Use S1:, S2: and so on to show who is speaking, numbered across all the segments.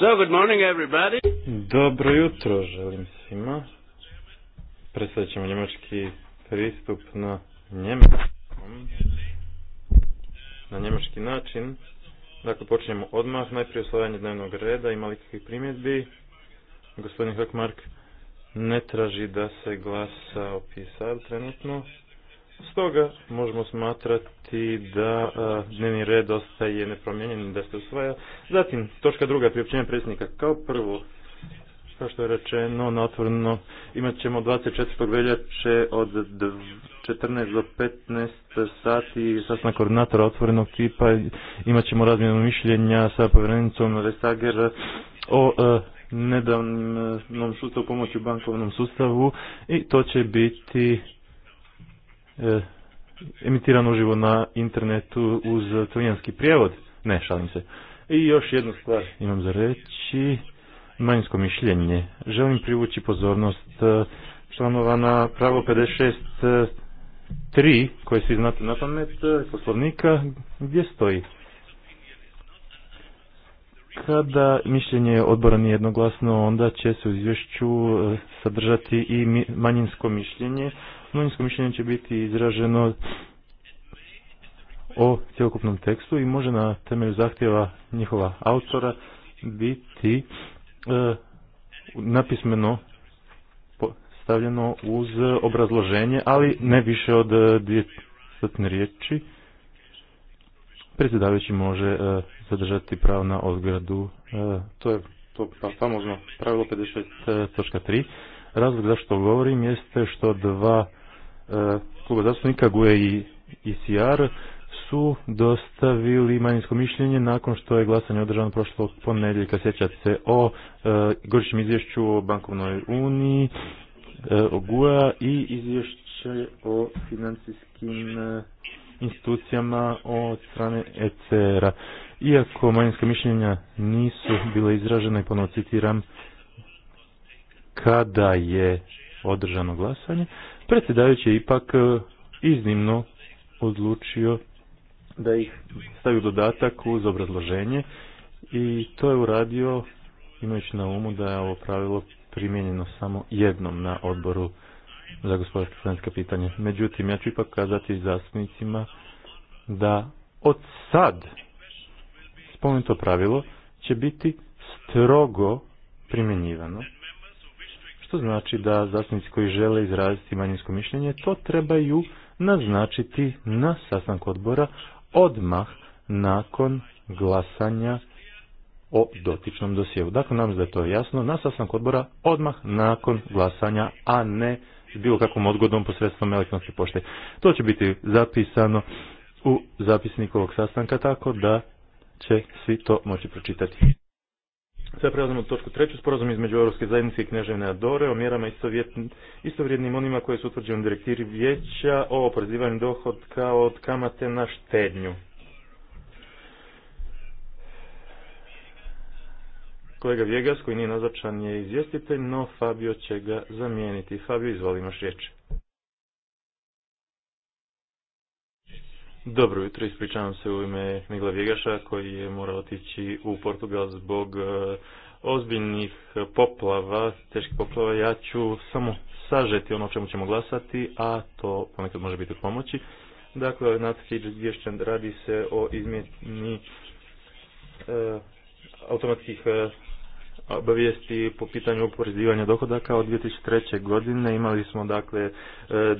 S1: So, good morning everybody.
S2: Dobro jutro želim svima. Predstavit ćemo njemački pristup na njemačkom. Na njemački način. Dakle, počinjemo odmah. Najprije osvajanje dnevnog reda. Ima li kakvih primjedbi? Gospodin Hakmark ne traži da se glasa o trenutno. Stoga možemo smatrati da dnevni red ostaje nepromijenjen i da se usvaja. Zatim, točka druga, priopćenje predsjednika. Kao prvo, kao što je rečeno, na otvoreno imat ćemo 24. veljače od 14 do 15 sati sasna koordinatora otvorenog tipa. Imat ćemo razmjenu mišljenja sa povjerenicom Vestager o e, nedavnom e, sustavu pomoći u bankovnom sustavu i to će biti E, emitiran uživo na internetu uz talijanski prijevod. Ne, šalim se. I još jednu stvar imam za reći. Manjinsko mišljenje. Želim privući pozornost e, članova na pravo 56.3, koje se znate na pamet, e, poslovnika, gdje stoji? Kada mišljenje odbora nije jednoglasno, onda će se u izvješću sadržati i manjinsko mišljenje Manjinsko mišljenje će biti izraženo o cjelokupnom tekstu i može na temelju zahtjeva njihova autora biti e, napismeno stavljeno uz obrazloženje, ali ne više od e, dvije riječi. Predsjedavajući može e, zadržati pravo na odgradu. to je to pa, famozno pravilo 56.3. Razlog zašto govorim jeste što dva E, kluba zastupnika GUE i ICR su dostavili manjinsko mišljenje nakon što je glasanje održano prošlog ponedjeljka. sjeća se o e, godišnjem izvješću o bankovnoj uniji, e, o GUA i izvješće o financijskim e, institucijama od strane ECR-a. Iako manjinska mišljenja nisu bila izražena, i citiram, kada je održano glasanje, predsjedajući je ipak e, iznimno odlučio da ih stavi dodatak uz obrazloženje i to je uradio imajući na umu da je ovo pravilo primijenjeno samo jednom na odboru za gospodarske financijska pitanja. Međutim, ja ću ipak kazati zastupnicima da od sad spomenuto pravilo će biti strogo primjenjivano što znači da zastupnici koji žele izraziti manjinsko mišljenje to trebaju naznačiti na sastanku odbora odmah nakon glasanja o dotičnom dosjevu. Dakle, nam da je to jasno, na sastanku odbora odmah nakon glasanja, a ne bilo kakvom odgodom posredstvom elektronske pošte. To će biti zapisano u ovog sastanka, tako da će svi to moći pročitati. Sada prelazimo u točku treću, sporazum između Europske zajednice i knježevne Adore o mjerama istovrijednim onima koje su utvrđene u direktivi vijeća o oporezivanju dohodka od kamate na štednju. Kolega Vjegas koji nije nazočan je izvjestitelj, no Fabio će ga zamijeniti. Fabio, izvolimo imaš Dobro jutro, ispričavam se u ime Migla Vjegaša koji je morao otići u Portugal zbog e, ozbiljnih poplava, teških poplava. Ja ću samo sažeti ono o čemu ćemo glasati, a to ponekad može biti u pomoći. Dakle, nacrt izvješća radi se o izmjeni e, automatskih e, obavijesti po pitanju oporezivanja dohodaka od 2003. godine imali smo dakle e,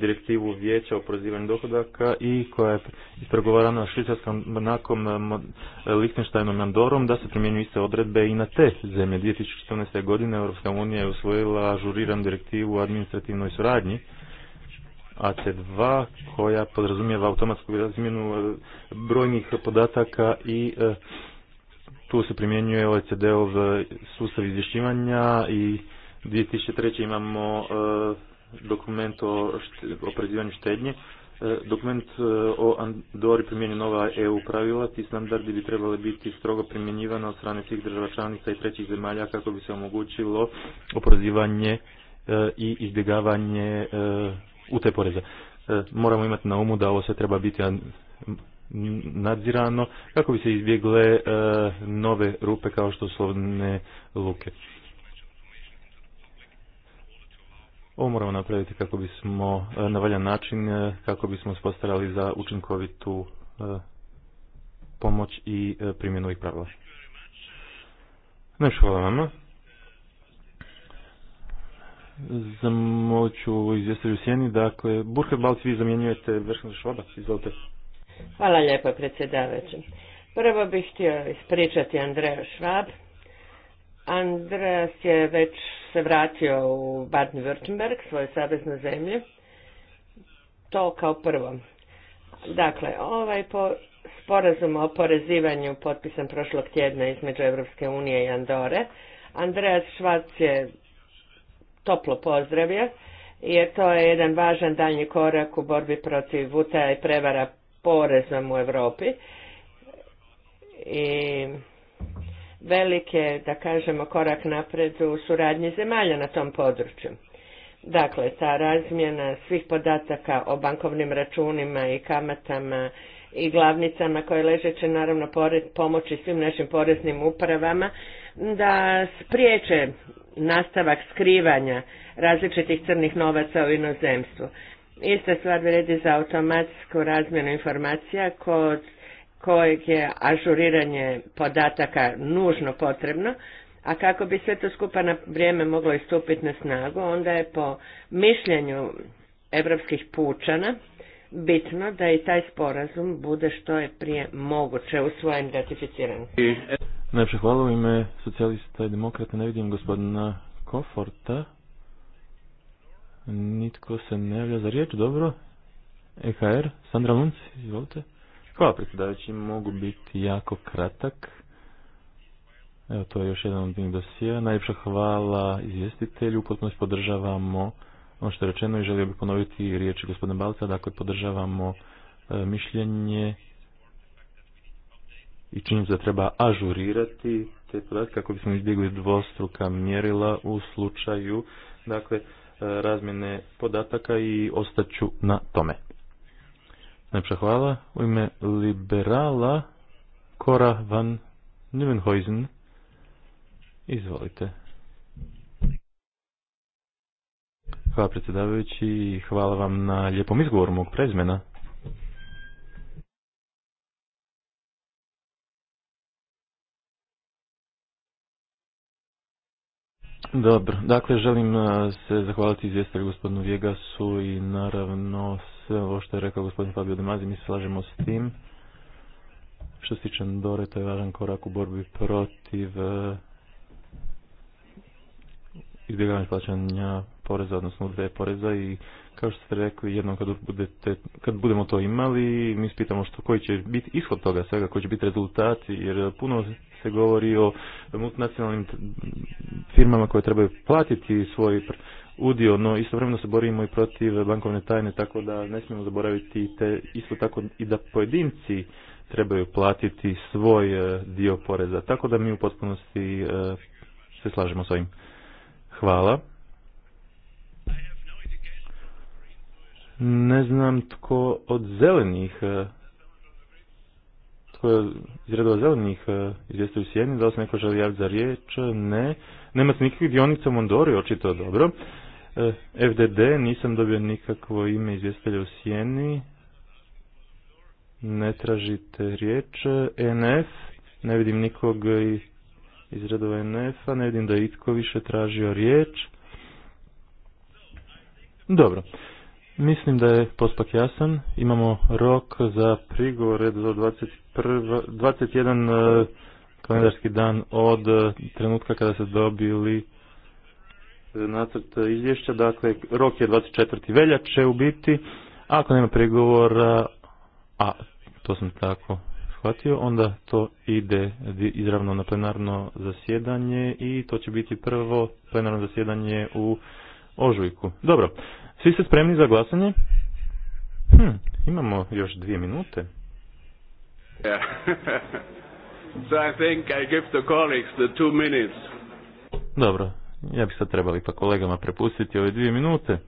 S2: direktivu vijeća o oporezivanju dohodaka i koja je ispregovarana švicarskom nakom e, e, Lichtensteinom i Andorom da se primjenju iste odredbe i na te zemlje. 2014. godine Europska unija je usvojila ažuriranu direktivu o administrativnoj suradnji AC2 koja podrazumijeva automatsku razmjenu brojnih podataka i tu se primjenjuje OECD-ov e, sustav izvješćivanja i 2003. imamo e, dokument o oprezivanju štednje. E, dokument o Andori primjenju nova EU pravila, ti standardi bi trebali biti strogo primjenjivani od strane svih država članica i trećih zemalja kako bi se omogućilo oporezivanje i izbjegavanje te poreza. Moramo imati na umu da ovo sve treba biti nadzirano kako bi se izbjegle e, nove rupe kao što su slovne luke. Ovo moramo napraviti kako bismo e, na valjan način, e, kako bismo spostarali za učinkovitu pomoć i primjenu ovih pravila. Najviše hvala vama. Zamoću izvjestaju Sjeni, dakle, Burhe Balci, vi zamjenjujete Vršnja Švaba, izvolite.
S3: Hvala lijepo predsjedavajući. Prvo bih htio ispričati Andreja Švab. Andreas je već se vratio u Baden-Württemberg, svoju saveznu zemlju. To kao prvo. Dakle, ovaj po sporazum o porezivanju potpisan prošlog tjedna između Europske unije i Andore, Andreas Švac je toplo pozdravio, jer to je jedan važan daljnji korak u borbi protiv utaja i prevara porezom u Europi i velike je, da kažemo, korak napred u suradnji zemalja na tom području. Dakle, ta razmjena svih podataka o bankovnim računima i kamatama i glavnicama koje leže će naravno pomoći svim našim poreznim upravama da spriječe nastavak skrivanja različitih crnih novaca u inozemstvu. Ista stvar vredi za automatsku razmjenu informacija kod kojeg je ažuriranje podataka nužno potrebno, a kako bi sve to skupa na vrijeme moglo istupiti na snagu, onda je po mišljenju evropskih pučana bitno da i taj sporazum bude što je prije moguće u ratificiran.
S2: Najpše hvala u ime socijalista i demokrata, ne vidim gospodina Koforta. Nitko se ne javlja za riječ, dobro. EHR, Sandra Lunc, izvolite. Hvala predsjedavajući, mogu biti jako kratak. Evo to je još jedan od njih dosija. Najljepša hvala izvjestitelju, potpuno podržavamo ono što je rečeno i želio bih ponoviti riječi gospodina Balca, dakle podržavamo e, mišljenje i se da treba ažurirati te podatke kako bismo izbjegli dvostruka mjerila u slučaju dakle razmjene podataka i ostaću na tome. Najpša hvala. U ime liberala Kora van Nivenhuizen. Izvolite. Hvala predsjedavajući i hvala vam na lijepom izgovoru mog prezmena. Dobro, dakle želim e, se zahvaliti izvjestelju gospodinu Vjegasu i naravno sve ovo što je rekao gospodin Fabio Demazi, mi se slažemo s tim. Što se tiče Dore, to je važan korak u borbi protiv e, izbjegavanja plaćanja poreza, odnosno dve poreza i kao što ste rekli, jednom kad, budete, kad budemo to imali, mi spitamo što koji će biti ishod toga svega, koji će biti rezultati, jer puno se govori o multinacionalnim firmama koje trebaju platiti svoj udio, no istovremeno se borimo i protiv bankovne tajne, tako da ne smijemo zaboraviti te, isto tako i da pojedinci trebaju platiti svoj e, dio poreza. Tako da mi u potpunosti e, se slažemo s ovim. Hvala. Ne znam tko od zelenih, e, tko je iz zelenih e, izvjestio u Sijeni, da li se neko želi javiti za riječ, ne. Nema se nikakvih dionica Mondori, očito dobro. E, FDD, nisam dobio nikakvo ime izvjestitelja u Sjeni, Ne tražite riječ. NF, ne vidim nikog iz redova NF-a, ne vidim da je itko više tražio riječ. Dobro. Mislim da je pospak jasan. Imamo rok za prigovore do 21, 21 e, kalendarski dan od e, trenutka kada se dobili e, nacrt izvješća. Dakle, rok je 24. veljače u biti. Ako nema prigovora, a to sam tako shvatio, onda to ide izravno na plenarno zasjedanje i to će biti prvo plenarno zasjedanje u ožujku. Dobro, svi ste spremni za glasanje? Hm, imamo još dvije minute.
S1: Yeah. so I think I give the colleagues the two minutes.
S2: Dobro, ja bih sad trebali pa kolegama prepustiti ove dvije minute.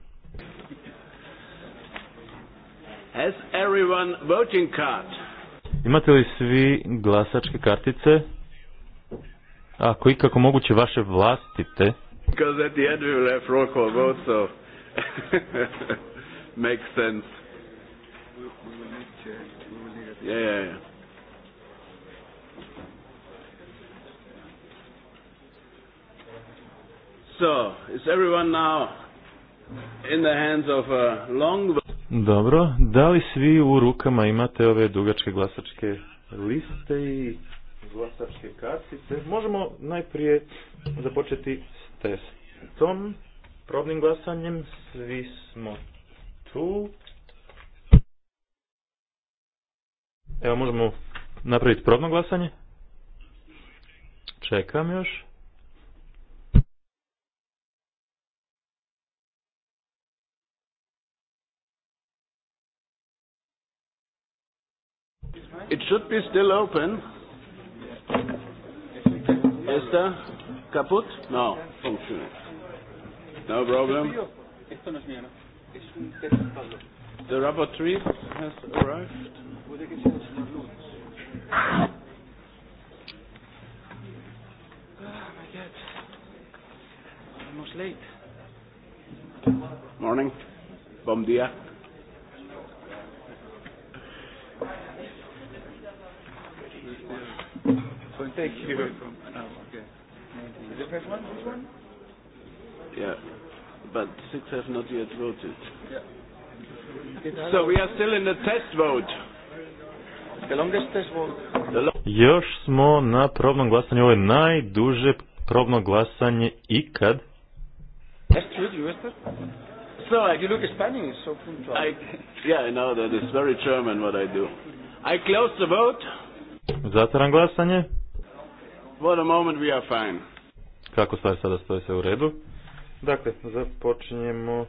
S1: Has everyone voting card?
S2: Imate li svi glasačke kartice? Ako ikako moguće vaše vlastite.
S1: Because at the end we will have roll call vote, so... Makes sense. yeah, yeah, yeah. So, is everyone now in the hands of a long...
S2: Dobro, da li svi u rukama imate ove dugačke glasačke liste i glasačke kartice? Možemo najprije započeti s testom probnim glasanjem. Svi smo tu. Evo možemo napraviti probno glasanje. Čekam još.
S1: It should be still open. Is kaput? No, funkcionira. No problem. The rubber tree has arrived. Almost late. Morning. Bom dia. Thank you. Oh, okay.
S4: the first one? This one?
S1: Yeah. But six have not yet voted. So we are still in the test vote.
S2: Još smo na probnom glasanju. Ovo je najduže probno glasanje ikad.
S1: That's true, you So I, you look Spanish, so punctual. I, yeah, I know that it's very German what I do. I close the vote. Zatvaram glasanje. For a moment we are fine.
S2: Kako stvari sada stoje sve u redu?
S1: Dakle, započinjemo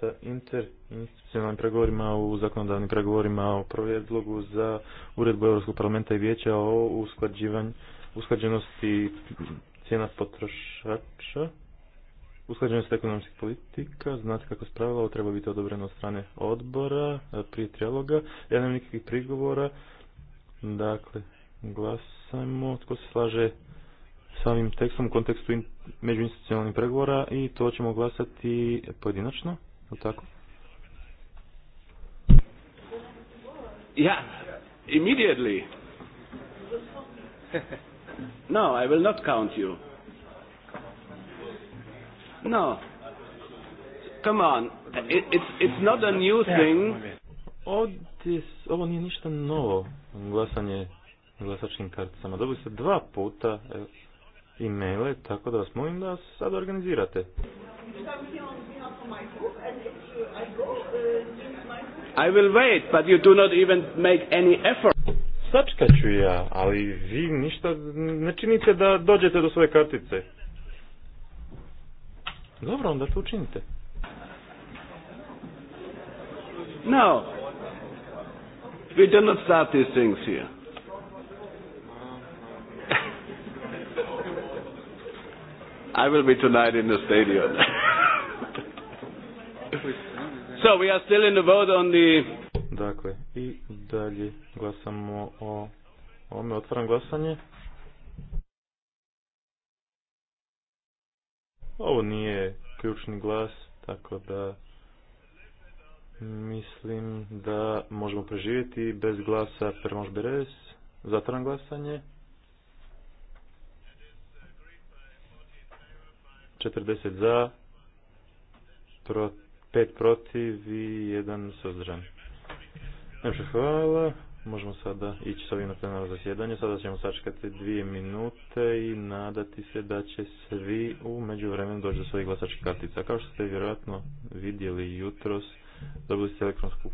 S2: sa interinstitucionalnim pregovorima u zakonodavnim pregovorima o prijedlogu za uredbu Europskog parlamenta i vijeća o usklađivanju usklađenosti cijena potrošača, usklađenost ekonomskih politika, znate kako se pravilo. treba biti odobreno od strane odbora, e, prije trijaloga, ja nemam nikakvih prigovora, dakle, glasajmo, tko se slaže s ovim tekstom u kontekstu međuinstitucionalnih pregovora i to ćemo glasati pojedinačno, je tako?
S1: Ja, immediately. No, I will not count you. No. Come on. It, it's, it's not a new thing.
S2: Ovdje, ovo nije ništa novo. Glasanje glasačkim karticama. Dobili se dva puta e, e-maile, tako da vas molim da vas sad organizirate.
S1: I will wait, but you do not even make any effort. Sačkat ću ja, ali
S2: vi ništa ne činite da dođete do svoje kartice. Dobro, onda to učinite.
S4: No. We do not start these
S1: things here. I will be tonight in the stadium. so we are still in the vote on
S2: the... Dakle, i dalje glasamo o ovome. Otvaram glasanje. Ovo nije ključni glas, tako da mislim da možemo preživjeti bez glasa Permoš Berez. Zatvaram glasanje. 40 za, 5 protiv i 1 suzdržan. Najviše hvala. Možemo sada ići s ovim na plenarno zasjedanje. Sada ćemo sačekati dvije minute i nadati se da će svi u međuvremenu doći do svojih glasačkih kartica. Kao što ste vjerojatno vidjeli jutros, dobili ste elektronsku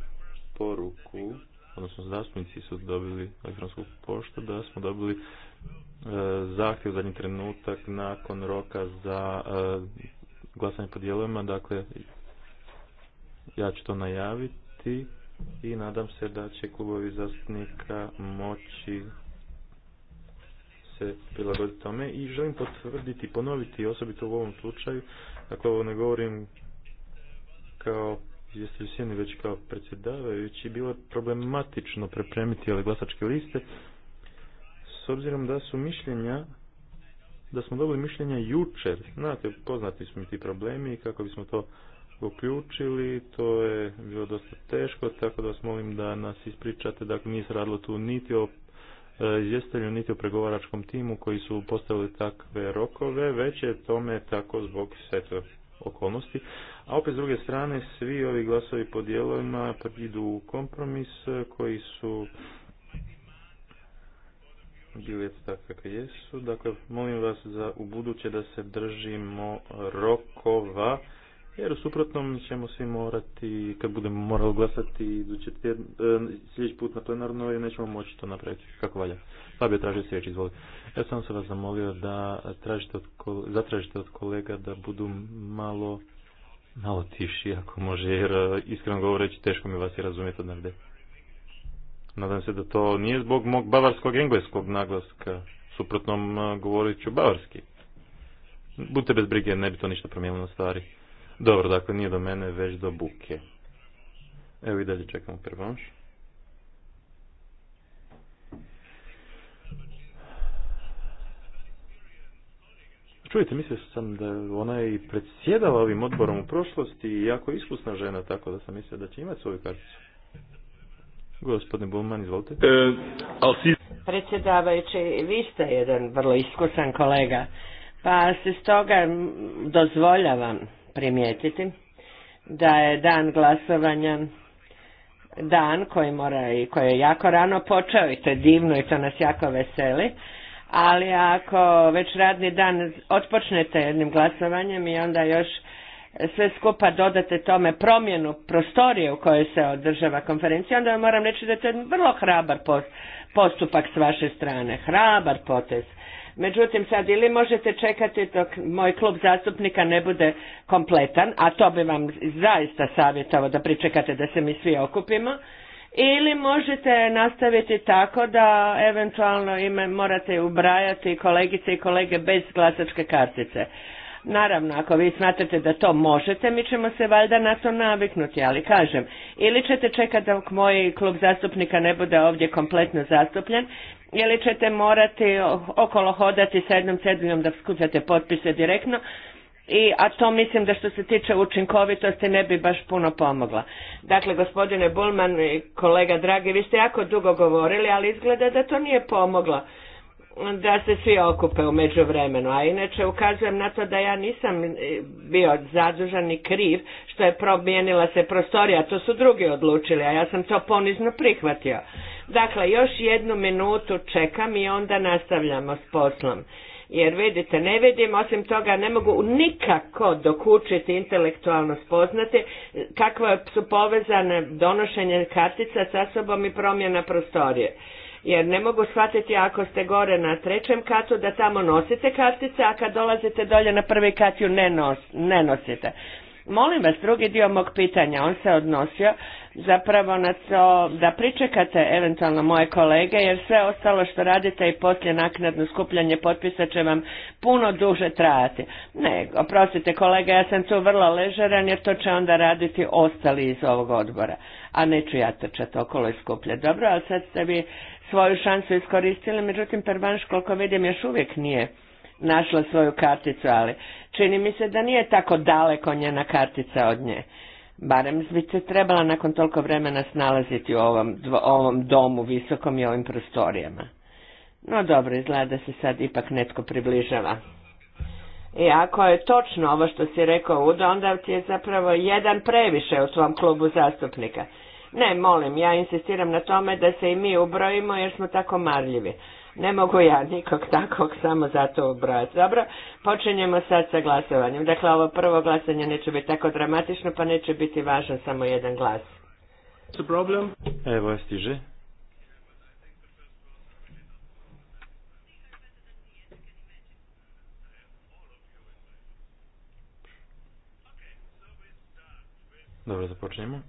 S2: poruku odnosno zastupnici su dobili elektronsku poštu da smo dobili zahtjev zahtjev zadnji trenutak nakon roka za e, glasanje po dijelovima, dakle ja ću to najaviti i nadam se da će klubovi zastupnika moći se prilagoditi tome i želim potvrditi, ponoviti osobito u ovom slučaju, dakle ovo ne govorim kao izvjestitelj Sjeni već kao predsjedavajući, bilo je problematično prepremiti ove glasačke liste, s obzirom da su mišljenja, da smo dobili mišljenja jučer, znate, poznati smo mi ti problemi i kako bismo to uključili, to je bilo dosta teško, tako da vas molim da nas ispričate, dakle nije se radilo tu niti o e, izvjestelju niti o pregovaračkom timu koji su postavili takve rokove, već je tome tako zbog eto, okolnosti. A opet s druge strane, svi ovi glasovi po dijelovima idu u kompromis e, koji su bili takve kakve jesu. Dakle, molim vas za ubuduće da se držimo rokova jer u suprotnom ćemo svi morati, kad budemo morali glasati idući e, sljedeći put na plenarno, i nećemo moći to napraviti kako valja. Fabio traži riječ, izvoli. Ja sam se vas zamolio da tražite od, zatražite od kolega da budu malo, malo tiši ako može, jer e, iskreno govoreći teško mi vas je razumjeti odnavde. Nadam se da to nije zbog mog bavarskog engleskog naglaska, suprotnom e, govorit ću bavarski. Budite bez brige, ne bi to ništa promijenilo na stvari. Dobro, dakle nije do mene, već do buke. Evo i dalje čekamo prvanš. Čujte, mislio sam da ona je i predsjedala ovim odborom u prošlosti i jako iskusna žena, tako da sam mislio da će imati svoju karticu. Gospodin Bulman, izvolite. E,
S3: Predsjedavajući, vi ste jedan vrlo iskusan kolega, pa se stoga dozvoljavam primijetiti da je dan glasovanja dan koji, mora, i koji je jako rano počeo i to je divno i to nas jako veseli. Ali ako već radni dan otpočnete jednim glasovanjem i onda još sve skupa dodate tome promjenu prostorije u kojoj se održava konferencija, onda vam moram reći da je to vrlo hrabar postupak s vaše strane, hrabar potez. Međutim, sad ili možete čekati dok moj klub zastupnika ne bude kompletan, a to bi vam zaista savjetovao da pričekate da se mi svi okupimo, ili možete nastaviti tako da eventualno ime morate ubrajati kolegice i kolege bez glasačke kartice. Naravno, ako vi smatrate da to možete, mi ćemo se valjda na to naviknuti, ali kažem, ili ćete čekati dok moj klub zastupnika ne bude ovdje kompletno zastupljen, ili ćete morati okolo hodati sa jednom cedljom da skupljate potpise direktno i, a to mislim da što se tiče učinkovitosti ne bi baš puno pomogla. Dakle, gospodine Bulman i kolega Dragi, vi ste jako dugo govorili, ali izgleda da to nije pomoglo da se svi okupe u međuvremenu, a inače ukazujem na to da ja nisam e, bio zadužan ni kriv što je promijenila se prostorija, to su drugi odlučili, a ja sam to ponizno prihvatio. Dakle, još jednu minutu čekam i onda nastavljamo s poslom. Jer vidite, ne vidim, osim toga ne mogu nikako dokučiti intelektualno spoznati kakva su povezane donošenje kartica sa sobom i promjena prostorije. Jer ne mogu shvatiti ako ste gore na trećem katu da tamo nosite kartice, a kad dolazite dolje na prvi kat ju ne, nos, ne nosite. Molim vas, drugi dio mog pitanja, on se odnosio zapravo na to da pričekate eventualno moje kolege, jer sve ostalo što radite i poslije naknadno skupljanje potpisa će vam puno duže trajati. Ne, oprostite kolega, ja sam tu vrlo ležeran jer to će onda raditi ostali iz ovog odbora, a neću ja trčati okolo i skuplje. Dobro, ali sad ste vi svoju šansu iskoristila, međutim Pervanš koliko vidim još uvijek nije našla svoju karticu, ali čini mi se da nije tako daleko njena kartica od nje. Barem bi se trebala nakon toliko vremena snalaziti u ovom, ovom domu visokom i ovim prostorijama. No dobro, izgleda da se sad ipak netko približava. I e, ako je točno ovo što si rekao Udo, onda ti je zapravo jedan previše u svom klubu zastupnika. Ne, molim, ja insistiram na tome da se i mi ubrojimo jer smo tako marljivi. Ne mogu ja nikog takvog samo zato ubrojati. Dobro, počinjemo sad sa glasovanjem. Dakle, ovo prvo glasanje neće biti tako dramatično, pa neće biti važan samo jedan glas.
S1: Problem.
S2: Evo, stiže. Dobro, započnemo.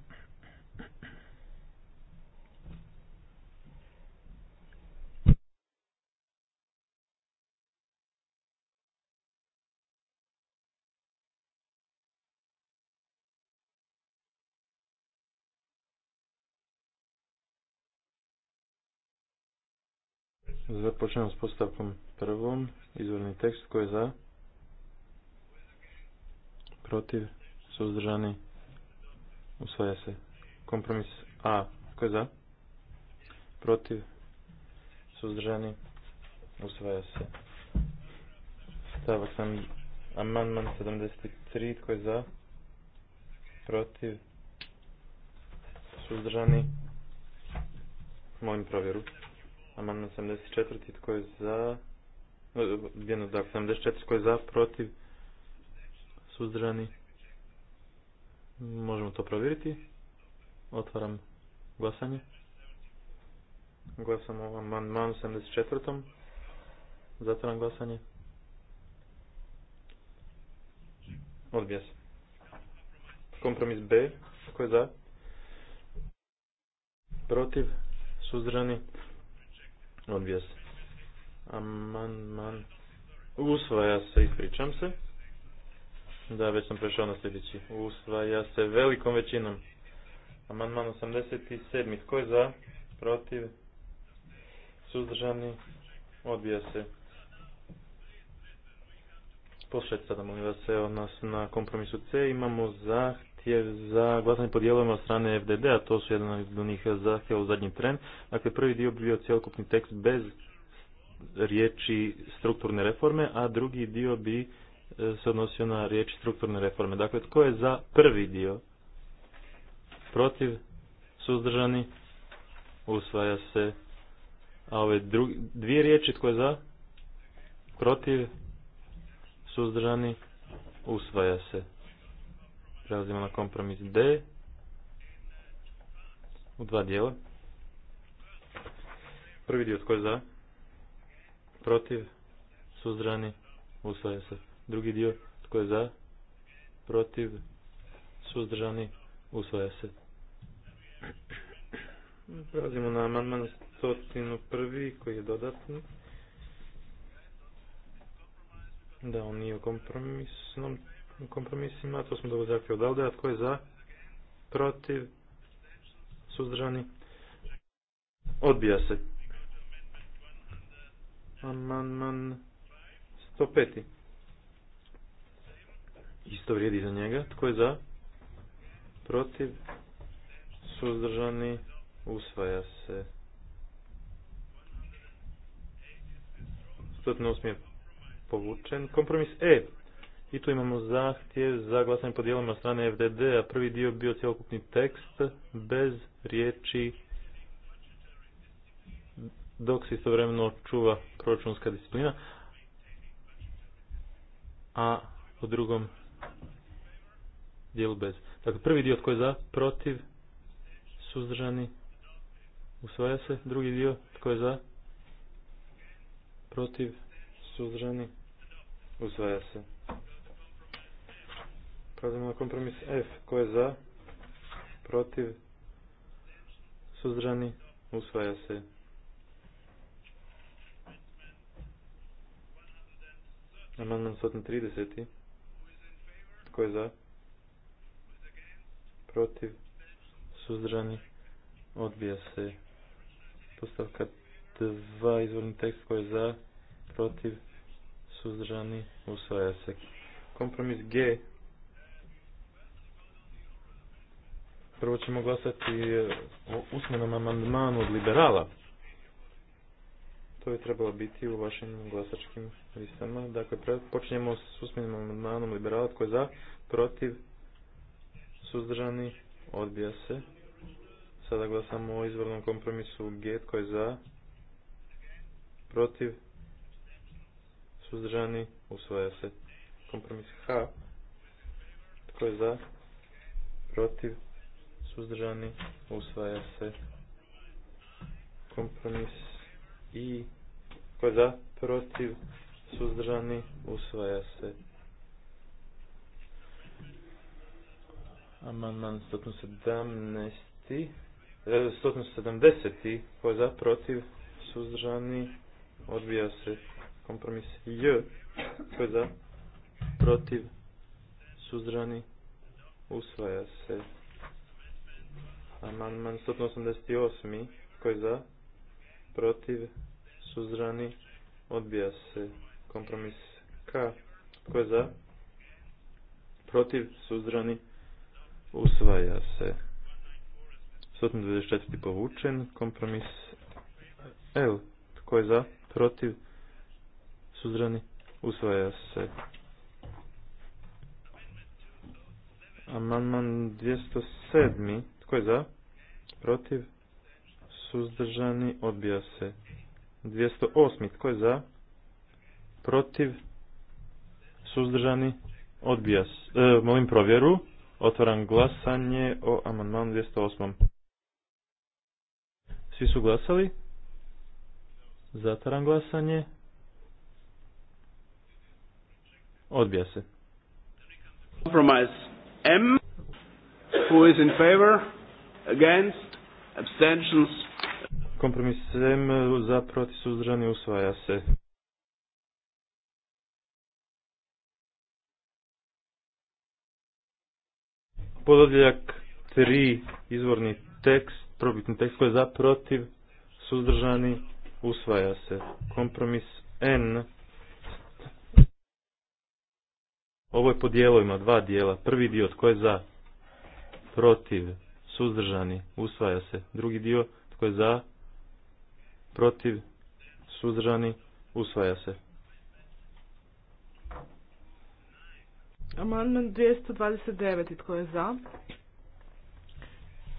S2: Započnemo s postavkom prvom, izvorni tekst koji je za, protiv, suzdržani, usvaja se. Kompromis A, tko je za, protiv, suzdržani, usvaja se. Stavak sam amandman 73, tko je za, protiv, suzdržani, molim provjeru. Amandman 74. Tko je za? Odbijeno, e, 74. Tko je za? Protiv? Suzdržani? Možemo to provjeriti. Otvaram glasanje. Glasamo o amandmanu 74. Zatvaram glasanje. Odbija se. Kompromis B. Tko je za? Protiv? Suzdržani? Odbija se. man Usvaja se, ispričam se. Da, već sam prešao na sljedeći. Usvaja se velikom većinom. Amandman 87. Tko je za? Protiv? Suzdržani? Odbija se. Poslušajte sada, molim vas, evo nas na kompromisu C. Imamo zahtjev zahtjev za glasanje po od strane FDD, a to su jedan od njih zahtjeva u zadnji tren. Dakle, prvi dio bi bio cjelokupni tekst bez riječi strukturne reforme, a drugi dio bi e, se odnosio na riječi strukturne reforme. Dakle, tko je za prvi dio? Protiv? Suzdržani? Usvaja se. A ove drugi, dvije riječi, tko je za? Protiv? Suzdržani? Usvaja se. Prelazimo na kompromis D u dva dijela. Prvi dio tko je za? Protiv? Suzdrani? Usvaja se. Drugi dio tko je za? Protiv? Suzdržani? Usvaja se. Prelazimo na amandman prvi koji je dodatni. Da, on nije u kompromisnom u kompromisima, to smo dobili odavde od A tko je za, protiv, suzdržani, odbija se. Amandman 105. Isto vrijedi za njega, tko je za, protiv, suzdržani, usvaja se. 108 je povučen. Kompromis E, i tu imamo zahtjev za glasanje po dijelama strane FDD, a prvi dio bio cjelokupni tekst bez riječi dok se istovremeno čuva proračunska disciplina. A u drugom dijelu bez. Dakle, prvi dio tko je za, protiv, suzdržani, usvaja se. Drugi dio tko je za, protiv, suzdržani, usvaja se. Prelazimo na kompromis F. Ko je za? Protiv? Suzdržani? Usvaja se. Amandman 130. Tko je za? Protiv? Suzdrani? Odbija se. Postavka 2. Izvorni tekst. Tko je za? Protiv? Suzdržani? Usvaja se. Kompromis G. Prvo ćemo glasati o usmenom amandmanu od liberala. To je trebalo biti u vašim glasačkim listama. Dakle, počinjemo s usmenim amandmanom liberala. Tko je za? Protiv? Suzdržani? Odbija se. Sada glasamo o izvornom kompromisu G. Tko je za? Protiv? Suzdržani? Usvaja se. Kompromis H. Tko je za? Protiv? suzdržani, usvaja se kompromis i ko je za, protiv, suzdržani, usvaja se amandman 170 e, ko je za, protiv, suzdržani, odbija se kompromis J ko je za, protiv, suzdržani, usvaja se Amandman 188. Koji za? Protiv? Suzrani. Odbija se. Kompromis K. Koji za? Protiv? Suzrani. Usvaja se. 194. povučen. Kompromis L. Koji za? Protiv? Suzrani. Usvaja se. Amandman 207. Tko je za? Protiv? Suzdržani? Odbija se. 208. Tko je za? Protiv? Suzdržani? Odbija se. E, molim provjeru. Otvaram glasanje o amandmanu 208. Svi su glasali? Zatvaram glasanje. Odbija se.
S1: Compromise M. Who is in favor? against, abstentions.
S2: Kompromis za protiv suzdržani usvaja se. Pododljak 3 izvorni tekst, probitni tekst koji je za protiv suzdržani usvaja se. Kompromis N Ovo je po dijelovima, dva dijela. Prvi dio tko je za, protiv, suzdržani, usvaja se. Drugi dio, tko je za, protiv, suzdržani, usvaja se.
S5: Amandman 229. Tko je za?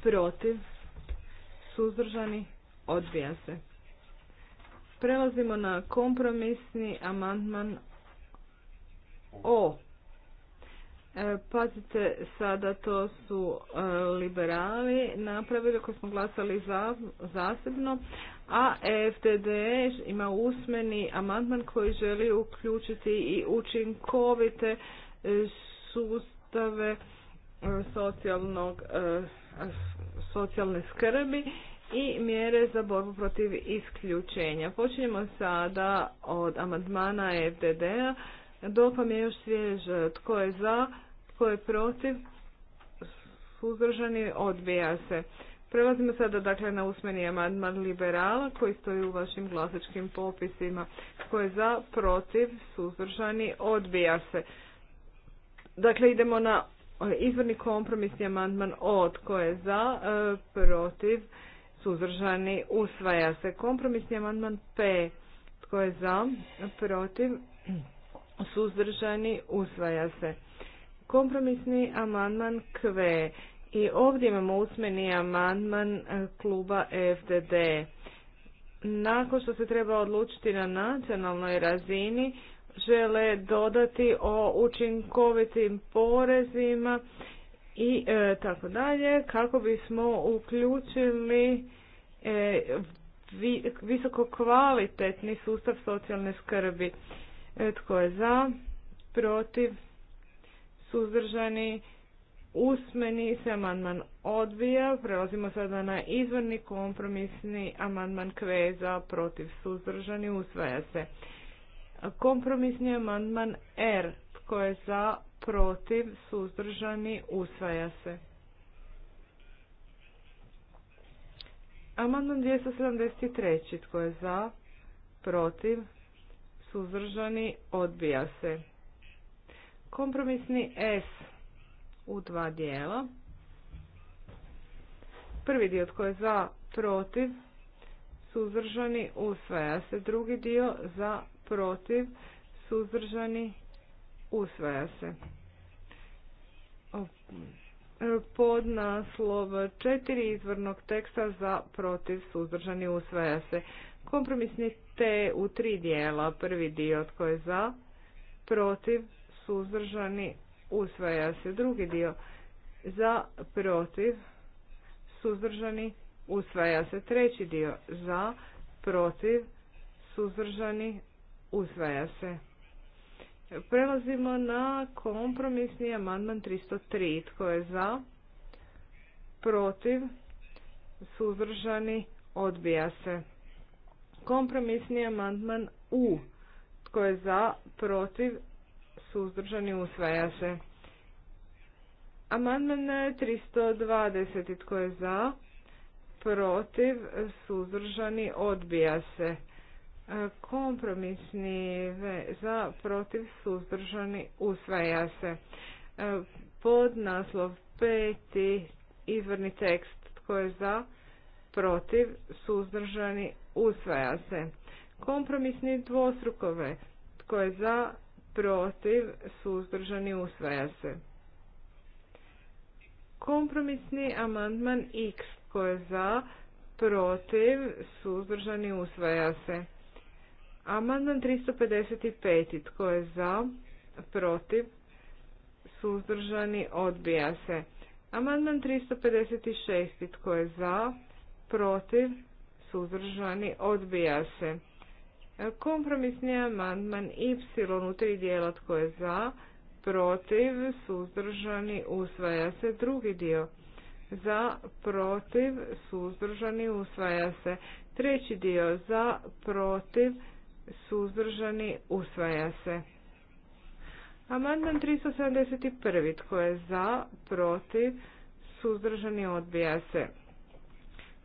S5: Protiv? Suzdržani? Odbija se. Prelazimo na kompromisni amandman O. E, pazite, sada to su e, liberali napravili koji smo glasali zasebno, a e FDD ima usmeni amandman koji želi uključiti i učinkovite sustave socijalnog, socijalne skrbi i mjere za borbu protiv isključenja. Počinjemo sada od amandmana FDD-a Dopam je još svjež e, tko je za, tko je protiv, suzdržani, odbija se. Prelazimo sada dakle na usmeni amandman liberala koji stoji u vašim glasačkim popisima. Tko je za, protiv, suzdržani, odbija se. Dakle, idemo na e, izvorni kompromisni amandman O. Tko je za, e, protiv, suzdržani, usvaja se. Kompromisni amandman P. Tko je za, protiv, suzdržani, usvaja se. Kompromisni amandman KVE. I ovdje imamo usmeni amandman e, kluba e FDD. Nakon što se treba odlučiti na nacionalnoj razini, žele dodati o učinkovitim porezima i e, tako dalje, kako bismo uključili e, visoko kvalitetni sustav socijalne skrbi. E, tko je za? Protiv? Suzdržani? Usmeni se amandman odbija. Prelazimo sada na izvorni kompromisni amandman kveza protiv suzdržani usvaja se. Kompromisni amandman R tko je za protiv suzdržani usvaja se. Amandman 273. Tko je za protiv suzdržani, odbija se. Kompromisni S u dva dijela. Prvi dio tko je za, protiv, suzdržani, usvaja se. Drugi dio za, protiv, suzdržani, usvaja se. Pod naslov četiri izvornog teksta za, protiv, suzdržani, usvaja se. Kompromisni te u tri dijela. Prvi dio tko je za, protiv, suzdržani, usvaja se. Drugi dio za, protiv, suzdržani, usvaja se. Treći dio za, protiv, suzdržani, usvaja se. Prelazimo na kompromisni amandman 303. Tko je za? Protiv? Suzdržani? Odbija se. Kompromisni amandman U. Tko je za, protiv, suzdržani, usvaja se. Amandman 320. Tko je za, protiv, suzdržani, odbija se. E, kompromisni za, protiv, suzdržani, usvaja se. E, pod naslov peti izvrni tekst. Tko je za, protiv, suzdržani, usvaja se. Kompromisni dvostrukove, tko je za, protiv, suzdržani, usvaja se. Kompromisni amandman X, tko je za, protiv, suzdržani, usvaja se. Amandman 355, tko je za, protiv, suzdržani, odbija se. Amandman 356, tko je za, protiv, suzdržani, odbija se. Kompromisni amandman Y u tri dijela tko je za, protiv, suzdržani, usvaja se drugi dio. Za, protiv, suzdržani, usvaja se treći dio. Za, protiv, suzdržani, usvaja se. Amandman 371. Tko je za, protiv, suzdržani, odbija se.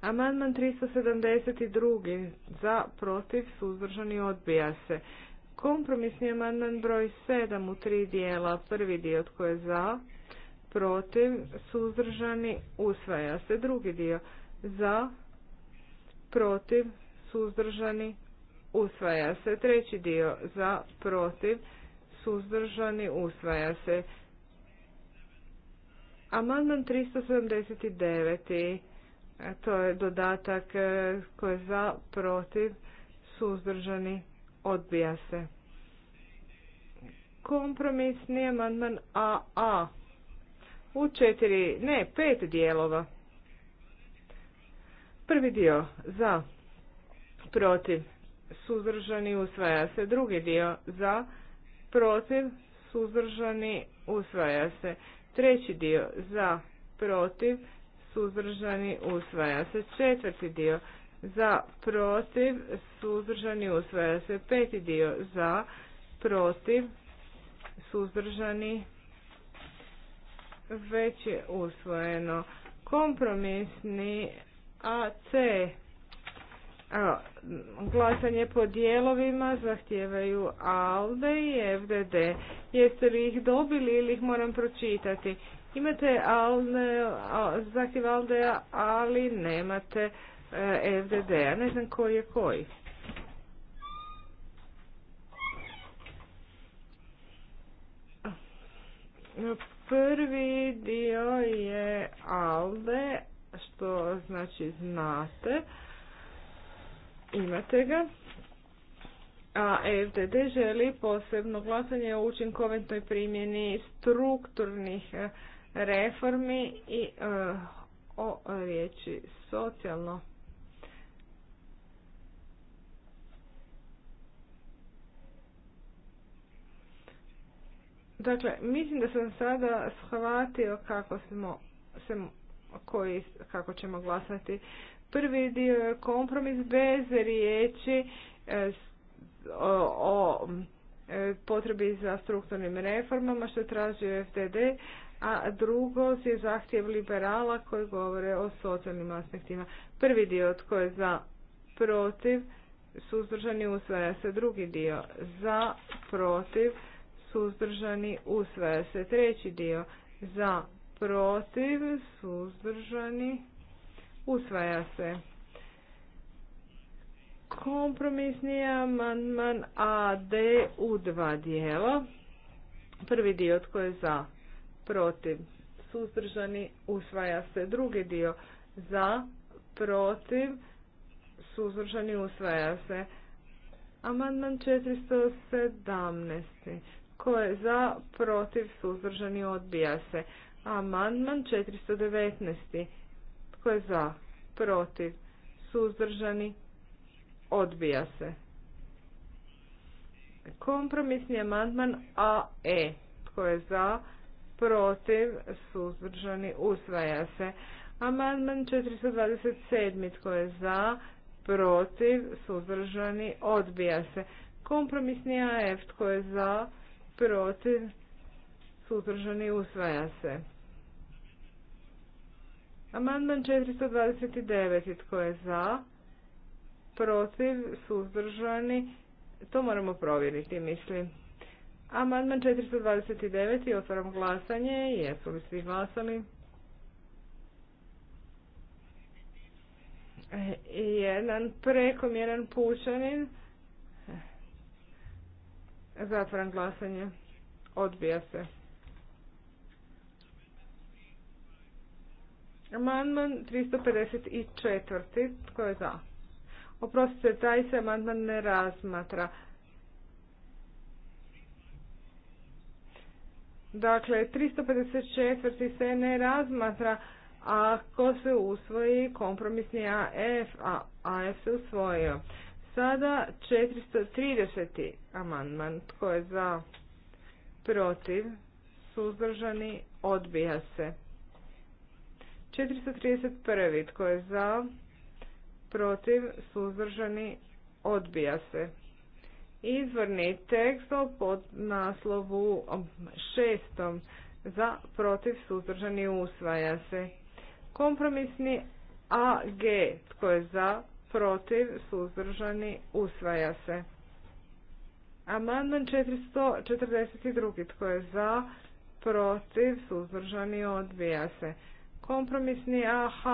S5: Amandman 372. Za, protiv, suzdržani, odbija se. Kompromisni amandman broj 7 u tri dijela. Prvi dio tko je za, protiv, suzdržani, usvaja se. Drugi dio za, protiv, suzdržani, usvaja se. Treći dio za, protiv, suzdržani, usvaja se. Amandman 379. E, to je dodatak e, koji je za, protiv, suzdržani, odbija se. Kompromisni amandman a. u četiri, ne, pet dijelova. Prvi dio za, protiv, suzdržani, usvaja se. Drugi dio za, protiv, suzdržani, usvaja se. Treći dio za, protiv, suzdržani, usvaja se. Četvrti dio za, protiv, suzdržani, usvaja se. Peti dio za, protiv, suzdržani, već je usvojeno. Kompromisni AC a, glasanje po dijelovima zahtijevaju ALDE i FDD. Jeste li ih dobili ili ih moram pročitati? Imate Alde, zahtjev Aldeja, ali nemate e, FDD-a. Ne znam koji je koji. Prvi dio je ALDE, što znači znate, imate ga. A FDD želi posebno glasanje o učinkovitoj primjeni strukturnih reformi i e, o riječi socijalno. Dakle, mislim da sam sada shvatio kako smo se koji, kako ćemo glasati. Prvi dio je kompromis bez riječi e, o, o e, potrebi za strukturnim reformama što je tražio FDD, a drugo je zahtjev liberala koji govore o socijalnim aspektima. Prvi dio tko je za protiv, suzdržani usvaja se. Drugi dio za protiv, suzdržani usvaja se. Treći dio za protiv, suzdržani usvaja se. Kompromisni amandman AD u dva dijela. Prvi dio tko je za protiv, suzdržani, usvaja se. Drugi dio za, protiv, suzdržani, usvaja se. Amandman 417. Ko je za, protiv, suzdržani, odbija se. Amandman 419. Tko je za, protiv, suzdržani, odbija se. Kompromisni amandman AE. Tko je za, protiv, suzdržani, usvaja se. Amandman 427. Tko je za, protiv, suzdržani, odbija se. Kompromisni AF. Tko je za, protiv, suzdržani, usvaja se. Amandman 429. Tko je za, protiv, suzdržani, to moramo provjeriti, mislim. Amandman 429. Otvaram glasanje. Jesu li svi glasali? E, jedan prekomjeran pučanin. E, zatvaram glasanje. Odbija se. Amandman 354. Tko je za? Oprostite, taj se amandman ne razmatra. Dakle, 354. se ne razmatra ako se usvoji kompromisni AF, a AF se usvojio. Sada 430. amandman. Tko je za? Protiv? Suzdržani? Odbija se. 431. Tko je za? Protiv? Suzdržani? Odbija se. Izvorni tekst pod naslovu šestom za protiv suzdržani usvaja se. Kompromisni AG tko je za protiv suzdržani usvaja se. Amandman 442. Tko je za, protiv, suzdržani, odbija se. Kompromisni AH.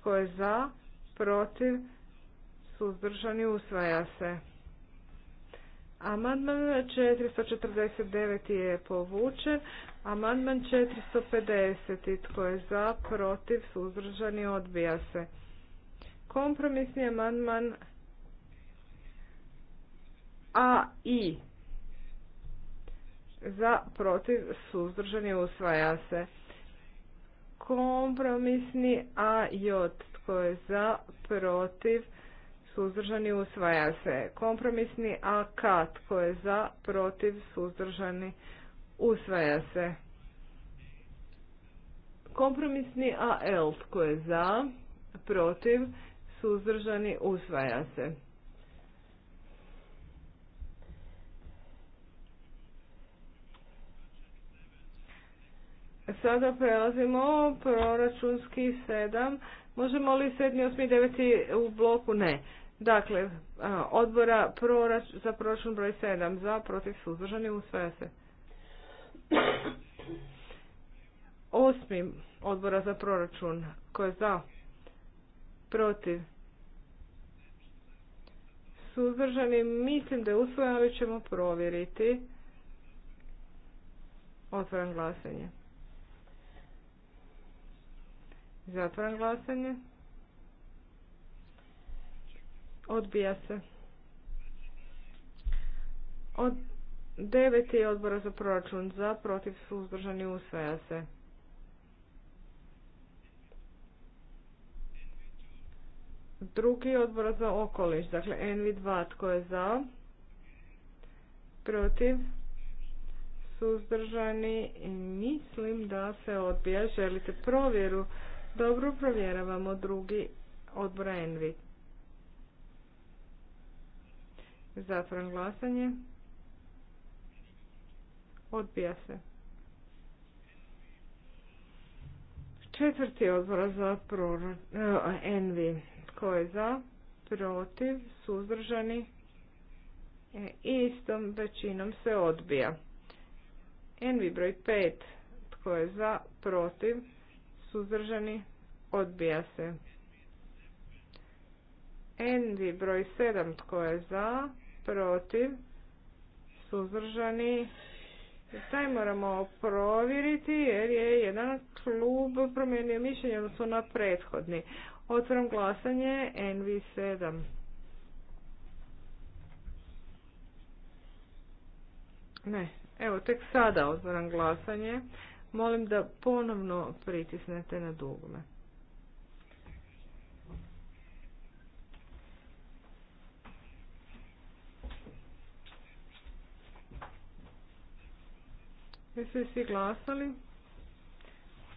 S5: Tko je za, protiv, suzdržani, usvaja se. Amandman 449 je povučen. Amandman 450. Tko je za, protiv, suzdržani, odbija se. Kompromisni amandman A i za, protiv, suzdržani, usvaja se. Kompromisni A od. Tko je za, protiv, suzdržani, usvaja se. Kompromisni AK, koje je za, protiv, suzdržani, usvaja se. Kompromisni AL, tko je za, protiv, suzdržani, usvaja se. Sada prelazimo proračunski sedam. Možemo li sedmi, osmi, deveti u bloku? Ne. Dakle, e, odbora za proračun broj 7 za protiv suzdržani usvaja se. Osmi odbora za proračun koji je za protiv suzdržani mislim da je usvojeno, ali ćemo provjeriti. Otvaram glasanje. Zatvaram glasanje. Odbija se. Od deveti odbora za proračun za, protiv suzdržani usvaja se. Drugi odbor za okoliš, dakle NV2, tko je za, protiv, suzdržani, mislim da se odbija, želite provjeru, dobro provjeravamo drugi odbor NV. Zatvoren glasanje. Odbija se. Četvrti odbora za Envi. Eh, Tko je za? Protiv? Suzdržani? I e, istom većinom se odbija. Envi broj 5. Tko je za? Protiv? Suzdržani? Odbija se. Envi broj 7. Tko je za? protiv, suzdržani. Taj moramo provjeriti jer je jedan klub promijenio mišljenje odnosno na prethodni. Otvaram glasanje NV7. Ne, evo tek sada otvaram glasanje. Molim da ponovno pritisnete na dugme. Jesu svi glasali?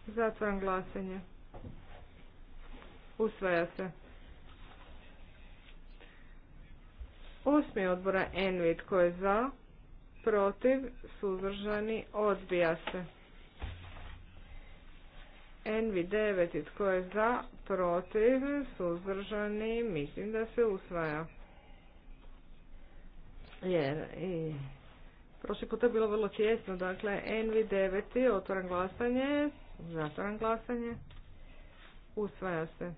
S5: Zatvaram glasanje. Usvaja se. Osmi odbora Envid tko je za, protiv, suzdržani, odbija se. Envi 9 tko je za, protiv, suzdržani, mislim da se usvaja. Jer i Prošli puta je bilo vrlo tjesno, dakle NV9, otvoran glasanje, zatvoran glasanje, usvaja se.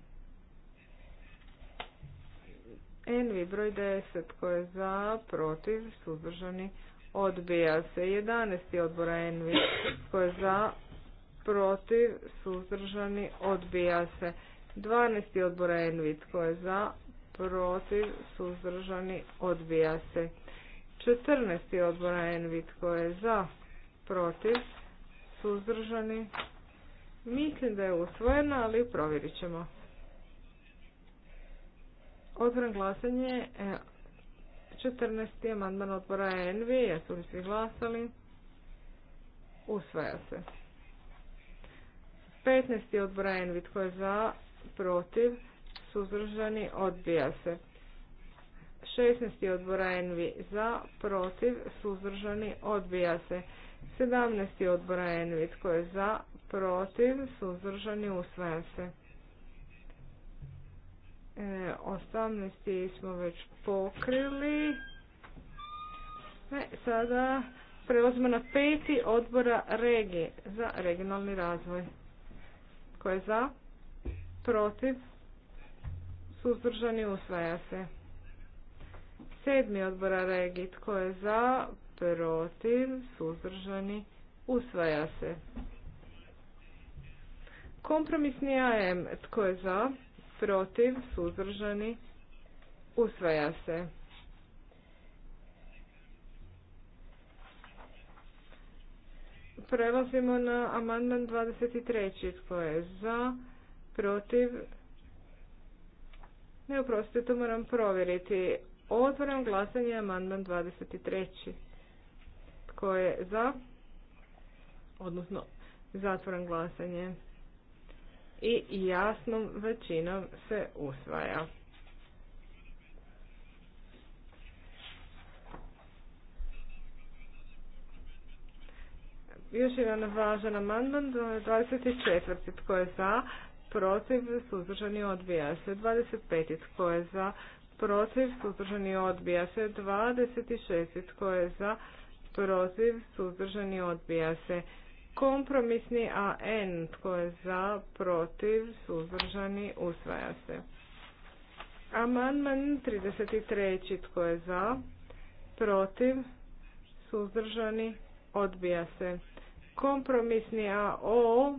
S5: NV broj 10 koje je za, protiv, suzdržani, odbija se. 11. odbora NV koje je za, protiv, suzdržani, odbija se. 12. odbora NV koje je za, protiv, suzdržani, odbija se. 14. odbora Envi tko je za, protiv, suzdržani. Mislim da je usvojena, ali provjerit ćemo. Otvoren glasanje 14. E, amandman odbora Envi, jesu li svi glasali? Usvaja se. 15. odbora Envi tko je za, protiv, suzdržani, odbija se. 16. odbora Envi za, protiv, suzdržani, odbija se. 17. odbora Envi tko je za, protiv, suzdržani, usvaja se. 18. E, smo već pokrili. Ne, sada prelazimo na peti odbora regije za regionalni razvoj. Tko je za? Protiv? Suzdržani usvaja se. Sedmi odbora regi. Tko je za? Protiv. Suzdržani. Usvaja se. Kompromisni AM. Tko je za? Protiv. Suzdržani. Usvaja se. Prelazimo na amandman 23. Tko je za? Protiv. Ne, oprostite, to moram provjeriti. Otvaram glasanje amandman 23. Tko je za? Odnosno, zatvoram glasanje. I jasnom većinom se usvaja. Još jedan važan amandman, 24. Tko je za? Protiv, suzdržani, odbija se. 25. Tko je za? protiv, suzdržani odbija se 26. Tko je za, protiv, suzdržani odbija se. Kompromisni AN, tko je za, protiv, suzdržani, usvaja se. Amandman 33. Tko je za? Protiv? Suzdržani? Odbija se. Kompromisni AO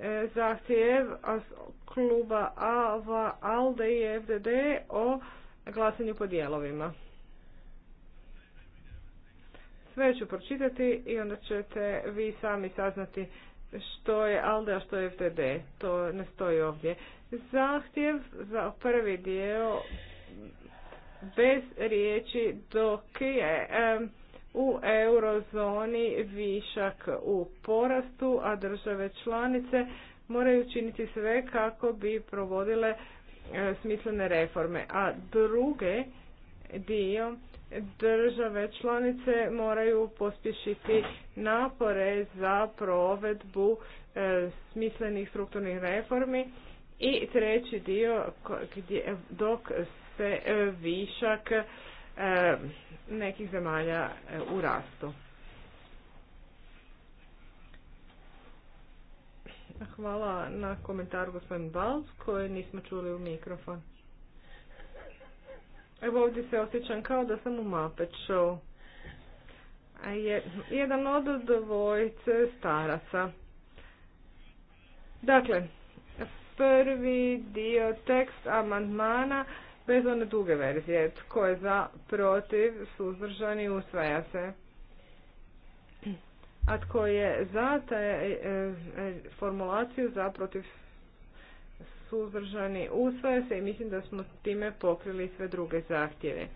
S5: e, zahtjev kluba AVA ALDE i FDD o glasanju po dijelovima. Sve ću pročitati i onda ćete vi sami saznati što je ALDE, a što je FDD. To ne stoji ovdje. Zahtjev za prvi dio bez riječi dok je u eurozoni višak u porastu, a države članice moraju činiti sve kako bi provodile E, smislene reforme, a druge dio države članice moraju pospješiti napore za provedbu e, smislenih strukturnih reformi i treći dio dok se e, višak nekih zemalja u rastu. Hvala na komentaru gospodin Balz koje nismo čuli u mikrofon. Evo ovdje se osjećam kao da sam u Muppet Je, jedan od dvojice staraca. Dakle, prvi dio tekst amandmana bez one duge verzije. Tko je za, protiv, suzdržani, usvaja se a tko je za taj e, formulaciju za protiv suzdržani usvaja se i mislim da smo time pokrili sve druge zahtjeve.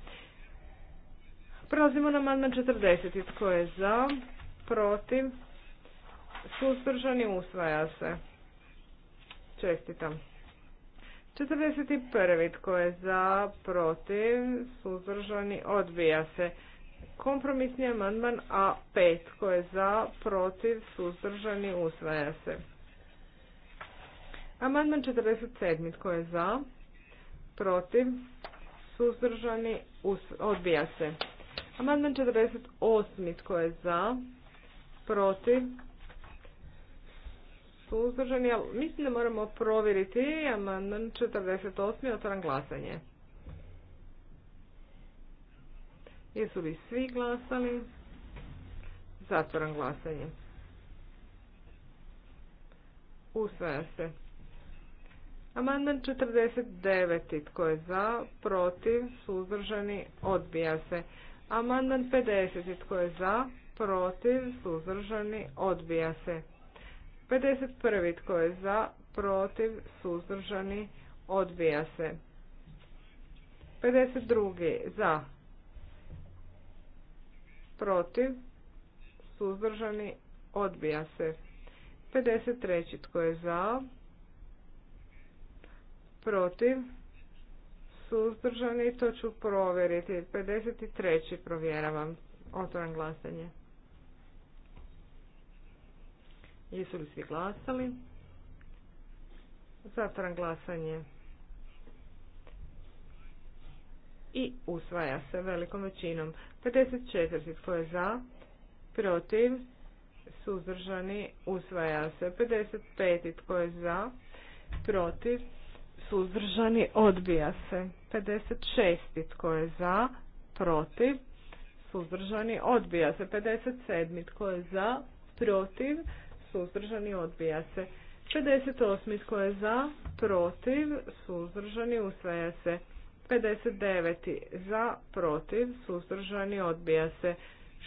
S5: Prelazimo na amandman 40. Tko je za, protiv, suzdržani usvaja se. Čestitam. 41. Tko je za, protiv, suzdržani odbija se. Kompromisni amandman A5 koji je za, protiv, suzdržani, usvaja se. Amandman 47 tko je za, protiv, suzdržani, odbija se. Amandman 48 tko je za, protiv, suzdržani, ali mislim da moramo provjeriti amandman 48. otvaram glasanje. Jesu li svi glasali? Zatvoran glasanje. Usvaja se. Amandman 49. Tko je za, protiv, suzdržani, odbija se. Amandman 50. Tko je za, protiv, suzdržani, odbija se. 51. Tko je za, protiv, suzdržani, odbija se. 52. Za, protiv, suzdržani, odbija se. 53. tko je za, protiv, suzdržani, to ću provjeriti. 53. provjeravam, otvoram glasanje. Jesu li svi glasali? Zatvoram glasanje. i usvaja se velikom većinom. 54. Tko je za? Protiv? Suzdržani? Usvaja se. 55. Tko je za? Protiv? Suzdržani? Odbija se. 56. Tko je za? Protiv? Suzdržani? Odbija se. 57. Tko je za? Protiv? Suzdržani? Odbija se. 58. Tko je za? Protiv? Suzdržani? Usvaja se. 59. za, protiv, suzdržani, odbija se.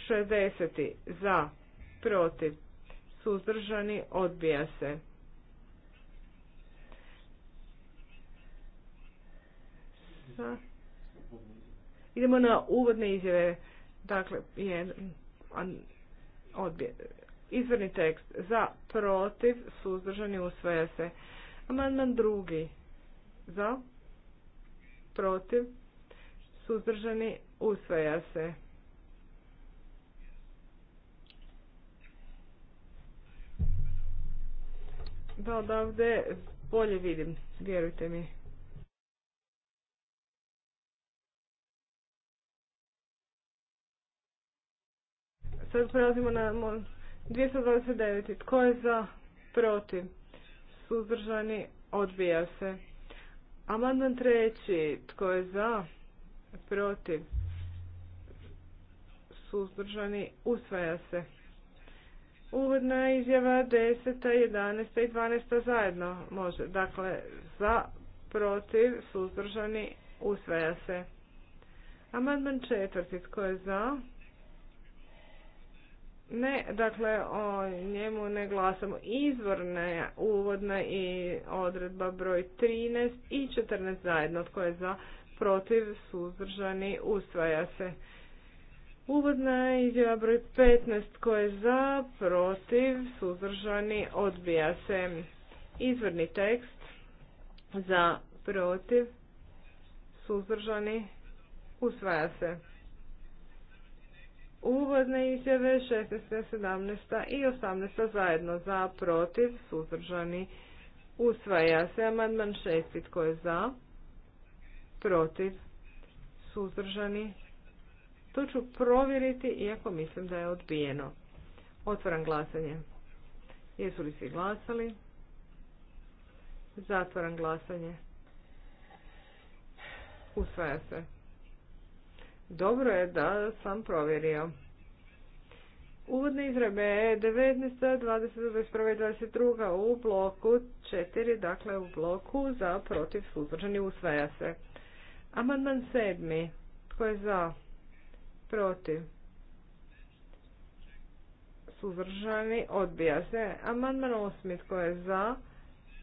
S5: 60. za, protiv, suzdržani, odbija se. Idemo na uvodne izjave. Dakle, Izvrni tekst. Za, protiv, suzdržani, usvaja se. Amandman drugi. Za, protiv, suzdržani, usvaja se. Da odavde bolje vidim, vjerujte mi. Sad prelazimo na 229. Tko je za? Protiv. Suzdržani. Odbija se. Amandman treći. Tko je za? Protiv? Suzdržani? Usvaja se. Uvodna izjava 10, 11 i 12 zajedno može. Dakle, za, protiv, suzdržani, usvaja se. Amandman četvrti. Tko je za? Ne, dakle, o njemu ne glasamo. Izvorne uvodna i odredba broj 13 i 14 zajedno. Tko je za, protiv, suzdržani, usvaja se. Uvodna izjava broj 15. Tko je za, protiv, suzdržani, odbija se. Izvorni tekst za, protiv, suzdržani, usvaja se. Uvodne izjave 16, 17 i 18 zajedno za, protiv, suzdržani, usvaja se. Amandman 6, tko je za, protiv, suzdržani. To ću provjeriti iako mislim da je odbijeno. Otvaram glasanje. Jesu li svi glasali? Zatvaram glasanje. Usvaja se. Dobro je da sam provjerio. Uvodne izrabe 19, 20, 21 22 u bloku 4, dakle u bloku za protiv suzdržani usvaja se. Amandman 7. Tko je za? Protiv? Suzdržani odbija se. Amandman 8. Tko je za?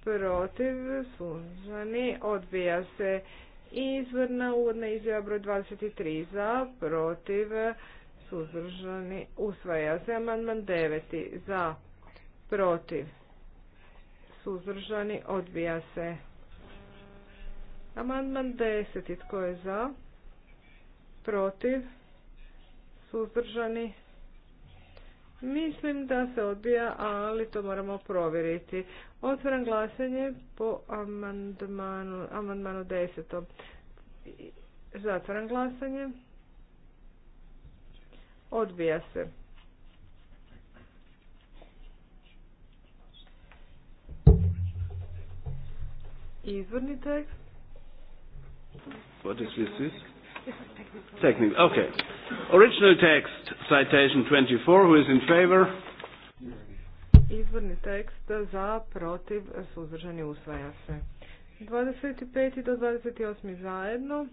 S5: Protiv? Suzdržani odbija se. Izvrna uvodna izjava broj 23 za, protiv, suzdržani, usvaja se. Amandman 9 za, protiv, suzdržani, odbija se. Amandman 10. Tko je za? Protiv? Suzdržani? Mislim da se odbija, ali to moramo provjeriti. Otvaram glasanje po amandmanu, amandmanu 10. glasanje. Odbija se. Izvorni tekst.
S1: What is
S5: Technical. Okay.
S1: Original text, citation 24, who is in favor?
S5: Izvorni tekst za, protiv, suzdržani usvaja se. 25. do 28. zajedno.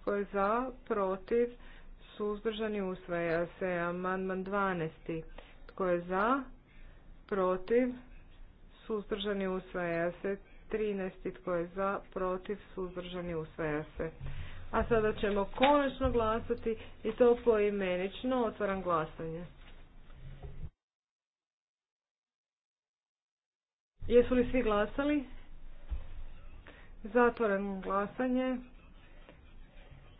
S5: Tko je za, protiv, suzdržani usvaja se. Amandman 12. Tko je za, protiv, suzdržani usvaja se. 13. Tko je za, protiv, suzdržani usvaja se. A sada ćemo konačno glasati i to poimenično. Otvaram glasanje. Jesu li svi glasali? Zatvaram glasanje.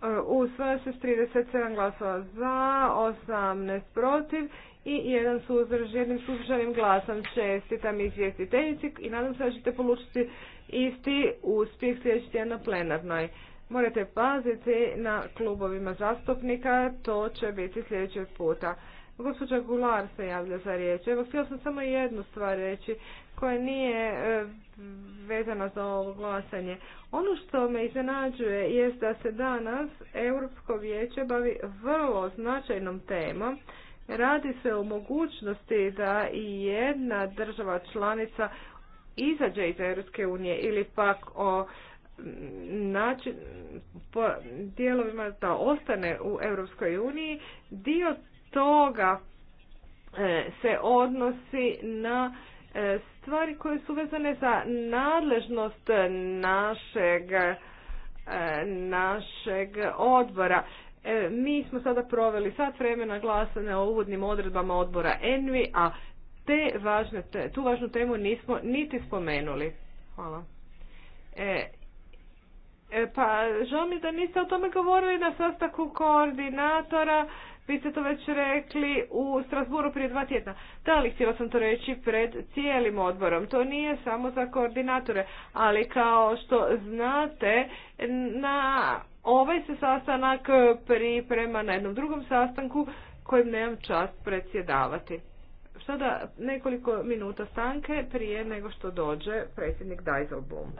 S5: E, usvaja se s 37 glasova za, 18 protiv i jedan suzdrž, jednim suzdržanim glasom čestitam izvjestiteljici i nadam se da ćete polučiti isti uspjeh sljedeći tjedan na plenarnoj. Morate paziti na klubovima zastupnika, to će biti sljedećeg puta. Gospođa Gular se javlja za riječ. Evo, htio sam samo jednu stvar reći koja nije e, vezana za ovo glasanje. Ono što me iznenađuje jest da se danas Europsko vijeće bavi vrlo značajnom temom. Radi se o mogućnosti da i jedna država članica izađe iz Europske unije ili pak o način, po dijelovima da ostane u Europskoj uniji, dio toga e, se odnosi na e, stvari koje su vezane za nadležnost našeg e, našeg odbora. Mi smo sada proveli sat vremena glasane o uvodnim odredbama odbora Envi, a te važne, tu važnu temu nismo niti spomenuli. Hvala. E, E, pa žao mi da niste o tome govorili na sastaku koordinatora, vi ste to već rekli u Strasburu prije dva tjedna. Da, li htjela sam to reći pred cijelim odborom. To nije samo za koordinatore, ali kao što znate, na ovaj se sastanak priprema na jednom drugom sastanku kojim nemam čast predsjedavati. Sada nekoliko minuta stanke prije nego što dođe predsjednik Dijsselblom.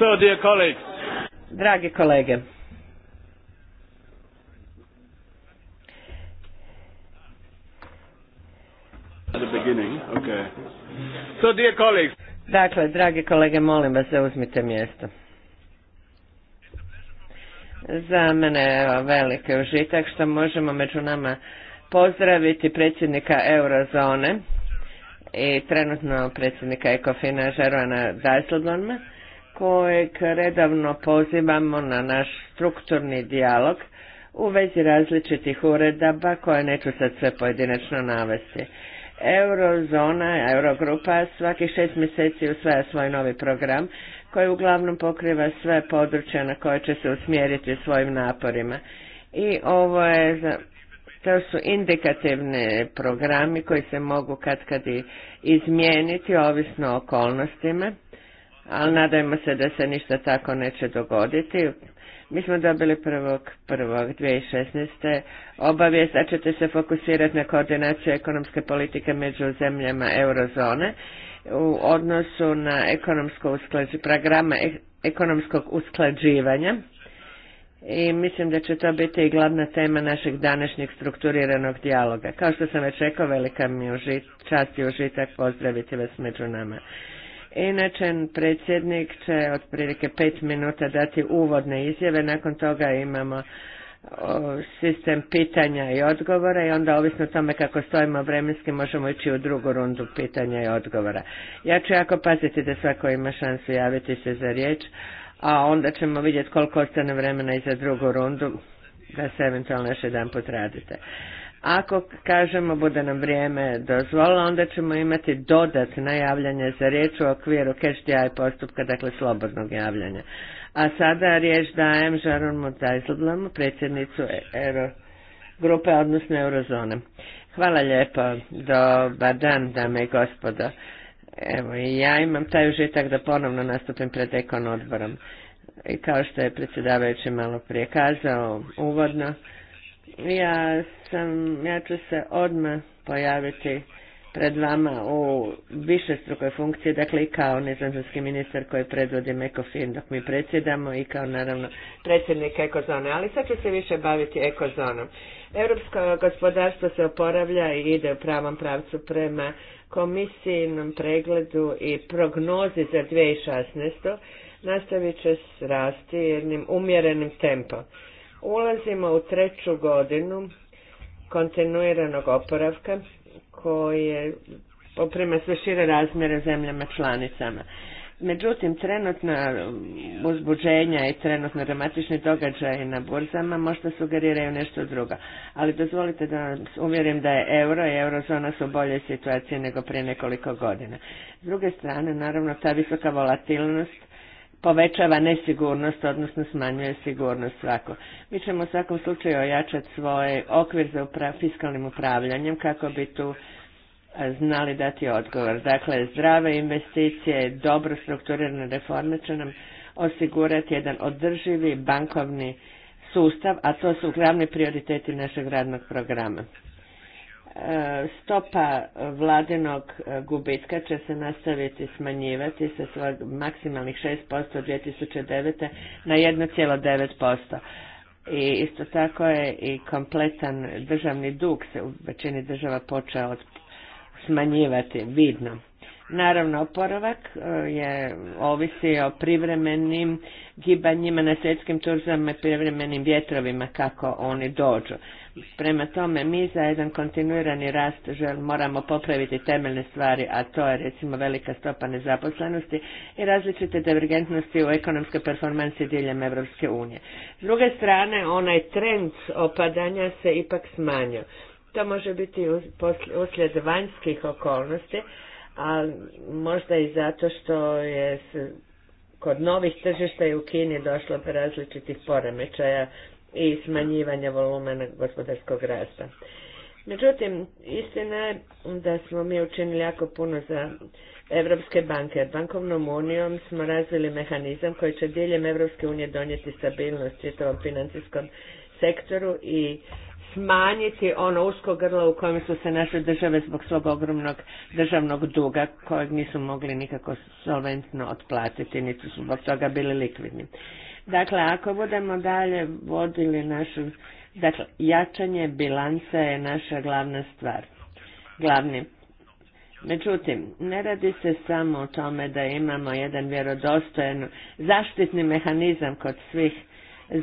S1: So, dear colleagues.
S3: Dragi kolege.
S1: At the beginning, okay. So, dear colleagues.
S3: Dakle, dragi kolege, molim vas da uzmite mjesto. Za mene je veliki užitak što možemo među nama pozdraviti predsjednika Eurozone i trenutno predsjednika Ekofina Žervana Dajsledonma kojeg redavno pozivamo na naš strukturni dijalog u vezi različitih uredaba koje neću sad sve pojedinačno navesti. Eurozona, Eurogrupa svaki šest mjeseci usvaja svoj novi program koji uglavnom pokriva sve područja na koje će se usmjeriti svojim naporima. I ovo je to su indikativne programi koji se mogu kad i izmijeniti ovisno o okolnostima ali nadajmo se da se ništa tako neće dogoditi. Mi smo dobili prvog, prvog obavijest da ćete se fokusirati na koordinaciju ekonomske politike među zemljama eurozone u odnosu na ekonomsko usklađi, programa e, ekonomskog usklađivanja i mislim da će to biti i glavna tema našeg današnjeg strukturiranog dijaloga. Kao što sam već rekao, velika mi je čast i užitak pozdraviti vas među nama. Inače, predsjednik će otprilike pet minuta dati uvodne izjave, nakon toga imamo sistem pitanja i odgovora i onda ovisno tome kako stojimo vremenski možemo ići u drugu rundu pitanja i odgovora. Ja ću jako paziti da svako ima šansu javiti se za riječ, a onda ćemo vidjeti koliko ostane vremena i za drugu rundu da se eventualno još jedan put radite. Ako kažemo bude nam vrijeme dozvolilo onda ćemo imati dodatno javljanje za riječ u okviru cash postupka, dakle slobodnog javljanja. A sada riječ dajem Žaron Motajzlblamu, predsjednicu Euro grupe, odnosno Eurozone. Hvala lijepo, dobar dan, dame i gospodo. Evo, ja imam taj užitak da ponovno nastupim pred Ekon odborom. I kao što je predsjedavajući malo prije kazao uvodno, ja sam, ja ću se odmah pojaviti pred vama u višestrukoj funkciji, dakle i kao nizozemski ministar koji predvodi Mekofin dok mi predsjedamo i kao naravno predsjednik ekozone, ali sad ću se više baviti ekozonom. Europsko gospodarstvo se oporavlja i ide u pravom pravcu prema komisijnom pregledu i prognozi za 2016. nastavit će rasti jednim umjerenim tempom. Ulazimo u treću godinu kontinuiranog oporavka koje oprema sve šire razmjere zemljama članicama. Međutim, trenutna um, uzbuđenja i trenutno dramatični događaj na burzama možda sugeriraju nešto drugo. Ali dozvolite da vam uvjerim da je euro i eurozona su u boljoj situaciji nego prije nekoliko godina. S druge strane, naravno, ta visoka volatilnost povećava nesigurnost, odnosno smanjuje sigurnost svako. Mi ćemo u svakom slučaju ojačati svoj okvir za fiskalnim upravljanjem kako bi tu e, znali dati odgovor. Dakle, zdrave investicije, dobro strukturirane reforme će nam osigurati jedan održivi bankovni sustav, a to su glavni prioriteti našeg radnog programa stopa vladinog e, gubitka će se nastaviti smanjivati sa svog maksimalnih 6% 2009. na 1,9%. I isto tako je i kompletan državni dug se u većini država počeo smanjivati vidno. Naravno, oporavak e, je ovisi o privremenim gibanjima na svjetskim turzama i privremenim vjetrovima kako oni dođu. Prema tome, mi za jedan kontinuirani rast žel, moramo popraviti temeljne stvari, a to je recimo velika stopa nezaposlenosti i različite divergentnosti u ekonomskoj performanci diljem Evropske unije. S druge strane, onaj trend opadanja se ipak smanjio. To može biti uslijed vanjskih okolnosti, a možda i zato što je kod novih tržišta i u Kini došlo do različitih poremećaja i smanjivanja volumena gospodarskog rasta. Međutim, istina je da smo mi učinili jako puno za Evropske banke. Bankovnom unijom smo razvili mehanizam koji će diljem Evropske unije donijeti stabilnost čitavom financijskom sektoru i smanjiti ono usko grlo u kojem su se naše države zbog svog ogromnog državnog duga kojeg nisu mogli nikako solventno otplatiti, niti su zbog toga bili likvidni. Dakle, ako budemo dalje vodili našu, dakle, jačanje bilanca je naša glavna stvar, glavni. Međutim, ne radi se samo o tome da imamo jedan vjerodostojan zaštitni mehanizam kod svih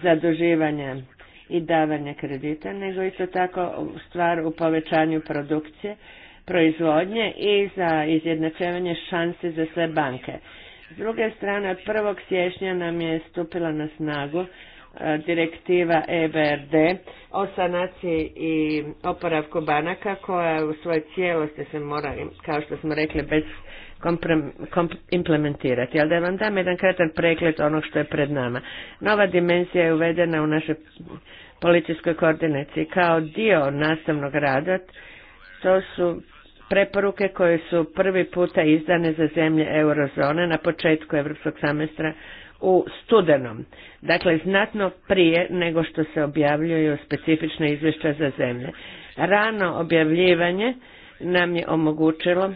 S3: zaduživanja i davanja kredita, nego isto tako stvar u povećanju produkcije, proizvodnje i za izjednačavanje šanse za sve banke. S druge strane, od 1. siječnja nam je stupila na snagu e, direktiva EBRD o sanaciji i oporavku banaka koja u svojoj cijelosti se mora, kao što smo rekli, bez implementirati. Ali da vam dam jedan kratan pregled onog što je pred nama. Nova dimenzija je uvedena u našoj policijskoj koordinaciji kao dio nastavnog rada. To su preporuke koje su prvi puta izdane za zemlje eurozone na početku europskog semestra u studenom, dakle znatno prije nego što se objavljuju specifične izvješća za zemlje. Rano objavljivanje nam je omogućilo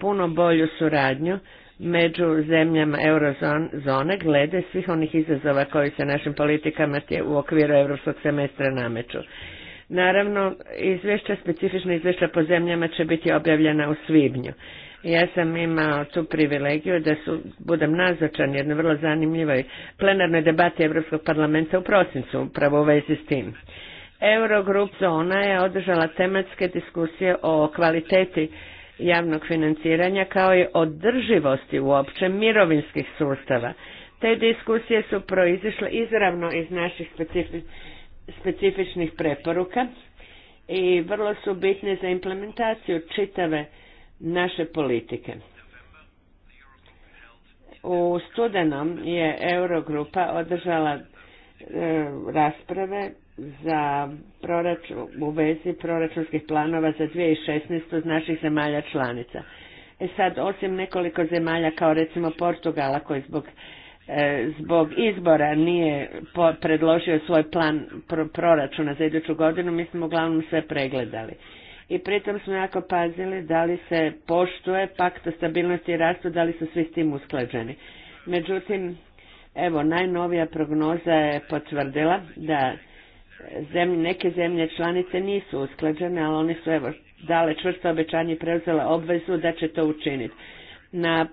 S3: puno bolju suradnju među zemljama eurozone glede svih onih izazova koji se našim politikama u okviru evropskog semestra nameću. Naravno, izvješća, specifična izvješća po zemljama će biti objavljena u svibnju. Ja sam imao tu privilegiju da su, budem nazočan jednoj vrlo zanimljivoj plenarnoj debati Europskog parlamenta u prosincu, upravo u vezi s tim. Eurogrup zona je održala tematske diskusije o kvaliteti javnog financiranja kao i održivosti uopće mirovinskih sustava. Te diskusije su proizišle izravno iz naših specifičnih specifičnih preporuka i vrlo su bitne za implementaciju čitave naše politike. U studenom je Eurogrupa održala e, rasprave za proračun, u vezi proračunskih planova za 2016. naših zemalja članica. E sad, osim nekoliko zemalja kao recimo Portugala koji zbog E, zbog izbora nije predložio svoj plan proračuna za iduću godinu, mi smo uglavnom sve pregledali. I pritom smo jako pazili da li se poštuje pakta stabilnosti i rastu, da li su svi s tim usklađeni. Međutim, evo, najnovija prognoza je potvrdila da zemlje, neke zemlje članice nisu usklađene, ali oni su evo, dale čvrsto obećanje i preuzele obvezu da će to učiniti. Na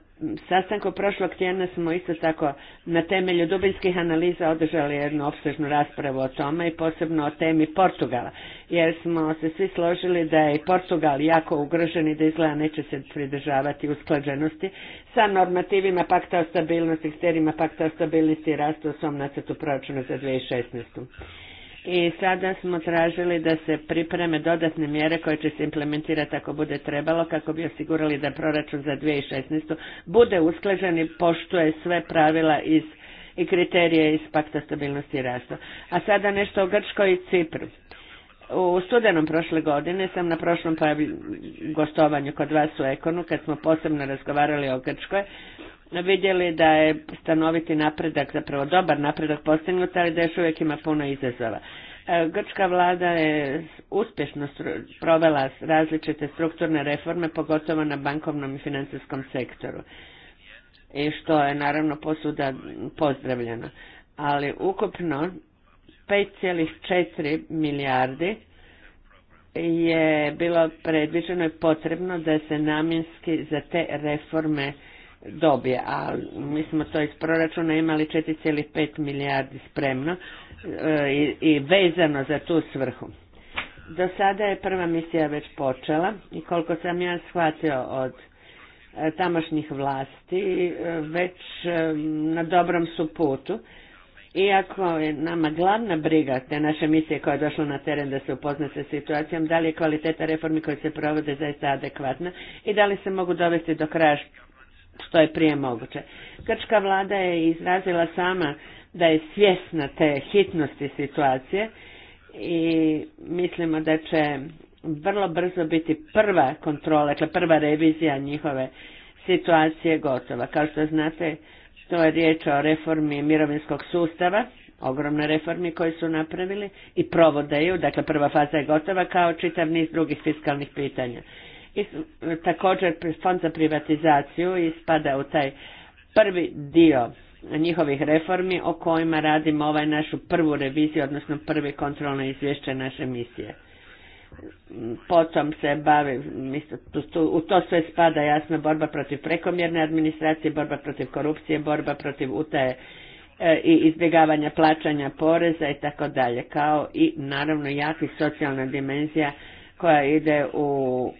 S3: sastanku prošlog tjedna smo isto tako na temelju dubinskih analiza održali jednu opsežnu raspravu o tome i posebno o temi Portugala, jer smo se svi složili da je Portugal jako ugrožen i da izgleda neće se pridržavati usklađenosti sa normativima pakta o stabilnosti, kriterijima pakta o stabilnosti i rastu u svom nacrtu proračuna za 2016 i sada smo tražili da se pripreme dodatne mjere koje će se implementirati ako bude trebalo kako bi osigurali da proračun za 2016. bude usklađen i poštuje sve pravila iz i kriterije iz pakta stabilnosti i rasta. A sada nešto o Grčkoj i Cipru. U studenom prošle godine sam na prošlom pa- gostovanju kod vas u Ekonu, kad smo posebno razgovarali o Grčkoj, vidjeli da je stanoviti napredak, zapravo dobar napredak postignut, ali da još uvijek ima puno izazova. E, grčka vlada je uspješno provela različite strukturne reforme, pogotovo na bankovnom i financijskom sektoru. I što je naravno posuda pozdravljeno. Ali ukupno 5,4 milijardi je bilo predviđeno i potrebno da se namjenski za te reforme dobije, a mi smo to iz proračuna imali 4,5 milijardi spremno e, i, vezano za tu svrhu. Do sada je prva misija već počela i koliko sam ja shvatio od e, tamošnjih vlasti e, već na dobrom su putu. Iako je nama glavna briga te naše misije koja je došla na teren da se upozna sa situacijom, da li je kvaliteta reformi koje se provode zaista adekvatna i da li se mogu dovesti do kraja što je prije moguće. Grčka vlada je izrazila sama da je svjesna te hitnosti situacije i mislimo da će vrlo brzo biti prva kontrola, dakle prva revizija njihove situacije gotova. Kao što znate, to je riječ o reformi mirovinskog sustava, ogromne reformi koje su napravili i provodaju, dakle prva faza je gotova kao čitav niz drugih fiskalnih pitanja. I također fond za privatizaciju ispada u taj prvi dio njihovih reformi o kojima radimo ovaj našu prvu reviziju, odnosno prvi kontrolno izvješće naše misije. Potom se bavi, u to sve spada jasno borba protiv prekomjerne administracije, borba protiv korupcije, borba protiv utaje e, i izbjegavanja plaćanja poreza i tako dalje, kao i naravno jaki socijalna dimenzija koja ide u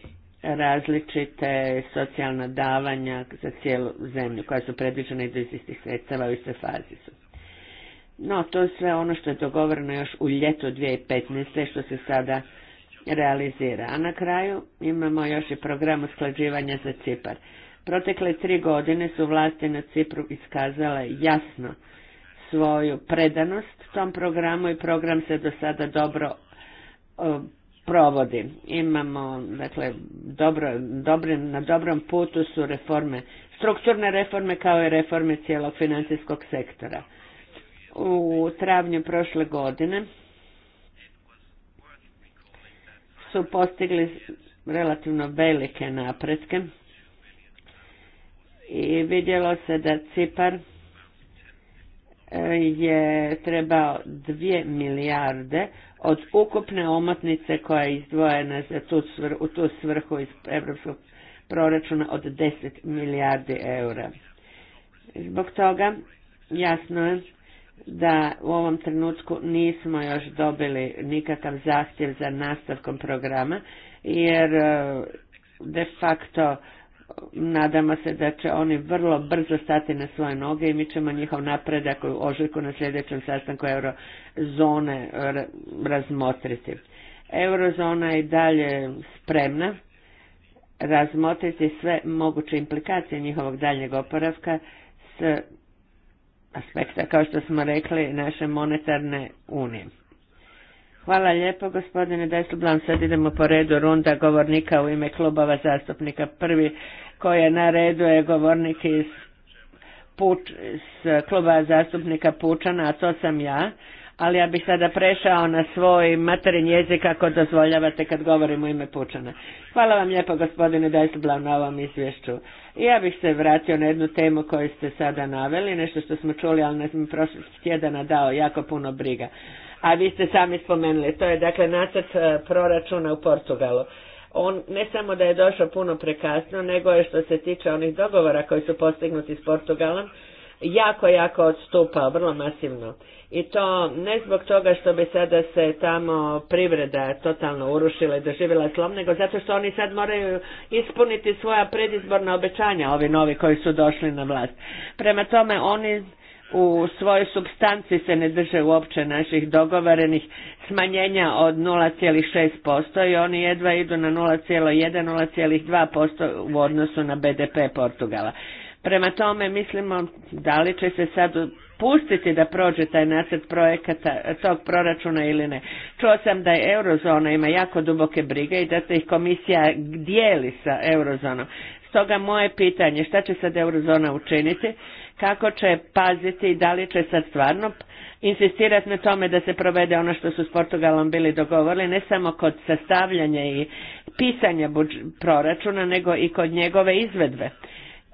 S3: različite socijalna davanja za cijelu zemlju koja su predviđena iz istih sredstava u istoj fazi su. No, to je sve ono što je dogovoreno još u ljetu 2015. što se sada realizira. A na kraju imamo još i program usklađivanja za Cipar. Protekle tri godine su vlasti na Cipru iskazale jasno svoju predanost tom programu i program se do sada dobro provodi. Imamo, dakle, dobro, dobre, na dobrom putu su reforme, strukturne reforme kao i reforme cijelog financijskog sektora. U travnju prošle godine su postigli relativno velike napretke i vidjelo se da Cipar e, je trebao dvije milijarde od ukupne omotnice koja je izdvojena za tu svr, u tu svrhu iz europskog proračuna od 10 milijardi eura. Zbog toga jasno je da u ovom trenutku nismo još dobili nikakav zahtjev za nastavkom programa jer eh, de facto Nadamo se da će oni vrlo brzo stati na svoje noge i mi ćemo njihov napredak u ožujku na sljedećem sastanku eurozone razmotriti. Eurozona je dalje spremna razmotriti sve moguće implikacije njihovog daljnjeg oporavka s aspekta, kao što smo rekli, naše monetarne unije. Hvala lijepo gospodine Dajsublan. Sad idemo po redu runda govornika u ime klubova zastupnika. Prvi koji je na redu je govornik iz, kluba zastupnika Pučana, a to sam ja. Ali ja bih sada prešao na svoj materin jezik ako dozvoljavate kad govorim u ime Pučana. Hvala vam lijepo gospodine Dajsublan na ovom izvješću. I ja bih se vratio na jednu temu koju ste sada naveli, nešto što smo čuli, ali nas mi prošlih tjedana dao jako puno briga a vi ste sami spomenuli. To je dakle nacrt e, proračuna u Portugalu. On ne samo da je došao puno prekasno, nego je što se tiče onih dogovora koji su postignuti s Portugalom, jako, jako odstupao, vrlo masivno. I to ne zbog toga što bi sada se tamo privreda totalno urušila i doživjela slom, nego zato što oni sad moraju ispuniti svoja predizborna obećanja, ovi novi koji su došli na vlast. Prema tome, oni u svojoj substanci se ne drže uopće naših dogovorenih smanjenja od 0,6% i oni jedva idu na 0,1, 0,2% u odnosu na BDP Portugala. Prema tome mislimo da li će se sad pustiti da prođe taj nasred projekata tog proračuna ili ne. Čuo sam da je eurozona ima jako duboke brige i da se ih komisija dijeli sa eurozonom. Stoga moje pitanje, šta će sad eurozona učiniti, kako će paziti i da li će sad stvarno insistirati na tome da se provede ono što su s Portugalom bili dogovorili, ne samo kod sastavljanja i pisanja proračuna, nego i kod njegove izvedbe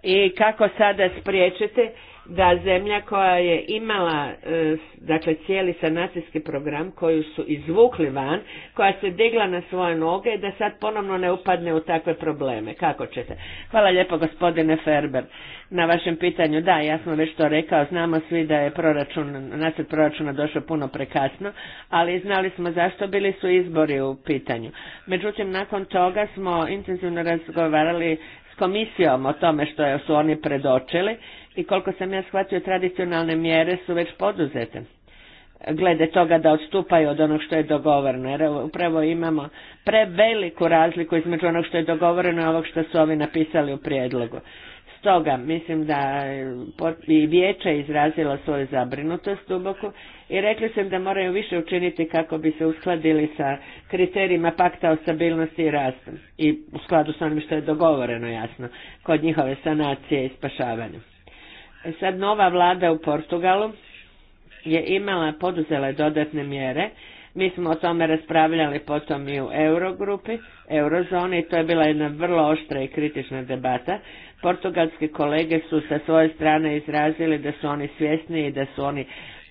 S3: i kako sada spriječiti da zemlja koja je imala e, dakle cijeli sanacijski program koju su izvukli van, koja se digla na svoje noge i da sad ponovno ne upadne u takve probleme. Kako ćete? Hvala lijepo gospodine Ferber na vašem pitanju. Da, ja sam već to rekao, znamo svi da je proračun, nacrt proračuna došao puno prekasno, ali znali smo zašto bili su izbori u pitanju. Međutim, nakon toga smo intenzivno razgovarali komisijom o tome što su oni predočili i koliko sam ja shvatio tradicionalne mjere su već poduzete glede toga da odstupaju od onog što je dogovoreno. Jer upravo imamo preveliku razliku između onog što je dogovoreno i ovog što su ovi napisali u prijedlogu. Stoga mislim da i vijeće izrazila svoju zabrinutost duboku i rekli sam da moraju više učiniti kako bi se uskladili sa kriterijima pakta o stabilnosti i rastu i u skladu s onim što je dogovoreno jasno kod njihove sanacije i spašavanja. E sad nova vlada u Portugalu je imala, poduzela dodatne mjere mi smo o tome raspravljali potom i u Eurogrupi, Eurozoni, to je bila jedna vrlo oštra i kritična debata. Portugalski kolege su sa svoje strane izrazili da su oni svjesni i da su oni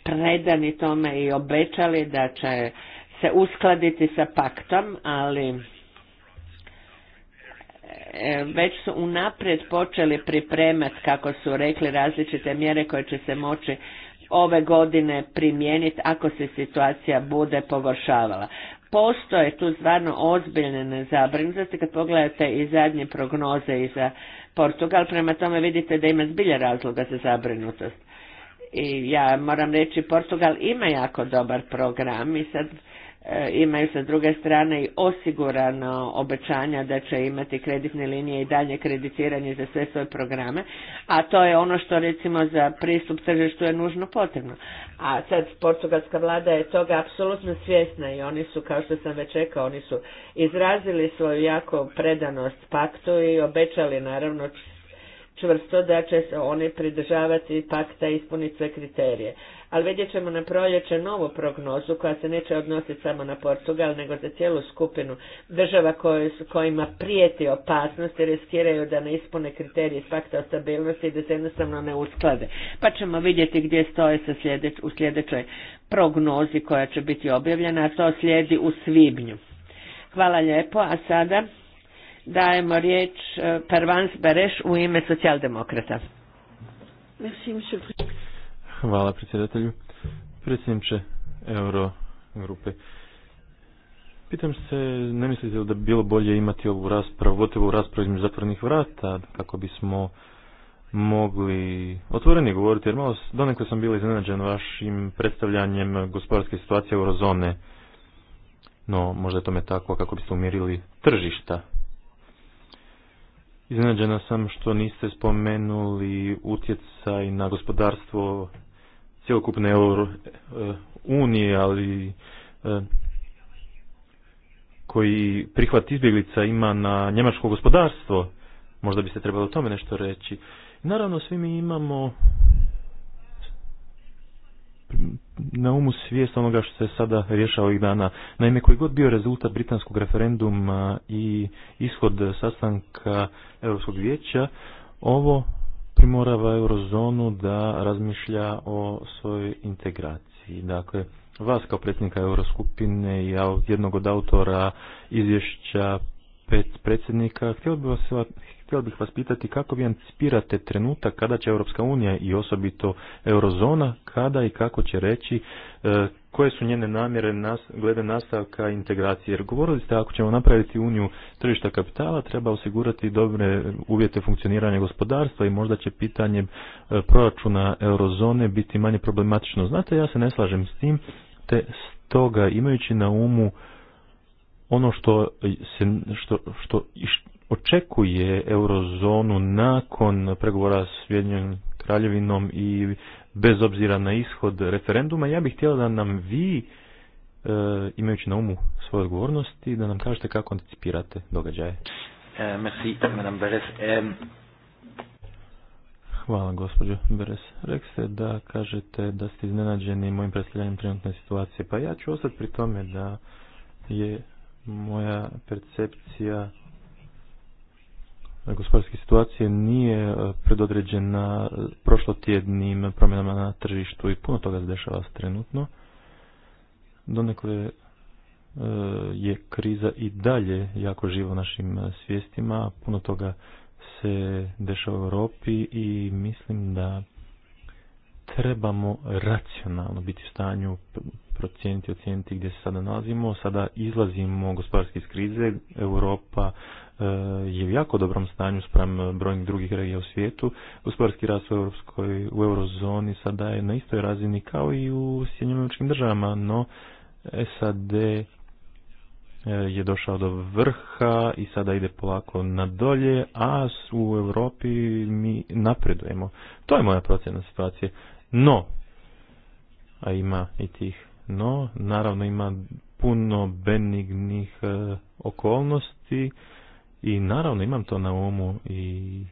S3: predani tome i obećali da će se uskladiti sa paktom, ali e, već su unaprijed počeli pripremati, kako su rekli, različite mjere koje će se moći ove godine primijeniti ako se situacija bude pogoršavala. Postoje tu stvarno ozbiljne nezabrinutosti kad pogledate i zadnje prognoze i za Portugal, prema tome vidite da ima zbilja razloga za zabrinutost. I ja moram reći, Portugal ima jako dobar program i sad E, imaju sa druge strane i osigurano obećanja da će imati kreditne linije i dalje kreditiranje za sve svoje programe, a to je ono što recimo za pristup tržištu je nužno potrebno. A sad portugalska vlada je toga apsolutno svjesna i oni su, kao što sam već rekao, oni su izrazili svoju jako predanost paktu i obećali naravno čvrsto da će se oni pridržavati pakta i ispuniti sve kriterije ali vidjet ćemo na proljeće novu prognozu koja se neće odnositi samo na Portugal, nego za cijelu skupinu država koje, kojima prijeti opasnost i riskiraju da ne ispune kriterije fakta o stabilnosti i da se jednostavno ne usklade. Pa ćemo vidjeti gdje stoje sa u sljedećoj prognozi koja će biti objavljena, a to slijedi u svibnju. Hvala lijepo, a sada dajemo riječ eh, Pervans Bereš u ime socijaldemokrata.
S2: Hvala predsjedatelju. Predsjedniče Euro grupe. Pitam se, ne mislite li da bi bilo bolje imati ovu raspravu, gotovo u raspravu između zatvorenih vrata, kako bismo mogli otvoreni govoriti, jer malo donekle sam bio iznenađen vašim predstavljanjem gospodarske situacije eurozone, no možda je tome tako kako biste umirili tržišta. Iznenađena sam što niste spomenuli utjecaj na gospodarstvo cjelokupne euro, e, unije, ali e, koji prihvat izbjeglica ima na njemačko gospodarstvo. Možda bi se trebalo o tome nešto reći. Naravno, svi mi imamo na umu svijest onoga što se sada rješava ovih dana. Naime, koji god bio rezultat britanskog referenduma i ishod sastanka Europskog vijeća, ovo primorava eurozonu da razmišlja o svojoj integraciji. Dakle, vas kao predsjednika Euroskupine i jednog od autora izvješća pet predsjednika, htio bih vas, bih vas pitati kako vi anticipirate trenutak kada će Europska unija i osobito Eurozona, kada i kako će reći e, koje su njene namjere nas, glede nastavka integracije. Jer govorili ste, ako ćemo napraviti uniju tržišta kapitala, treba osigurati dobre uvjete funkcioniranja gospodarstva i možda će pitanje e, proračuna eurozone biti manje problematično. Znate, ja se ne slažem s tim, te stoga imajući na umu ono što se, što, što očekuje eurozonu nakon pregovora s Vjednjom kraljevinom i bez obzira na ishod referenduma, ja bih htjela da nam vi, e, imajući na umu svoje odgovornosti, da nam kažete kako anticipirate događaje.
S4: E, merci, madame Beres. E,
S2: Hvala, gospođo Beres. Rekste da kažete da ste iznenađeni mojim predstavljanjem trenutne situacije. Pa ja ću ostati pri tome da je moja percepcija gospodarske situacije nije e, predodređena prošlotjednim promjenama na tržištu i puno toga se dešava trenutno. Donekle e, je kriza i dalje jako živa u našim svijestima, puno toga se dešava u Europi i mislim da trebamo racionalno biti u stanju procijeniti, ocijeniti gdje se sada nalazimo. Sada izlazimo gospodarski iz krize, Europa E, je u jako dobrom stanju spram e, brojnih drugih regija u svijetu. Gospodarski rast u, Europskoj, u eurozoni sada je na istoj razini kao i u Sjedinjenim državama, no SAD e, je došao do vrha i sada ide polako na dolje, a u Europi mi napredujemo. To je moja procjena situacije. No, a ima i tih no, naravno ima puno benignih okolnosti i naravno imam to na umu i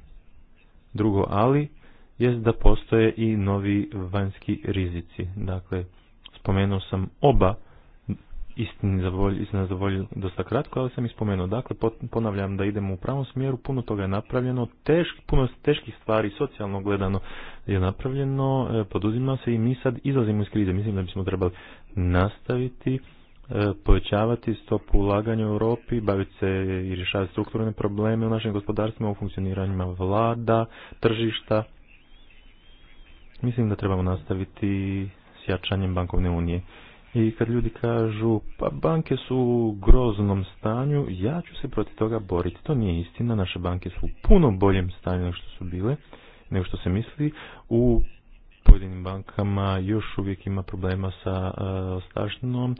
S2: drugo, ali jest da postoje i novi vanjski rizici. Dakle, spomenuo sam oba istini za volj, dosta kratko, ali sam i spomenuo. Dakle, ponavljam da idemo u pravom smjeru, puno toga je napravljeno, teški, puno teških stvari socijalno gledano je napravljeno, e, poduzima se i mi sad izlazimo iz krize. Mislim da bismo trebali nastaviti E, povećavati stopu ulaganja u Europi, baviti se i rješavati strukturne probleme u našim gospodarstvima, u funkcioniranjima vlada, tržišta. Mislim da trebamo nastaviti s jačanjem bankovne unije. I kad ljudi kažu, pa banke su u groznom stanju, ja ću se protiv toga boriti. To nije istina, naše banke su u puno boljem stanju nego što su bile, nego što se misli. U pojedinim bankama još uvijek ima problema sa e, ostašnjom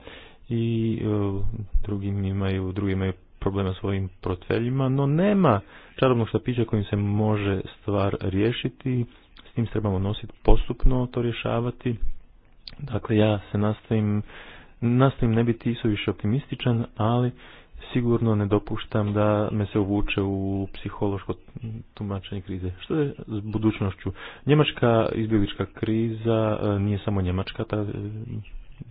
S2: i e, drugi imaju, drugi imaju problema svojim portfeljima, no nema čarobnog štapića kojim se može stvar riješiti, s tim trebamo nositi postupno to rješavati. Dakle, ja se nastavim, nastavim ne biti više optimističan, ali sigurno ne dopuštam da me se uvuče u psihološko tumačenje krize. Što je s budućnošću? Njemačka izbjeglička kriza e, nije samo njemačka, ta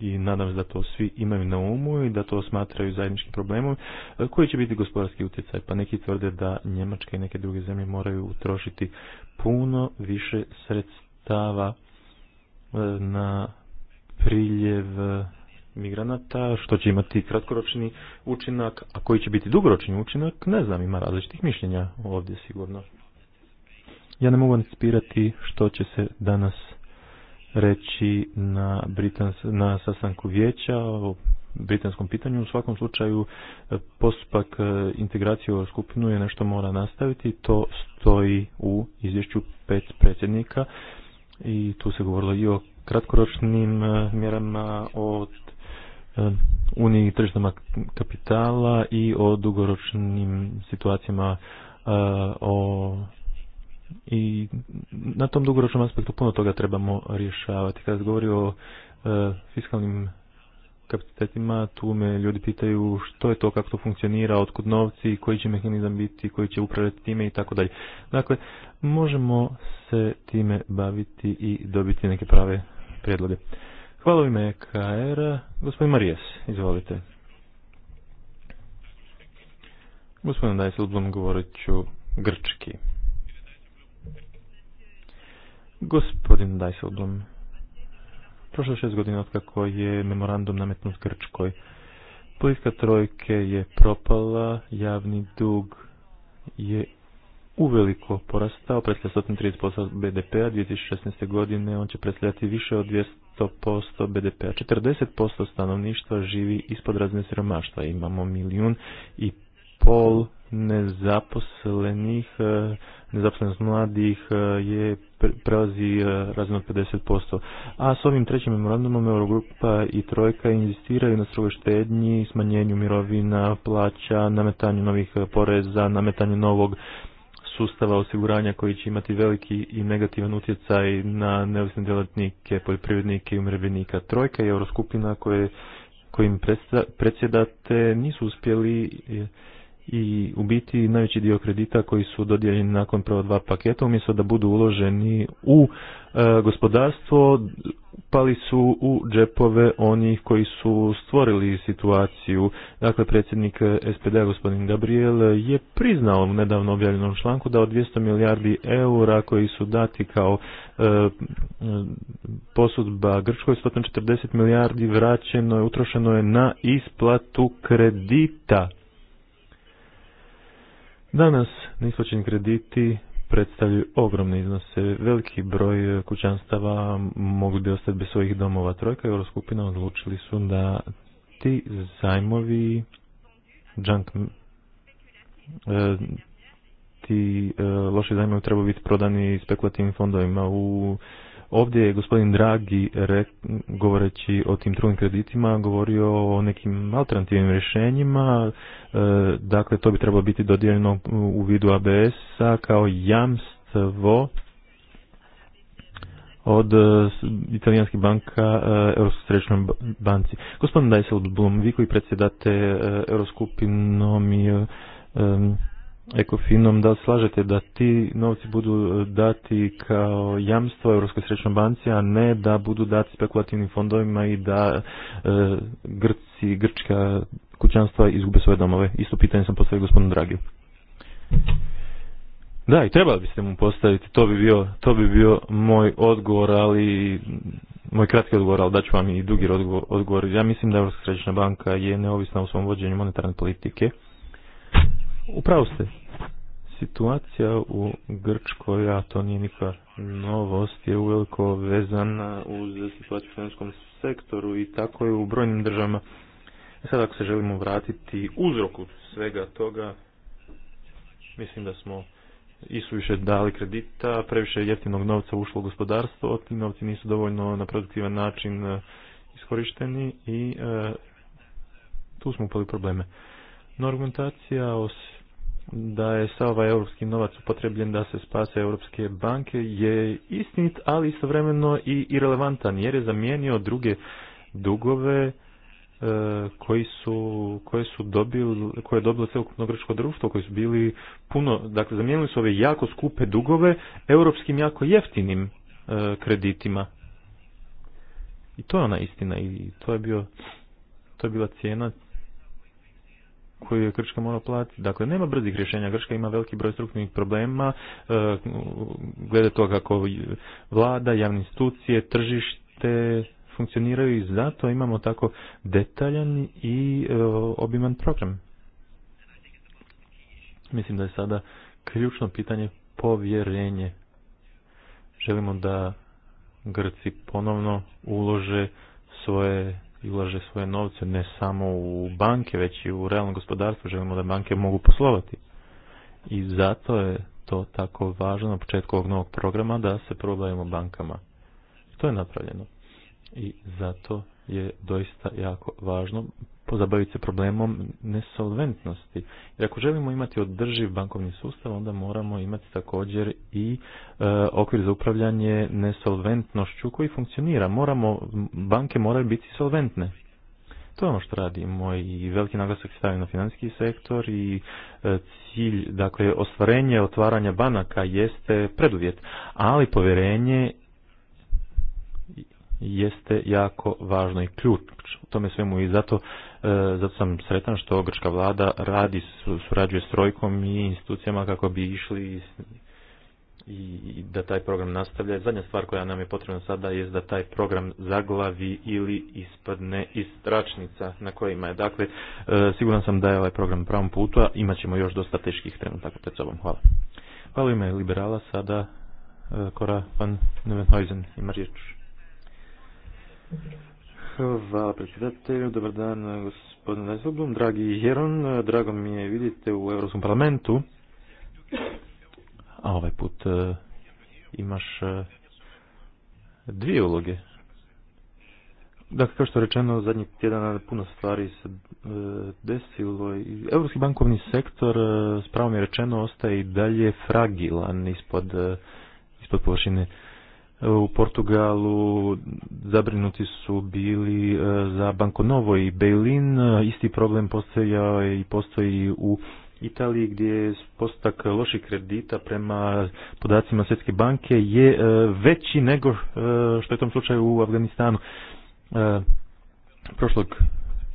S2: i nadam se da to svi imaju na umu i da to smatraju zajedničkim problemom, e, koji će biti gospodarski utjecaj. Pa neki tvrde da Njemačka i neke druge zemlje moraju utrošiti puno više sredstava e, na priljev e, migranata, što će imati kratkoročni učinak, a koji će biti dugoročni učinak, ne znam, ima različitih mišljenja ovdje sigurno. Ja ne mogu anticipirati što će se danas reći na, Britans, na sastanku vijeća o britanskom pitanju. U svakom slučaju e, postupak e, integracije u skupinu je nešto mora nastaviti. To stoji u izvješću pet predsjednika i tu se govorilo i o kratkoročnim e, mjerama od uniji tržnama kapitala i o dugoročnim situacijama o i na tom dugoročnom aspektu puno toga trebamo rješavati. Kad govori o e, fiskalnim kapacitetima, tu me ljudi pitaju što je to, kako to funkcionira, otkud novci, koji će mehanizam biti, koji će upravljati time i tako dalje. Dakle, možemo se time baviti i dobiti neke prave prijedloge. Hvala u ime Gospodin Marijas, izvolite. Gospodin govorit ću grčki. Gospodin dajseldom prošlo šest godina otkako je memorandum nametnut Grčkoj. Politika trojke je propala, javni dug je uveliko porastao, predstavlja 130% BDP-a 2016. godine, on će predstavljati više od 200% BDP-a. 40% stanovništva živi ispod razine siromaštva. Imamo milijun i pol nezaposlenih, e, nezaposlenost mladih e, je prelazi e, razinu 50%. A s ovim trećim memorandumom Eurogrupa i Trojka inzistiraju na strogoj štednji, smanjenju mirovina, plaća, nametanju novih e, poreza, nametanju novog sustava osiguranja koji će imati veliki i negativan utjecaj na neovisne djelatnike, poljoprivrednike i umirovljenika. Trojka i Euroskupina koje, kojim predsjedate nisu uspjeli e, i u biti najveći dio kredita koji su dodijeljeni nakon prva dva paketa umjesto da budu uloženi u e, gospodarstvo pali su u džepove onih koji su stvorili situaciju. Dakle, predsjednik SPD, gospodin Gabriel, je priznao u nedavno objavljenom članku da od 200 milijardi eura koji su dati kao e, posudba Grčkoj, 140 milijardi vraćeno je, utrošeno je na isplatu kredita Danas neisplaćeni krediti predstavljaju ogromne iznose. Veliki broj kućanstava mogu bi ostati bez svojih domova. Trojka i skupina odlučili su da ti zajmovi junk, e, ti e, loši zajmovi trebaju biti prodani spekulativnim fondovima. U Ovdje je gospodin Dragi, govoreći o tim trudnim kreditima, govorio o nekim alternativnim rješenjima. E, dakle, to bi trebalo biti dodijeljeno u vidu ABS-a kao jamstvo od e, italijanskih banka e, Europskoj središnjoj banci. Gospodin Blum, vi koji predsjedate Euroskupinom i Eko, finom, da slažete da ti novci budu e, dati kao jamstvo Europskoj srećnoj banci, a ne da budu dati spekulativnim fondovima i da e, Grci, Grčka kućanstva izgube svoje domove? Isto pitanje sam postavio gospodinu Dragiju. Da, i trebali biste mu postaviti, to bi bio, to bi bio moj odgovor, ali moj kratki odgovor, ali daću vam i dugi odgovor. Ja mislim da Europska središnja banka je neovisna u svom vođenju monetarne politike Upravo ste. Situacija u Grčkoj, a to nije nikakva novost, je uveliko vezana uz situaciju u finanskom sektoru i tako je u brojnim državama. E sada ako se želimo vratiti uzroku svega toga, mislim da smo isuviše dali kredita, previše jeftinog novca ušlo u gospodarstvo, ti novci nisu dovoljno na produktivan način e, iskorišteni i e, tu smo upali probleme. No argumentacija o da je sa ovaj europski novac upotrebljen da se spase europske banke je istinit, ali istovremeno i irelevantan jer je zamijenio druge dugove e, koji su, koje su dobili, koje je dobilo celokupno grčko društvo, koji su bili puno, dakle zamijenili su ove jako skupe dugove europskim jako jeftinim e, kreditima. I to je ona istina i to je bio to je bila cijena koju je Grčka mora platiti. Dakle, nema brzih rješenja. Grčka ima veliki broj strukturnih problema e, glede to kako vlada, javne institucije, tržište funkcioniraju i zato imamo tako detaljan i e, obiman program. Mislim da je sada ključno pitanje povjerenje. Želimo da Grci ponovno ulože svoje i ulaže svoje novce ne samo u banke, već i u realno gospodarstvo. Želimo da banke mogu poslovati. I zato je to tako važno na početku ovog novog programa da se probavimo bankama. To je napravljeno. I zato je doista jako važno pozabaviti se problemom nesolventnosti. Jer ako želimo imati održiv bankovni sustav, onda moramo imati također i e, okvir za upravljanje nesolventnošću koji funkcionira. Moramo, banke moraju biti solventne. To je ono što radimo i veliki naglasak stavimo na financijski sektor i e, cilj, dakle, ostvarenje otvaranja banaka jeste preduvjet, ali povjerenje jeste jako važno i ključ u tome svemu i zato E, zato sam sretan što grčka vlada radi, surađuje s trojkom i institucijama kako bi išli i da taj program nastavlja. Zadnja stvar koja nam je potrebna sada je da taj program zaglavi ili ispadne iz tračnica na kojima je. Dakle, e, siguran sam da je ovaj program pravom putu, a imat ćemo još dosta teških trenutaka pred sobom. Hvala. Hvala ime liberala, sada e, Kora van Nevenhuizen ima riječ. Hvala predsjedatelju, dobar dan gospodin Dajsoblom, dragi Jeron, drago mi je vidite u Europskom parlamentu, a ovaj put e, imaš e, dvije uloge. Dakle, kao što je rečeno, zadnjih tjedana puno stvari se e, desilo. i Europski bankovni sektor, s pravom je rečeno, ostaje i dalje fragilan ispod, ispod površine u Portugalu zabrinuti su bili e, za Bankonovo i Bejlin. E, isti problem postojao i postoji u Italiji gdje je postak loših kredita prema podacima Svjetske banke je e, veći nego što je tom slučaju u Afganistanu. Prošlog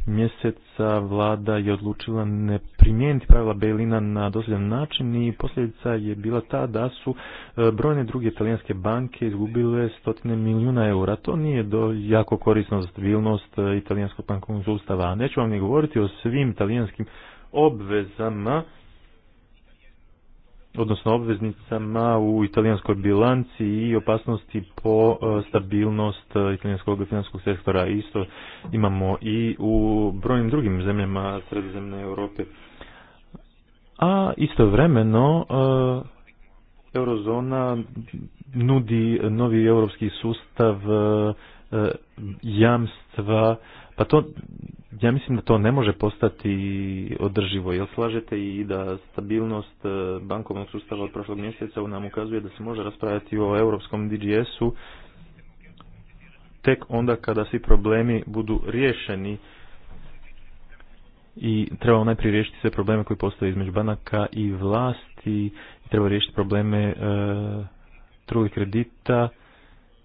S2: mjeseca vlada je odlučila ne primijeniti pravila Bejlina na dosljedan način i posljedica je bila ta da su e, brojne druge italijanske banke izgubile stotine milijuna eura. To nije do jako korisno za stabilnost e, italijanskog bankovnog sustava. Neću vam ni govoriti o svim italijanskim obvezama odnosno obveznicama u italijanskoj bilanci i opasnosti po e, stabilnost e, italijanskog financijskog sektora. Isto imamo i u brojnim drugim zemljama sredozemne Europe. A istovremeno e, eurozona nudi novi europski sustav jamstva, pa to ja mislim da to ne može postati održivo. Jel slažete i da stabilnost e, bankovnog sustava od prošlog mjeseca nam ukazuje da se može raspravljati o europskom DGS-u tek onda kada svi problemi budu riješeni i treba najprije riješiti sve probleme koji postoje između banaka i vlasti treba riješiti probleme e, kredita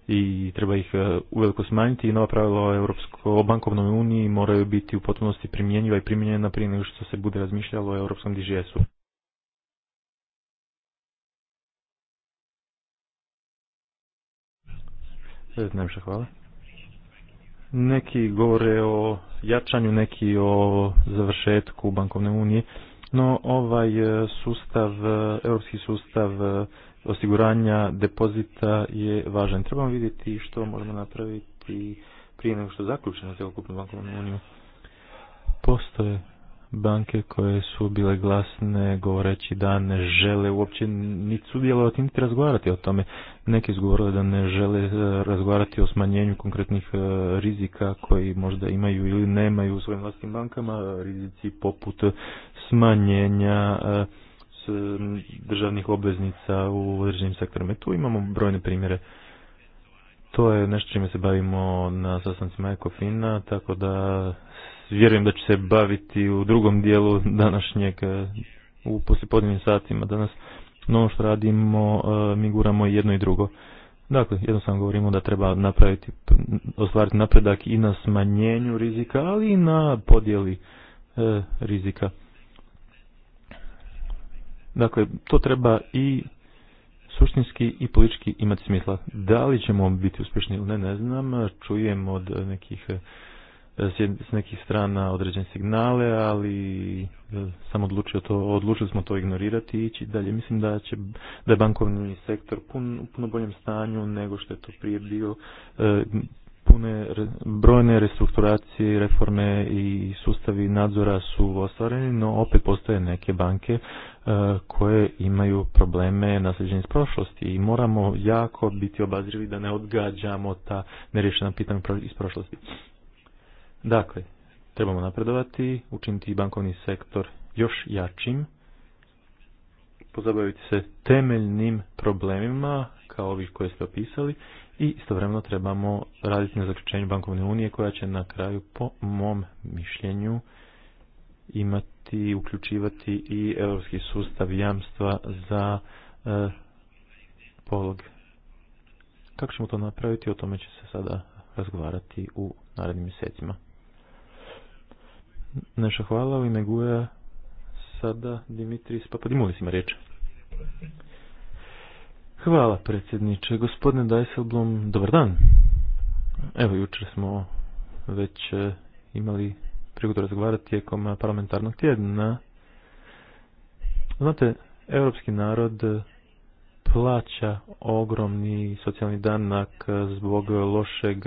S2: i treba ih e, uveliko smanjiti i nova pravila o Europskoj bankovnoj uniji moraju biti u potpunosti primjenjiva i primijenjena prije nego što se bude razmišljalo o Europskom DGS-u. E, hvala. Neki govore o jačanju, neki o završetku bankovne unije, no ovaj e, sustav, europski sustav osiguranja depozita je važan. Trebamo vidjeti što možemo napraviti prije nego što zaključimo cjelokupnu bankovnu uniju. Postoje banke koje su bile glasne govoreći da ne žele uopće ni sudjelovati niti razgovarati o tome. Neki govorili da ne žele e, razgovarati o smanjenju konkretnih e, rizika koji možda imaju ili nemaju u svojim vlastnim bankama, rizici poput smanjenja e, Eh, državnih obveznica u određenim sektorima. Tu imamo brojne primjere. To je nešto čime se bavimo na sastancima Ekofina, tako da vjerujem da će se baviti u drugom dijelu današnjeg, eh, u poslijepodnevnim satima danas. No što radimo, eh, mi guramo jedno i drugo. Dakle, jednostavno govorimo da treba napraviti, ostvariti napredak i na smanjenju rizika, ali i na podjeli rizika. Dakle, to treba i suštinski i politički imati smisla. Da li ćemo biti uspješni ili ne, ne znam. Čujem od nekih eh, s nekih strana određene signale, ali eh, sam odlučio to, odlučili smo to ignorirati i ići dalje. Mislim da će da je bankovni sektor pun, u puno boljem stanju nego što je to prije bio. Eh, pune brojne restrukturacije, reforme i sustavi nadzora su ostvareni, no opet postoje neke banke e, koje imaju probleme nasljeđene iz prošlosti i moramo jako biti obazrivi da ne odgađamo ta nerješena pitanja iz prošlosti. Dakle, trebamo napredovati, učiniti bankovni sektor još jačim, pozabaviti se temeljnim problemima kao ovih koje ste opisali i istovremeno trebamo raditi na zaključenju bankovne unije koja će na kraju po mom mišljenju imati, uključivati i europski sustav jamstva za e, polog. Kako ćemo to napraviti, o tome će se sada razgovarati u narednim mjesecima. Naša hvala u ime sada Dimitris Papadimulis ima riječ. Hvala predsjedniče. Gospodine Dajselblom, dobar dan. Evo, jučer smo već e, imali prigodu razgovarati tijekom e, parlamentarnog tjedna. Znate, europski narod e, plaća ogromni socijalni danak zbog lošeg,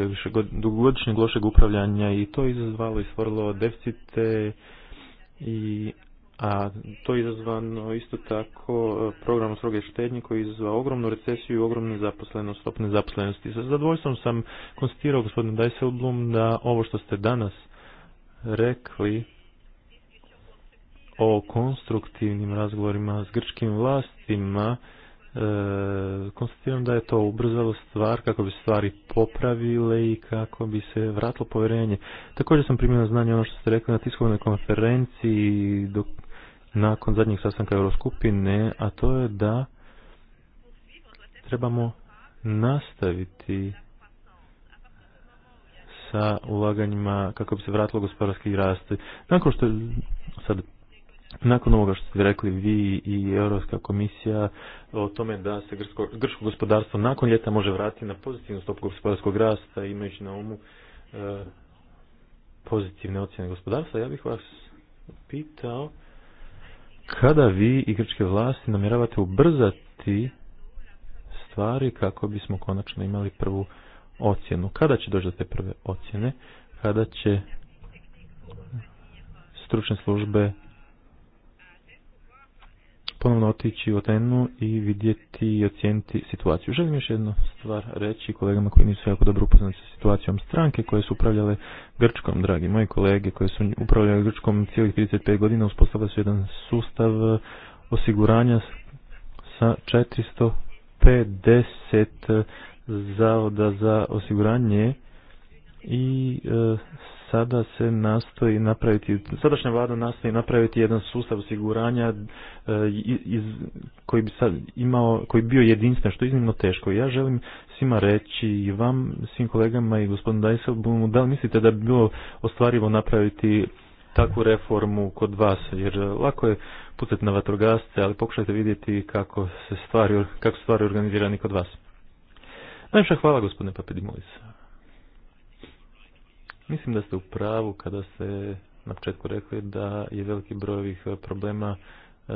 S2: dugogodišnjeg lošeg upravljanja i to izazvalo i stvorilo deficite i a to je izazvano isto tako e, programom sroge štednje koji je izazvao ogromnu recesiju i ogromnu zaposlenost, stopne zaposlenosti. Sa zadovoljstvom sam konstatirao, gospodin Dijsselblum, da ovo što ste danas rekli o konstruktivnim razgovorima s grčkim vlastima, e, konstatiram da je to ubrzalo stvar kako bi stvari popravile i kako bi se vratilo povjerenje. Također sam primio znanje ono što ste rekli na tiskovnoj konferenciji dok nakon zadnjeg sastanka Euroskupine, a to je da trebamo nastaviti sa ulaganjima kako bi se vratilo gospodarski rast. Nakon što sad nakon ovoga što ste rekli vi i Europska komisija o tome da se grško, grško gospodarstvo nakon ljeta može vratiti na pozitivnu stopu gospodarskog rasta imajući na umu e, pozitivne ocjene gospodarstva, ja bih vas pitao kada vi i grčke vlasti namjeravate ubrzati stvari kako bismo konačno imali prvu ocjenu. Kada će doći do te prve ocjene? Kada će stručne službe ponovno otići u Atenu i vidjeti i ocijeniti situaciju. Želim još jednu stvar reći kolegama koji nisu jako dobro upoznati sa situacijom stranke koje su upravljale Grčkom, dragi moji kolege, koje su upravljale Grčkom cijelih 35 godina, uspostavili su jedan sustav osiguranja sa 450 zavoda za osiguranje i e, sada se nastoji napraviti, sadašnja vlada nastoji napraviti jedan sustav osiguranja e, iz, koji bi sad imao, koji bio jedinstven, što je iznimno teško. Ja želim svima reći i vam, svim kolegama i gospodinu Dajselbu, da li mislite da bi bilo ostvarivo napraviti takvu reformu kod vas, jer e, lako je pucati na vatrogasce, ali pokušajte vidjeti kako se stvari, kako stvari organizirani kod vas. Najviše hvala gospodine Papidimolis. Mislim da ste u pravu kada ste na početku rekli da je veliki broj ovih e, problema e,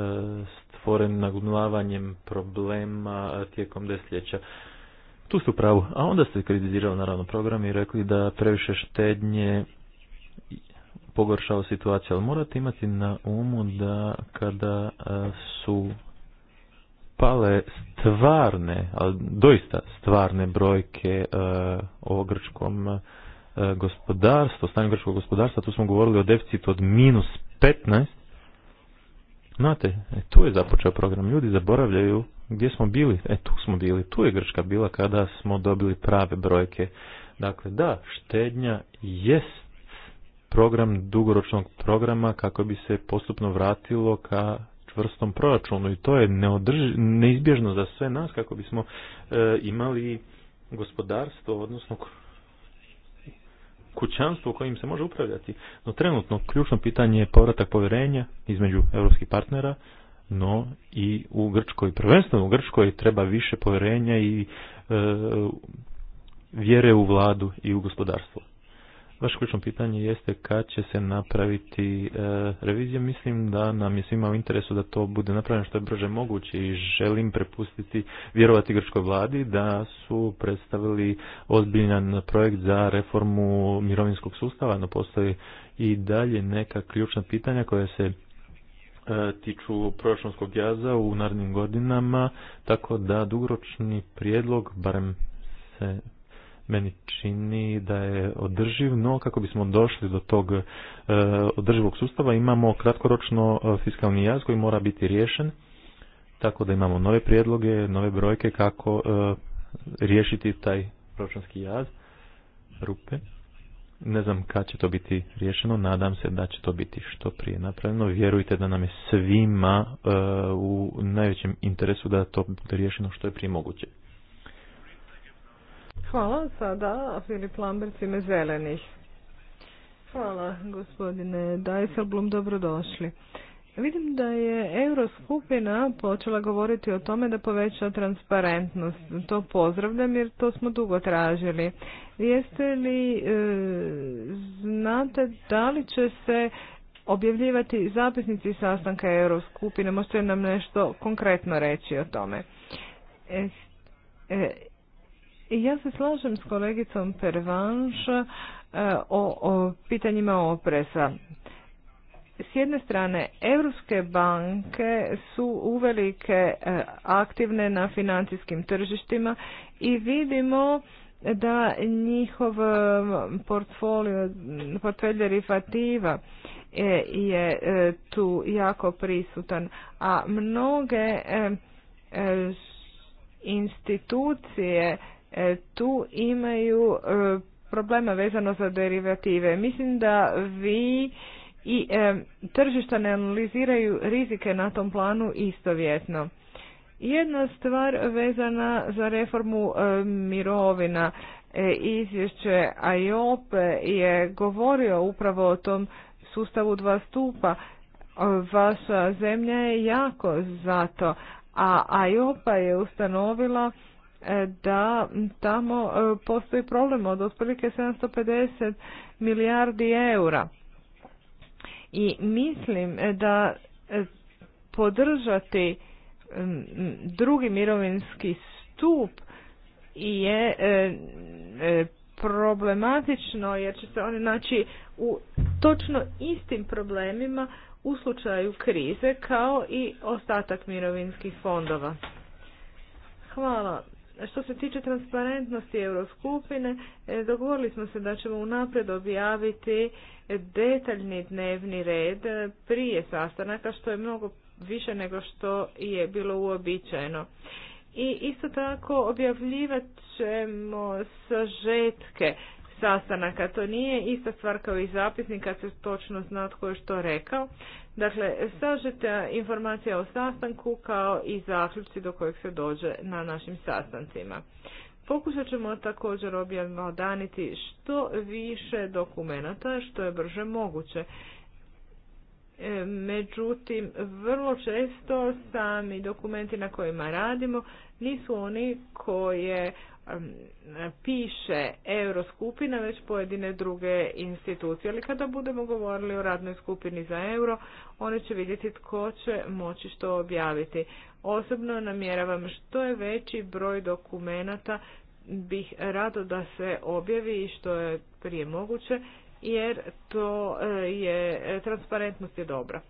S2: stvoren nagumlavanjem problema e, tijekom desetljeća. Tu ste u pravu. A onda ste kritizirali naravno program i rekli da previše štednje pogoršao situaciju, ali morate imati na umu da kada su pale stvarne, ali doista stvarne brojke o grčkom gospodarstvo, stanje grčkog gospodarstva, tu smo govorili o deficitu od minus 15. Znate, e, tu je započeo program. Ljudi zaboravljaju gdje smo bili. E, tu smo bili. Tu je Grčka bila kada smo dobili prave brojke. Dakle, da, štednja jest program dugoročnog programa kako bi se postupno vratilo ka čvrstom proračunu i to je neodrži, neizbježno za sve nas kako bismo e, imali gospodarstvo, odnosno kućanstvo kojim se može upravljati. No trenutno ključno pitanje je povratak povjerenja između europskih partnera, no i u Grčkoj, prvenstveno u Grčkoj treba više povjerenja i e, vjere u vladu i u gospodarstvo. Vaše ključno pitanje jeste kad će se napraviti e, revizija. Mislim da nam je svima u interesu da to bude napravljeno što je brže moguće i želim prepustiti, vjerovati grčkoj vladi da su predstavili ozbiljan projekt za reformu mirovinskog sustava, no postoji i dalje neka ključna pitanja koja se e, tiču proračunskog jaza u narednim godinama, tako da dugoročni prijedlog, barem se meni čini da je održiv, no kako bismo došli do tog e, održivog sustava imamo kratkoročno e, fiskalni jaz koji mora biti riješen, tako da imamo nove prijedloge, nove brojke kako e, riješiti taj proračunski jaz, rupe. Ne znam kad će to biti riješeno, nadam se da će to biti što prije napravljeno. Vjerujte da nam je svima e, u najvećem interesu da to bude riješeno što je
S5: prije moguće. Hvala. Sada Filip Lambert ime zelenih. Hvala gospodine Dajselblom, dobrodošli. Vidim da je Euroskupina počela govoriti o tome da poveća transparentnost. To pozdravljam jer to smo dugo tražili. Jeste li, e, znate da li će se objavljivati zapisnici sastanka Euroskupine? Možete nam nešto konkretno reći o tome? E, e, i Ja se slažem s kolegicom Pervanš e, o, o pitanjima opresa. S jedne strane, europske banke su uvelike e, aktivne na financijskim tržištima i vidimo da njihov e, portfolio, portfelj derivativa je tu jako prisutan, a mnoge institucije E, tu imaju e, problema vezano za derivative. Mislim da vi i e, tržišta ne analiziraju rizike na tom planu istovjetno. Jedna stvar vezana za reformu mirovina izvješće IOP je govorio upravo o tom sustavu dva stupa. Vaša zemlja je jako zato, a IOP je ustanovila da tamo e, postoji problem od otprilike 750 milijardi eura. I mislim e, da e, podržati drugi mirovinski stup je problematično jer će se oni naći u točno istim problemima u slučaju krize kao i ostatak mirovinskih fondova. Hvala što se tiče transparentnosti Euroskupine, e, dogovorili smo se da ćemo unaprijed objaviti detaljni dnevni red e, prije sastanaka, što je mnogo više nego što je bilo uobičajeno. I isto tako objavljivat ćemo sažetke sastanaka. To nije ista stvar kao i zapisnik kad se točno zna tko je što rekao. Dakle, sažete informacija o sastanku kao i zaključci do kojeg se dođe na našim sastancima. Pokušat ćemo također objavno daniti što više dokumenata, što je brže moguće. E, međutim, vrlo često sami dokumenti na kojima radimo nisu oni koje piše Euroskupina, već pojedine druge institucije. Ali kada budemo govorili o radnoj skupini za euro, oni će vidjeti tko će moći što objaviti. Osobno namjeravam što je veći broj dokumenata bih rado da se objavi i što je prije moguće, jer to eh, je, eh, transparentnost je dobra.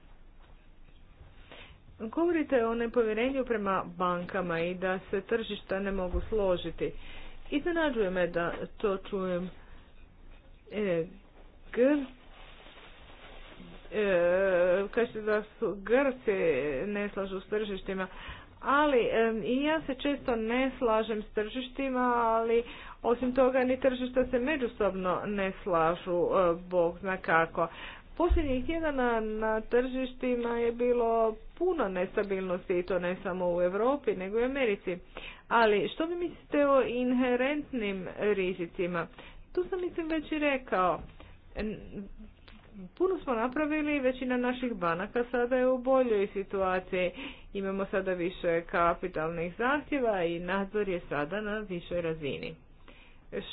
S5: Govorite o nepovjerenju prema bankama i da se tržišta ne mogu složiti. Iznenađuje me da to čujem. E, g, e, da su Grci ne slažu s tržištima, ali e, i ja se često ne slažem s tržištima, ali osim toga ni tržišta se međusobno ne slažu, e, Bog zna kako. Posljednjih tjedana na tržištima je bilo puno nestabilnosti i to ne samo u Europi nego i u Americi. Ali što vi mislite o inherentnim rizicima? Tu sam mislim već i rekao. Puno smo napravili, većina naših banaka sada je u boljoj situaciji. Imamo sada više kapitalnih zahtjeva i nadzor je sada na višoj razini.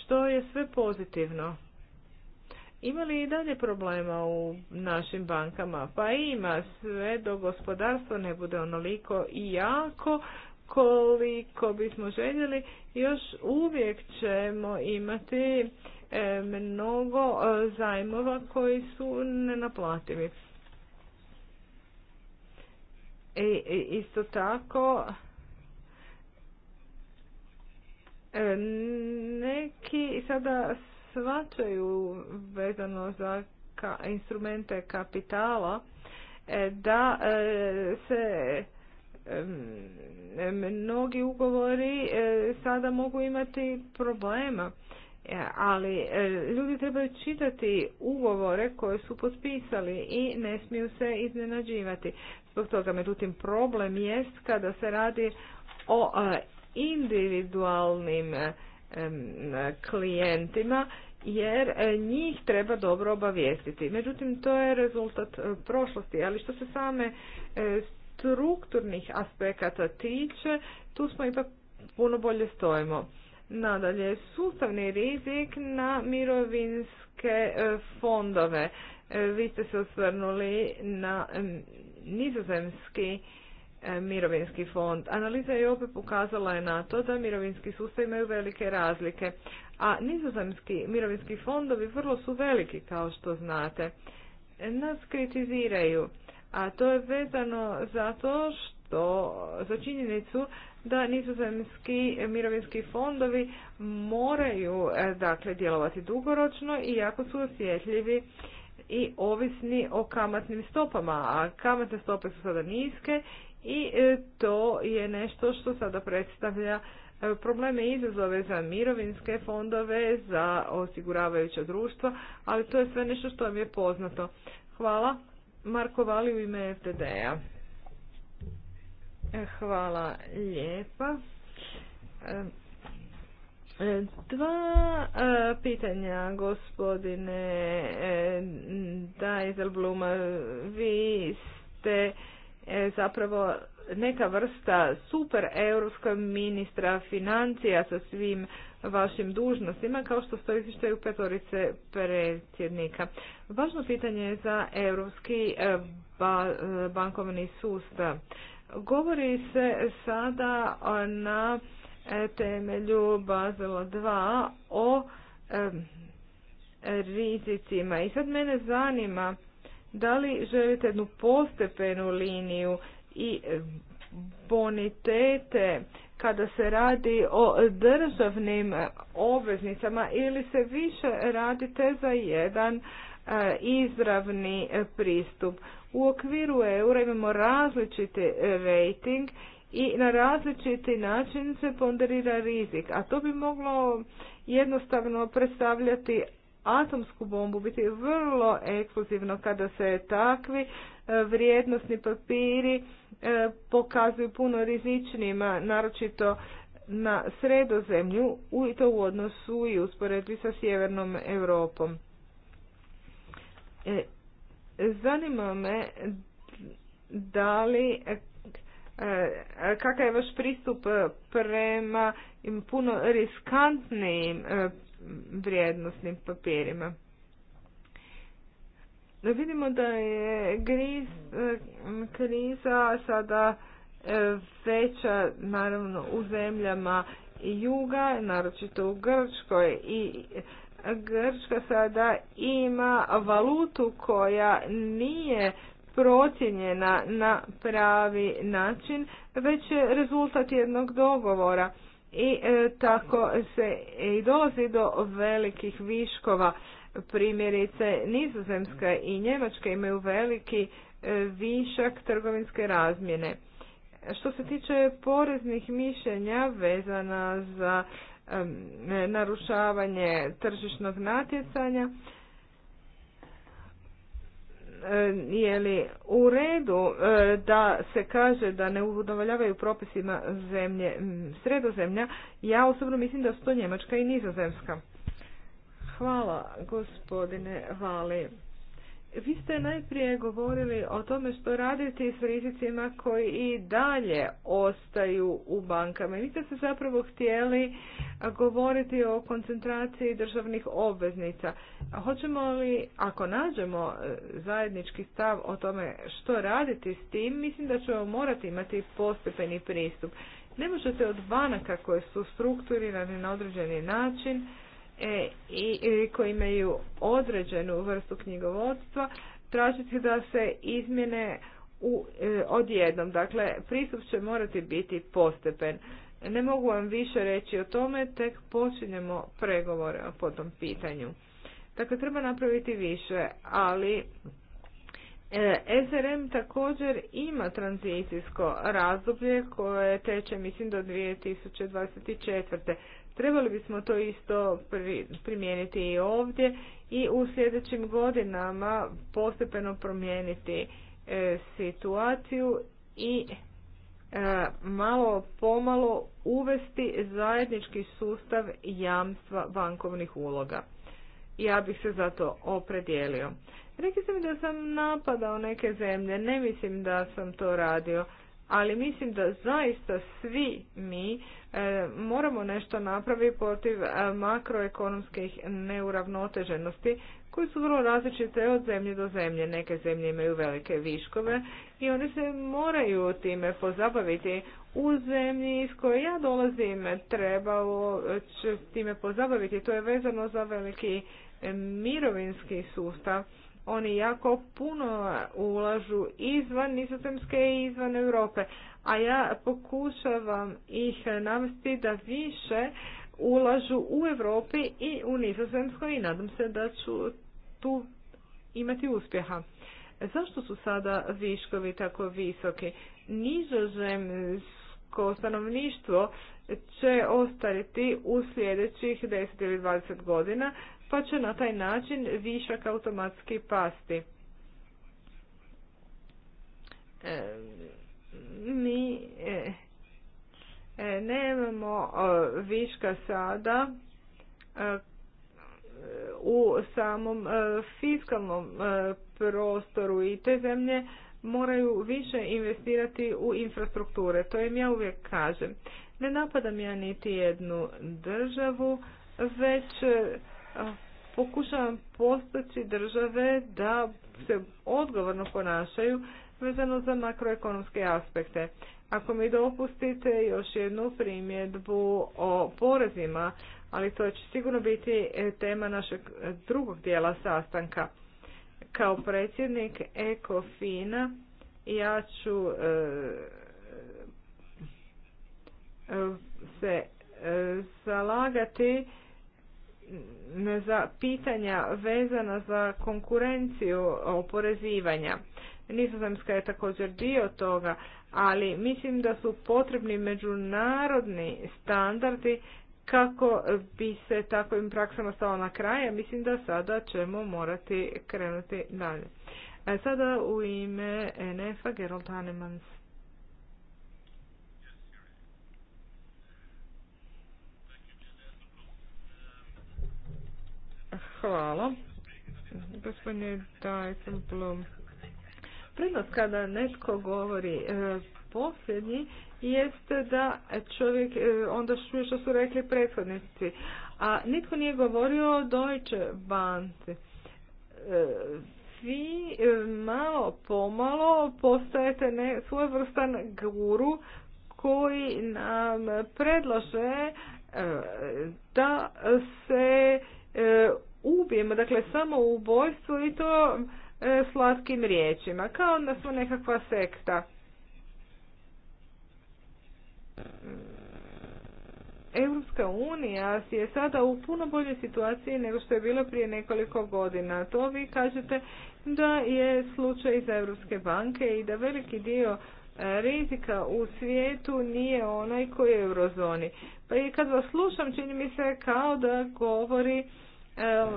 S5: Što je sve pozitivno. Ima li i dalje problema u našim bankama? Pa ima, sve do gospodarstvo ne bude onoliko i jako koliko bismo željeli, još uvijek ćemo imati e, mnogo e, zajmova koji su nenaplativi. I, e, isto tako neki sada shvaćaju vezano za instrumente kapitala e, da e, se mnogi ugovori e, sada mogu imati problema. Ali ljudi trebaju čitati ugovore koje su potpisali i ne smiju se iznenađivati. Zbog toga, međutim, problem jest kada se radi o individualnim klijentima jer e, njih treba dobro obavijestiti. Međutim, to je rezultat e, prošlosti, ali što se same e, strukturnih aspekata tiče, tu smo ipak puno bolje stojimo. Nadalje, sustavni rizik na mirovinske fondove. Vi ste se osvrnuli na nizozemski E, mirovinski fond. Analiza je opet pokazala je na to da mirovinski sustav imaju velike razlike, a nizozemski mirovinski fondovi vrlo su veliki kao što znate. Nas kritiziraju, a to je vezano zato što za činjenicu da nizozemski mirovinski fondovi moraju e, dakle djelovati dugoročno i jako su osjetljivi i ovisni o kamatnim stopama, a kamatne stope su sada niske i e, to je nešto što sada predstavlja e, probleme i izazove za mirovinske fondove, za osiguravajuća društva, ali to je sve nešto što vam je poznato. Hvala. Marko Vali u ime FDD-a. E, hvala lijepa. Dva pitanja, gospodine Dijzelbluma. Vi ste E, zapravo neka vrsta super europskog ministra financija sa svim vašim dužnostima, kao što stoji u petorice predsjednika. Važno pitanje je za europski e, e, bankovni sustav. Govori se sada na temelju Bazela 2 o rizicima. I sad mene zanima da li želite jednu postepenu liniju i e, bonitete kada se radi o državnim e, obveznicama ili se više radite za jedan e, izravni pristup. U okviru eura imamo različiti rating i na različiti način se ponderira rizik, a to bi moglo jednostavno predstavljati atomsku bombu biti vrlo ekskluzivno kada se takvi e, vrijednosni papiri e, pokazuju puno rizičnijima, naročito na sredozemlju i to u odnosu i usporedbi sa sjevernom Europom. E, zanima me da li kakav je vaš pristup prema puno riskantnijim vrijednostnim papirima. Vidimo da je griz, kriza sada e, veća naravno u zemljama juga, naročito u Grčkoj i Grčka sada ima valutu koja nije procijenjena na pravi način, već je rezultat jednog dogovora i e, tako se i dolazi do velikih viškova. Primjerice Nizozemska i Njemačka imaju veliki e, višak trgovinske razmjene. Što se tiče poreznih mišljenja vezana za narušavanje tržišnog natjecanja, E, je li u redu e, da se kaže da ne udovoljavaju propisima zemlje sredozemlja, ja osobno mislim da su to Njemačka i Nizozemska. Hvala gospodine Vali. Vi ste najprije govorili o tome što raditi s rizicima koji i dalje ostaju u bankama. Vi ste se zapravo htjeli govoriti o koncentraciji državnih obveznica. Hoćemo li, ako nađemo e, zajednički stav o tome što raditi s tim, mislim da ćemo morati imati postepeni pristup. Ne možete od banaka koje su strukturirane na određeni način, E, i e, koji imaju određenu vrstu knjigovodstva tražiti da se izmjene u, e, odjednom. Dakle, pristup će morati biti postepen. Ne mogu vam više reći o tome, tek počinjemo pregovore po tom pitanju. Dakle, treba napraviti više, ali E, SRM također ima tranzicijsko razdoblje koje teče mislim do 2024. Trebali bismo to isto primijeniti i ovdje i u sljedećim godinama postepeno promijeniti e, situaciju i e, malo pomalo uvesti zajednički sustav jamstva bankovnih uloga. Ja bih se zato opredijelio. Rekli sam da sam napadao neke zemlje, ne mislim da sam to radio, ali mislim da zaista svi mi e, moramo nešto napraviti protiv e, makroekonomskih neuravnoteženosti koje su vrlo različite od zemlje do zemlje. Neke zemlje imaju velike viškove i one se moraju time pozabaviti. U zemlji iz koje ja dolazim trebalo će time pozabaviti. To je vezano za veliki mirovinski sustav oni jako puno ulažu izvan nizozemske i izvan Europe, a ja pokušavam ih navesti da više ulažu u Europi i u nizozemskoj i nadam se da ću tu imati uspjeha. Zašto su sada viškovi tako visoki? Nizozemsko stanovništvo će ostariti u sljedećih 10 ili 20 godina, pa će na taj način višak automatski pasti. E, mi e, e, nemamo viška sada u samom fiskalnom prostoru i te zemlje moraju više investirati u infrastrukture. To im ja uvijek kažem. Ne napadam ja niti jednu državu, već pokušavam postaći države da se odgovorno ponašaju vezano za makroekonomske aspekte. Ako mi dopustite još jednu primjedbu o porezima, ali to će sigurno biti e, tema našeg drugog dijela sastanka. Kao predsjednik Ekofina ja ću e, e, se zalagati za pitanja vezana za konkurenciju oporezivanja. Nizozemska je također dio toga, ali mislim da su potrebni međunarodni standardi kako bi se takvim praksama stalo na kraj, mislim da sada ćemo morati krenuti dalje. E, sada u ime NF-a Gerald Hanemans. Hvala. Gospodine Dijsselblom. Prednost kada netko govori e, posljednji jeste da čovjek e, onda što su rekli prethodnici. A nitko nije govorio o Deutsche Banci. E, vi malo pomalo postajete ne, svojevrstan guru koji nam predlaže da se ubijemo, dakle samo ubojstvo i to e, slatkim riječima, kao da smo nekakva sekta. Europska unija je sada u puno boljoj situaciji nego što je bilo prije nekoliko godina. To vi kažete da je slučaj iz Europske banke i da veliki dio e, rizika u svijetu nije onaj koji je u eurozoni. Pa i kad vas slušam čini mi se kao da govori Ehm,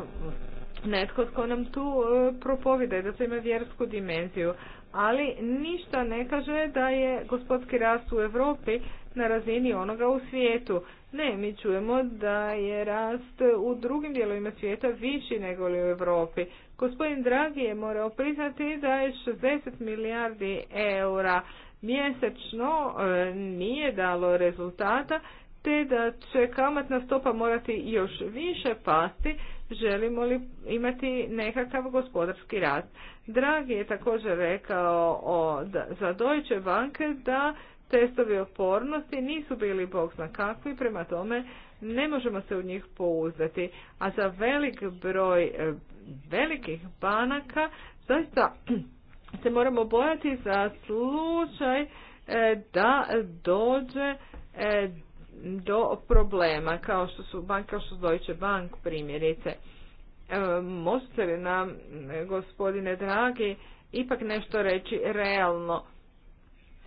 S5: netko tko nam tu eh, propovida da to ima vjersku dimenziju. Ali ništa ne kaže da je gospodski rast u Europi na razini onoga u svijetu. Ne, mi čujemo da je rast u drugim dijelovima svijeta viši nego li u Europi. Gospodin Dragi je morao priznati da je 60 milijardi eura mjesečno eh, nije dalo rezultata te da će kamatna stopa morati još više pasti želimo li imati nekakav gospodarski rast. Dragi je također rekao o, da, za Deutsche Banke da testovi opornosti nisu bili bog zna kakvi, prema tome ne možemo se u njih pouzdati. A za velik broj e, velikih banaka zaista se moramo bojati za slučaj e, da dođe e, do problema kao što su banke, kao što su Deutsche Bank primjerice. E, možete li nam, gospodine dragi, ipak nešto reći realno?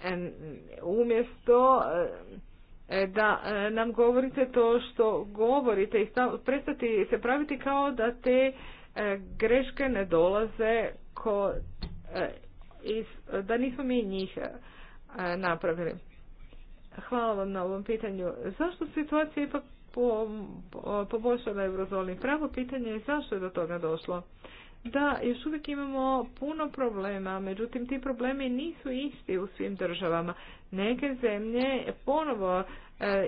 S5: E, umjesto e, da nam govorite to što govorite i prestati se praviti kao da te greške ne dolaze ko, da nismo mi njih napravili. Hvala vam na ovom pitanju. Zašto situacija ipak poboljšala eurozoni? Pravo pitanje je zašto je do toga došlo. Da, još uvijek imamo puno problema, međutim ti problemi nisu isti u svim državama. Neke zemlje ponovo e,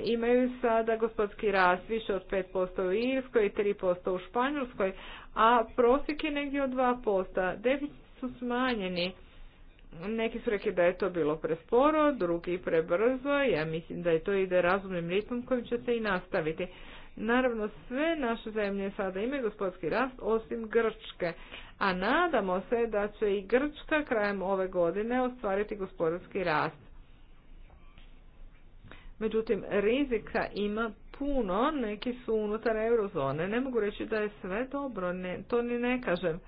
S5: imaju sada gospodski rast više od 5% u Irskoj i 3% u Španjolskoj, a prosjek je negdje od 2%. Deficit su smanjeni neki su rekli da je to bilo presporo, drugi prebrzo. Ja mislim da je to ide razumnim ritmom kojim će se i nastaviti. Naravno, sve naše zemlje sada imaju gospodski rast, osim Grčke. A nadamo se da će i Grčka krajem ove godine ostvariti gospodarski rast. Međutim, rizika ima puno, neki su unutar eurozone. Ne mogu reći da je sve dobro, ne, to ni ne kažem.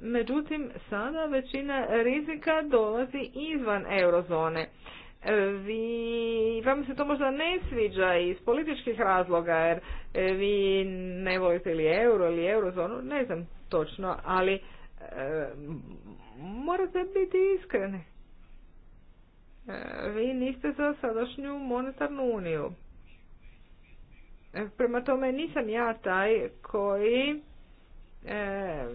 S5: Međutim, sada većina rizika dolazi izvan eurozone. E, vi, vam se to možda ne sviđa iz političkih razloga, jer e, vi ne volite ili euro ili eurozonu, ne znam točno, ali e, morate biti iskreni. vi niste za sadašnju monetarnu uniju. prema tome nisam ja taj koji E,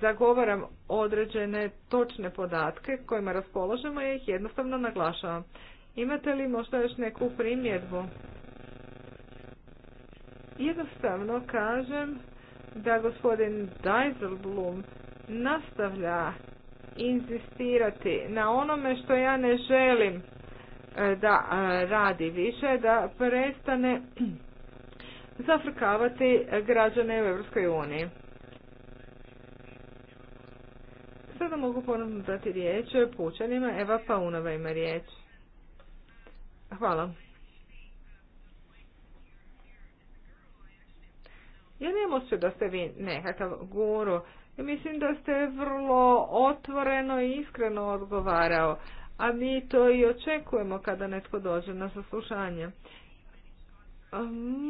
S5: zagovaram određene točne podatke kojima raspoložemo i ih jednostavno naglašavam. Imate li možda još neku primjedbu? Jednostavno kažem da gospodin Dijsselblum nastavlja inzistirati na onome što ja ne želim e, da e, radi više, da prestane zafrkavati građane u Evropskoj uniji. Sada mogu ponovno dati riječ pučanima. Eva Paunova ima riječ. Hvala. Ja nemam osjećaj da ste vi nekakav guru. Mislim da ste vrlo otvoreno i iskreno odgovarao, a mi to i očekujemo kada netko dođe na saslušanje.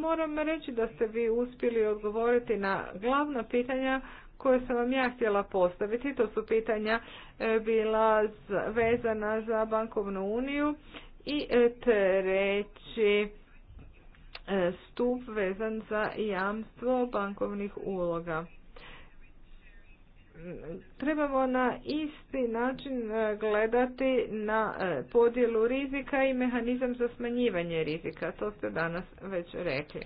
S5: Moram reći da ste vi uspjeli odgovoriti na glavna pitanja koje sam vam ja htjela postaviti. To su pitanja e, bila vezana za bankovnu uniju i e, treći e, stup vezan za jamstvo bankovnih uloga trebamo na isti način e, gledati na e, podjelu rizika i mehanizam za smanjivanje rizika, to ste danas već rekli.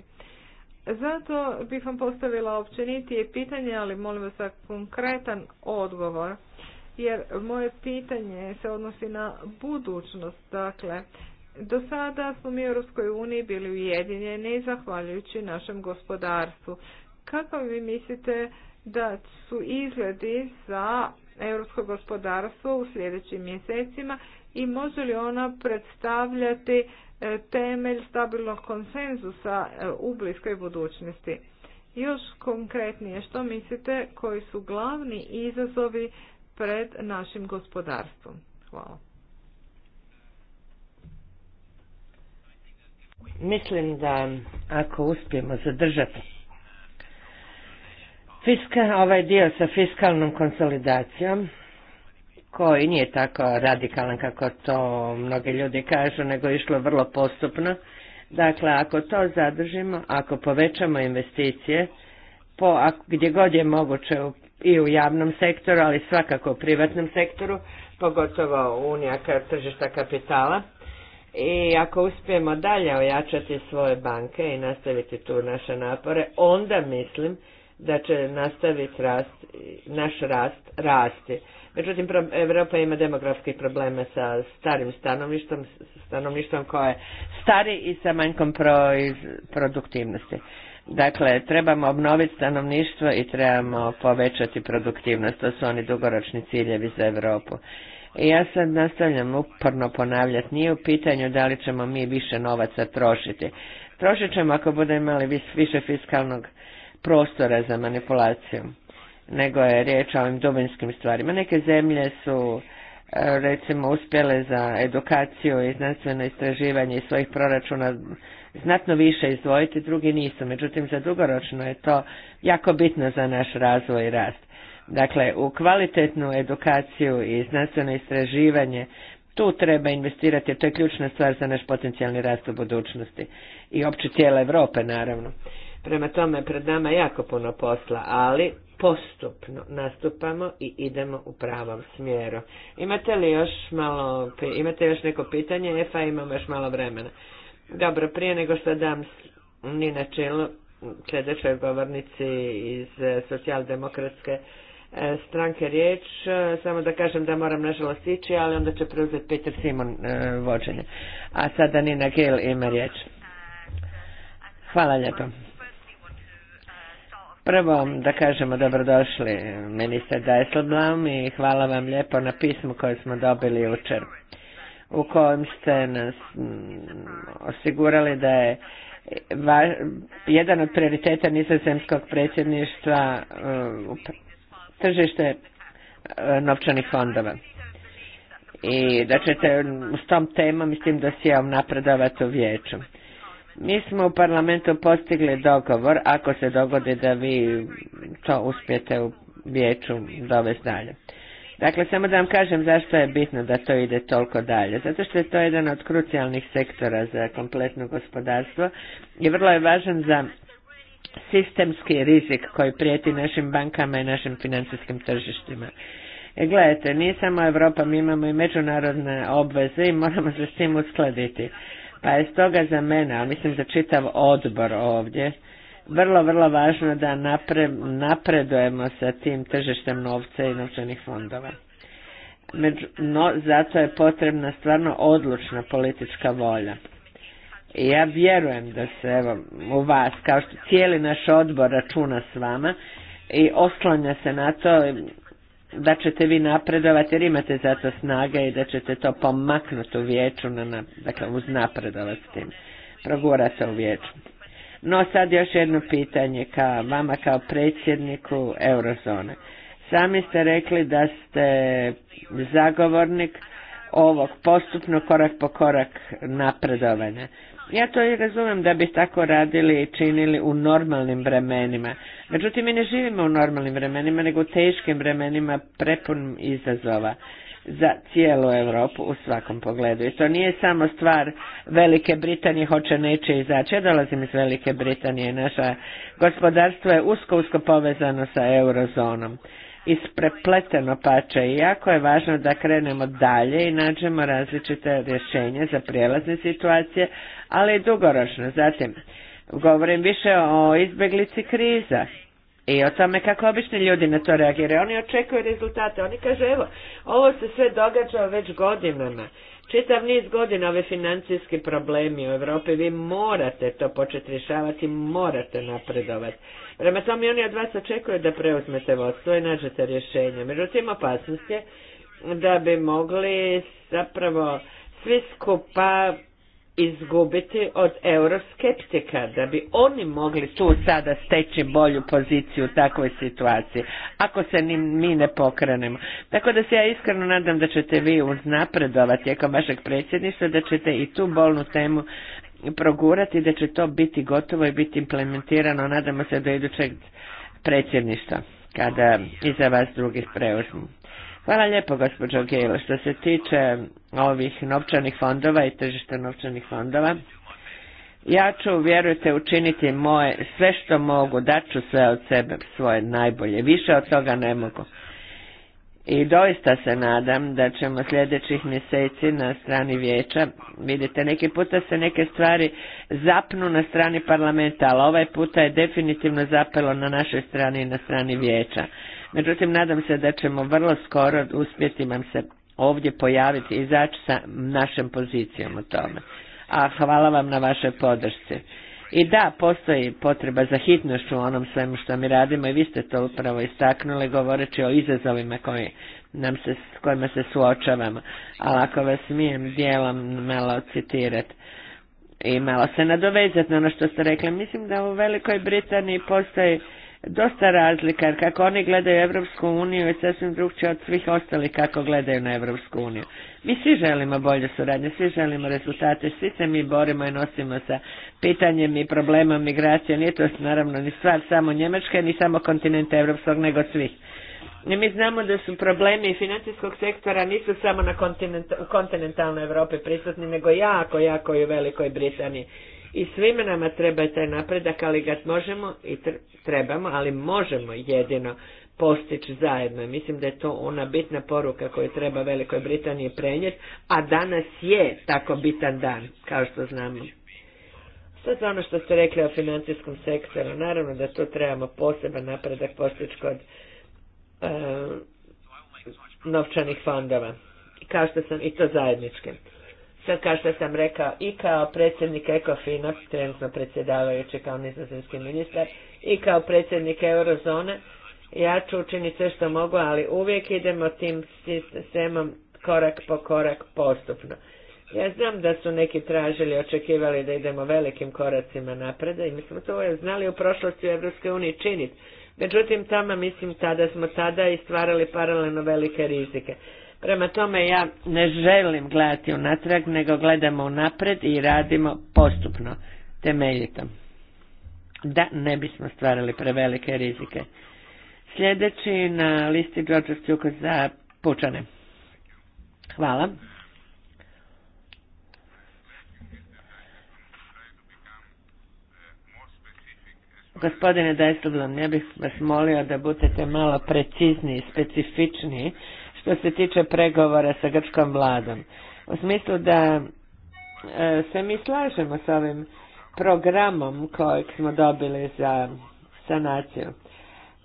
S5: Zato bih vam postavila općenitije pitanje, ali molim vas za konkretan odgovor, jer moje pitanje se odnosi na budućnost. Dakle, do sada smo mi u Europskoj uniji bili ujedinjeni zahvaljujući našem gospodarstvu. Kako vi mislite da su izgledi za europsko gospodarstvo u sljedećim mjesecima i može li ona predstavljati e, temelj stabilnog konsenzusa e, u bliskoj budućnosti. Još konkretnije, što mislite koji su glavni izazovi pred našim gospodarstvom? Hvala.
S3: Mislim da ako uspijemo zadržati Fiska, ovaj dio sa fiskalnom konsolidacijom, koji nije tako radikalan kako to mnogi ljudi kažu, nego je išlo vrlo postupno. Dakle, ako to zadržimo, ako povećamo investicije, po, gdje god je moguće i u javnom sektoru, ali svakako u privatnom sektoru, pogotovo unija tržišta kapitala, i ako uspijemo dalje ojačati svoje banke i nastaviti tu naše napore, onda mislim da će nastaviti rast, naš rast rasti. Međutim, Europa ima demografskih probleme sa starim stanovništvom, stanovništvom koje je stari i sa manjkom produktivnosti. Dakle, trebamo obnoviti stanovništvo i trebamo povećati produktivnost. To su oni dugoročni ciljevi za Europu. I ja sad nastavljam uporno ponavljati. Nije u pitanju da li ćemo mi više novaca trošiti. Trošit ćemo ako budemo imali više fiskalnog prostora za manipulaciju, nego je riječ o ovim dubinskim stvarima. Neke zemlje su e, recimo uspjele za edukaciju i znanstveno istraživanje iz svojih proračuna znatno više izdvojiti, drugi nisu. Međutim, za dugoročno je to jako bitno za naš razvoj i rast. Dakle, u kvalitetnu edukaciju i znanstveno istraživanje tu treba investirati, jer to je ključna stvar za naš potencijalni rast u budućnosti i opće cijele Europe naravno. Prema tome, pred nama jako puno posla, ali postupno nastupamo i idemo u pravom smjeru. Imate li još malo, imate još neko pitanje? Efa, imam još malo vremena. Dobro, prije nego što dam ni na čelu sljedećoj govornici iz e, socijaldemokratske e, stranke riječ, e, samo da kažem da moram nažalost ići, ali onda će preuzeti Peter Simon vođenje. A sada Nina Gil ima riječ. Hvala lijepo. Prvo, da kažemo dobrodošli ministar Dajsselblaum i hvala vam lijepo na pismu koje smo dobili jučer u kojem ste nas mm, osigurali da je jedan od prioriteta nizozemskog predsjedništva mm, tržište e, novčanih fondova i da ćete mm, s tom temom i s tim dosijevom napredovati u vijeću. Mi smo u parlamentu postigli dogovor, ako se dogodi da vi to uspijete u vijeću dovesti dalje. Dakle, samo da vam kažem zašto je bitno da to ide toliko dalje. Zato što je to jedan od krucijalnih sektora za kompletno gospodarstvo i vrlo je važan za sistemski rizik koji prijeti našim bankama i našim financijskim tržištima. E, gledajte, nije samo Europa, mi imamo i međunarodne obveze i moramo se s tim uskladiti. Pa je stoga za mene, a mislim za čitav odbor ovdje, vrlo, vrlo važno da napre, napredujemo sa tim tržištem novca i novčanih fondova. Među, no, zato je potrebna stvarno odlučna politička volja. I ja vjerujem da se evo, u vas, kao što cijeli naš odbor računa s vama i oslanja se na to da ćete vi napredovati jer imate zato to snage i da ćete to pomaknuti u vijeću, na, dakle uz napredovat s tim, se u vijeću. No sad još jedno pitanje ka vama kao predsjedniku Eurozone. Sami ste rekli da ste zagovornik ovog postupno korak po korak napredovanja. Ja to i razumijem da bi tako radili i činili u normalnim vremenima. Međutim, mi ne živimo u normalnim vremenima, nego u teškim vremenima prepun izazova za cijelu Europu u svakom pogledu. I to nije samo stvar Velike Britanije hoće neće izaći. Ja dolazim iz Velike Britanije i naša gospodarstvo je usko, usko povezano sa eurozonom isprepleteno pače i jako je važno da krenemo dalje i nađemo različite rješenja za prijelazne situacije, ali i dugoročno. Zatim, govorim više o izbjeglici kriza i o tome kako obični ljudi na to reagiraju. Oni očekuju rezultate, oni kažu evo, ovo se sve događa već godinama. Čitav niz godina ove financijski problemi u Europi, vi morate to početi rješavati, morate napredovati. Prema tome oni od vas očekuju da preuzmete vodstvo i nađete rješenje. Međutim, opasnost je da bi mogli zapravo svi skupa izgubiti od euroskeptika, da bi oni mogli tu sada steći bolju poziciju u takvoj situaciji, ako se ni mi ne pokrenemo. Tako da se ja iskreno nadam da ćete vi uznapredovati tijekom vašeg predsjedništva, da ćete i tu bolnu temu progurati, da će to biti gotovo i biti implementirano, nadamo se do idućeg predsjedništva, kada iza vas drugih preuzmu Hvala lijepo, gospođo Gejlo, Što se tiče ovih novčanih fondova i tržišta novčanih fondova, ja ću, vjerujte, učiniti moje, sve što mogu, daću sve od sebe, svoje najbolje. Više od toga ne mogu. I doista se nadam da ćemo sljedećih mjeseci na strani vijeća, vidite, neki puta se neke stvari zapnu na strani parlamenta, ali ovaj puta je definitivno zapelo na našoj strani i na strani vijeća. Međutim, nadam se da ćemo vrlo skoro uspjeti vam se ovdje pojaviti i izaći sa našom pozicijom u tome. A hvala vam na vašoj podršci. I da, postoji potreba za hitnošću u onom svemu što mi radimo i vi ste to upravo istaknuli govoreći o izazovima koji nam se, s kojima se suočavamo. Ali ako vas smijem dijelom malo citirati i malo se nadovezati na ono što ste rekli, mislim da u Velikoj Britaniji postoji dosta razlika, jer kako oni gledaju Evropsku uniju je sasvim drugčije od svih ostalih kako gledaju na Evropsku uniju. Mi svi želimo bolje suradnje, svi želimo rezultate, svi se mi borimo i nosimo sa pitanjem i problemom migracije, nije to naravno ni stvar samo Njemačke, ni samo kontinenta Evropskog, nego svih. I mi znamo da su problemi financijskog sektora nisu samo na kontinentalnoj Europi prisutni, nego jako, jako i u Velikoj Britaniji i svima nama treba taj napredak, ali ga možemo i trebamo, ali možemo jedino postići zajedno. Mislim da je to ona bitna poruka koju treba Velikoj Britaniji prenijeti, a danas je tako bitan dan, kao što znamo. Sad za ono što ste rekli o financijskom sektoru, naravno da tu trebamo poseban napredak postići kod eh, novčanih fondova, kao što sam i to zajedničke sad kao što sam rekao i kao predsjednik Ekofina, trenutno predsjedavajući kao nizozemski ministar, i kao predsjednik Eurozone, ja ću učiniti sve što mogu, ali uvijek idemo tim sistemom korak po korak postupno. Ja znam da su neki tražili, očekivali da idemo velikim koracima napreda i mi smo to znali u prošlosti u EU činiti. Međutim, tamo mislim tada smo tada i stvarali paralelno velike rizike. Prema tome ja ne želim gledati unatrag, nego gledamo napred i radimo postupno, temeljito. Da ne bismo stvarali prevelike rizike. Sljedeći na listi George Stjuka za pučane. Hvala. Gospodine Dajstoblom, ja bih vas molio da budete malo precizniji, specifičniji što se tiče pregovora sa grčkom vladom. U smislu da e, se mi slažemo s ovim programom kojeg smo dobili za sanaciju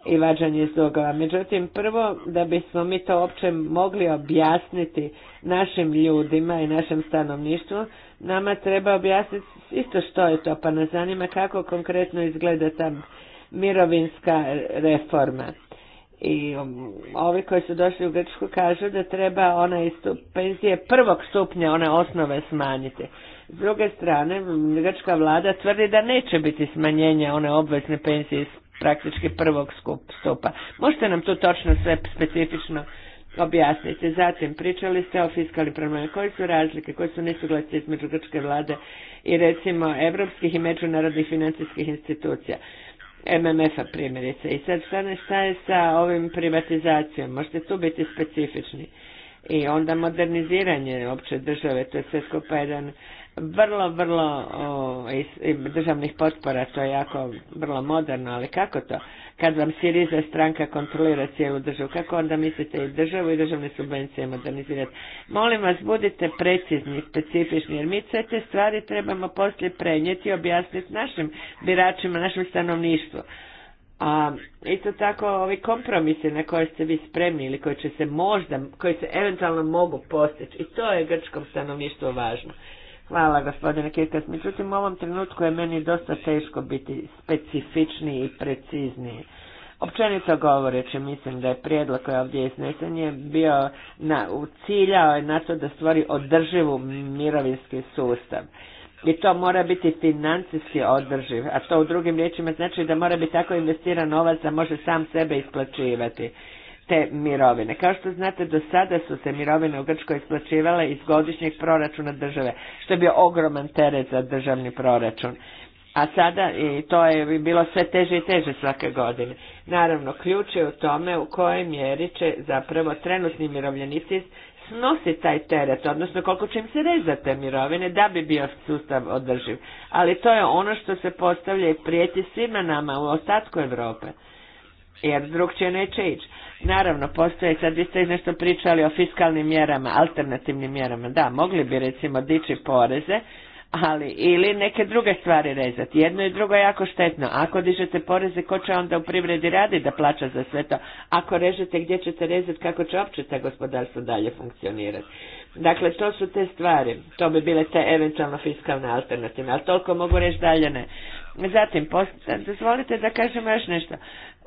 S3: i vađanje iz dugova. Međutim, prvo da bismo mi to uopće mogli objasniti našim ljudima i našem stanovništvu, nama treba objasniti isto što je to, pa nas zanima kako konkretno izgleda ta mirovinska reforma. I um, ovi koji su došli u Grčku kažu da treba one penzije prvog stupnja, one osnove smanjiti. S druge strane, grčka vlada tvrdi da neće biti smanjenja one obvezne penzije iz praktički prvog stupa. Možete nam tu točno sve specifično objasniti. Zatim, pričali ste o fiskalnim problemima. Koje su razlike, koje su nesuglasice između grčke vlade i recimo evropskih i međunarodnih financijskih institucija? MMF-a primjerice. I sad šta je sa ovim privatizacijom? Možete tu biti specifični. I onda moderniziranje opće države, to je sve skupa jedan vrlo, vrlo o, iz, državnih potpora, to je jako vrlo moderno, ali kako to? Kad vam Siriza stranka kontrolira cijelu državu, kako onda mislite i državu i državne subvencije modernizirati? Molim vas, budite precizni, specifični, jer mi sve te stvari trebamo poslije prenijeti i objasniti našim biračima, našem stanovništvu. A isto tako ovi kompromisi na koje ste vi spremni ili koji će se možda, koji se eventualno mogu postići i to je grčkom stanovništvu važno. Hvala gospodine Kirkas. Međutim, u ovom trenutku je meni dosta teško biti specifičniji i precizniji. Općenito govoreći, mislim da je prijedlog koji ovdje iznesen je bio na, ciljao je na to da stvori održivu mirovinski sustav. I to mora biti financijski održiv, a to u drugim riječima znači da mora biti tako investiran novac da može sam sebe isplaćivati te mirovine. Kao što znate, do sada su se mirovine u Grčkoj isplaćivale iz godišnjeg proračuna države, što je bio ogroman teret za državni proračun. A sada i to je bilo sve teže i teže svake godine. Naravno, ključ je u tome u kojoj mjeri će zapravo trenutni mirovljenici snosi taj teret, odnosno koliko će im se rezati te mirovine da bi bio sustav održiv. Ali to je ono što se postavlja i prijeti svima nama u ostatku Europe jer će neće ići. Naravno, postoje, sad vi ste nešto pričali o fiskalnim mjerama, alternativnim mjerama, da, mogli bi recimo dići poreze, ali ili neke druge stvari rezati. Jedno i drugo je jako štetno. Ako dižete poreze, ko će onda u privredi raditi da plaća za sve to? Ako režete gdje ćete rezati, kako će opće ta gospodarstvo dalje funkcionirati? Dakle, to su te stvari. To bi bile te eventualno fiskalne alternative, ali toliko mogu reći dalje ne. Zatim, dozvolite da kažem još nešto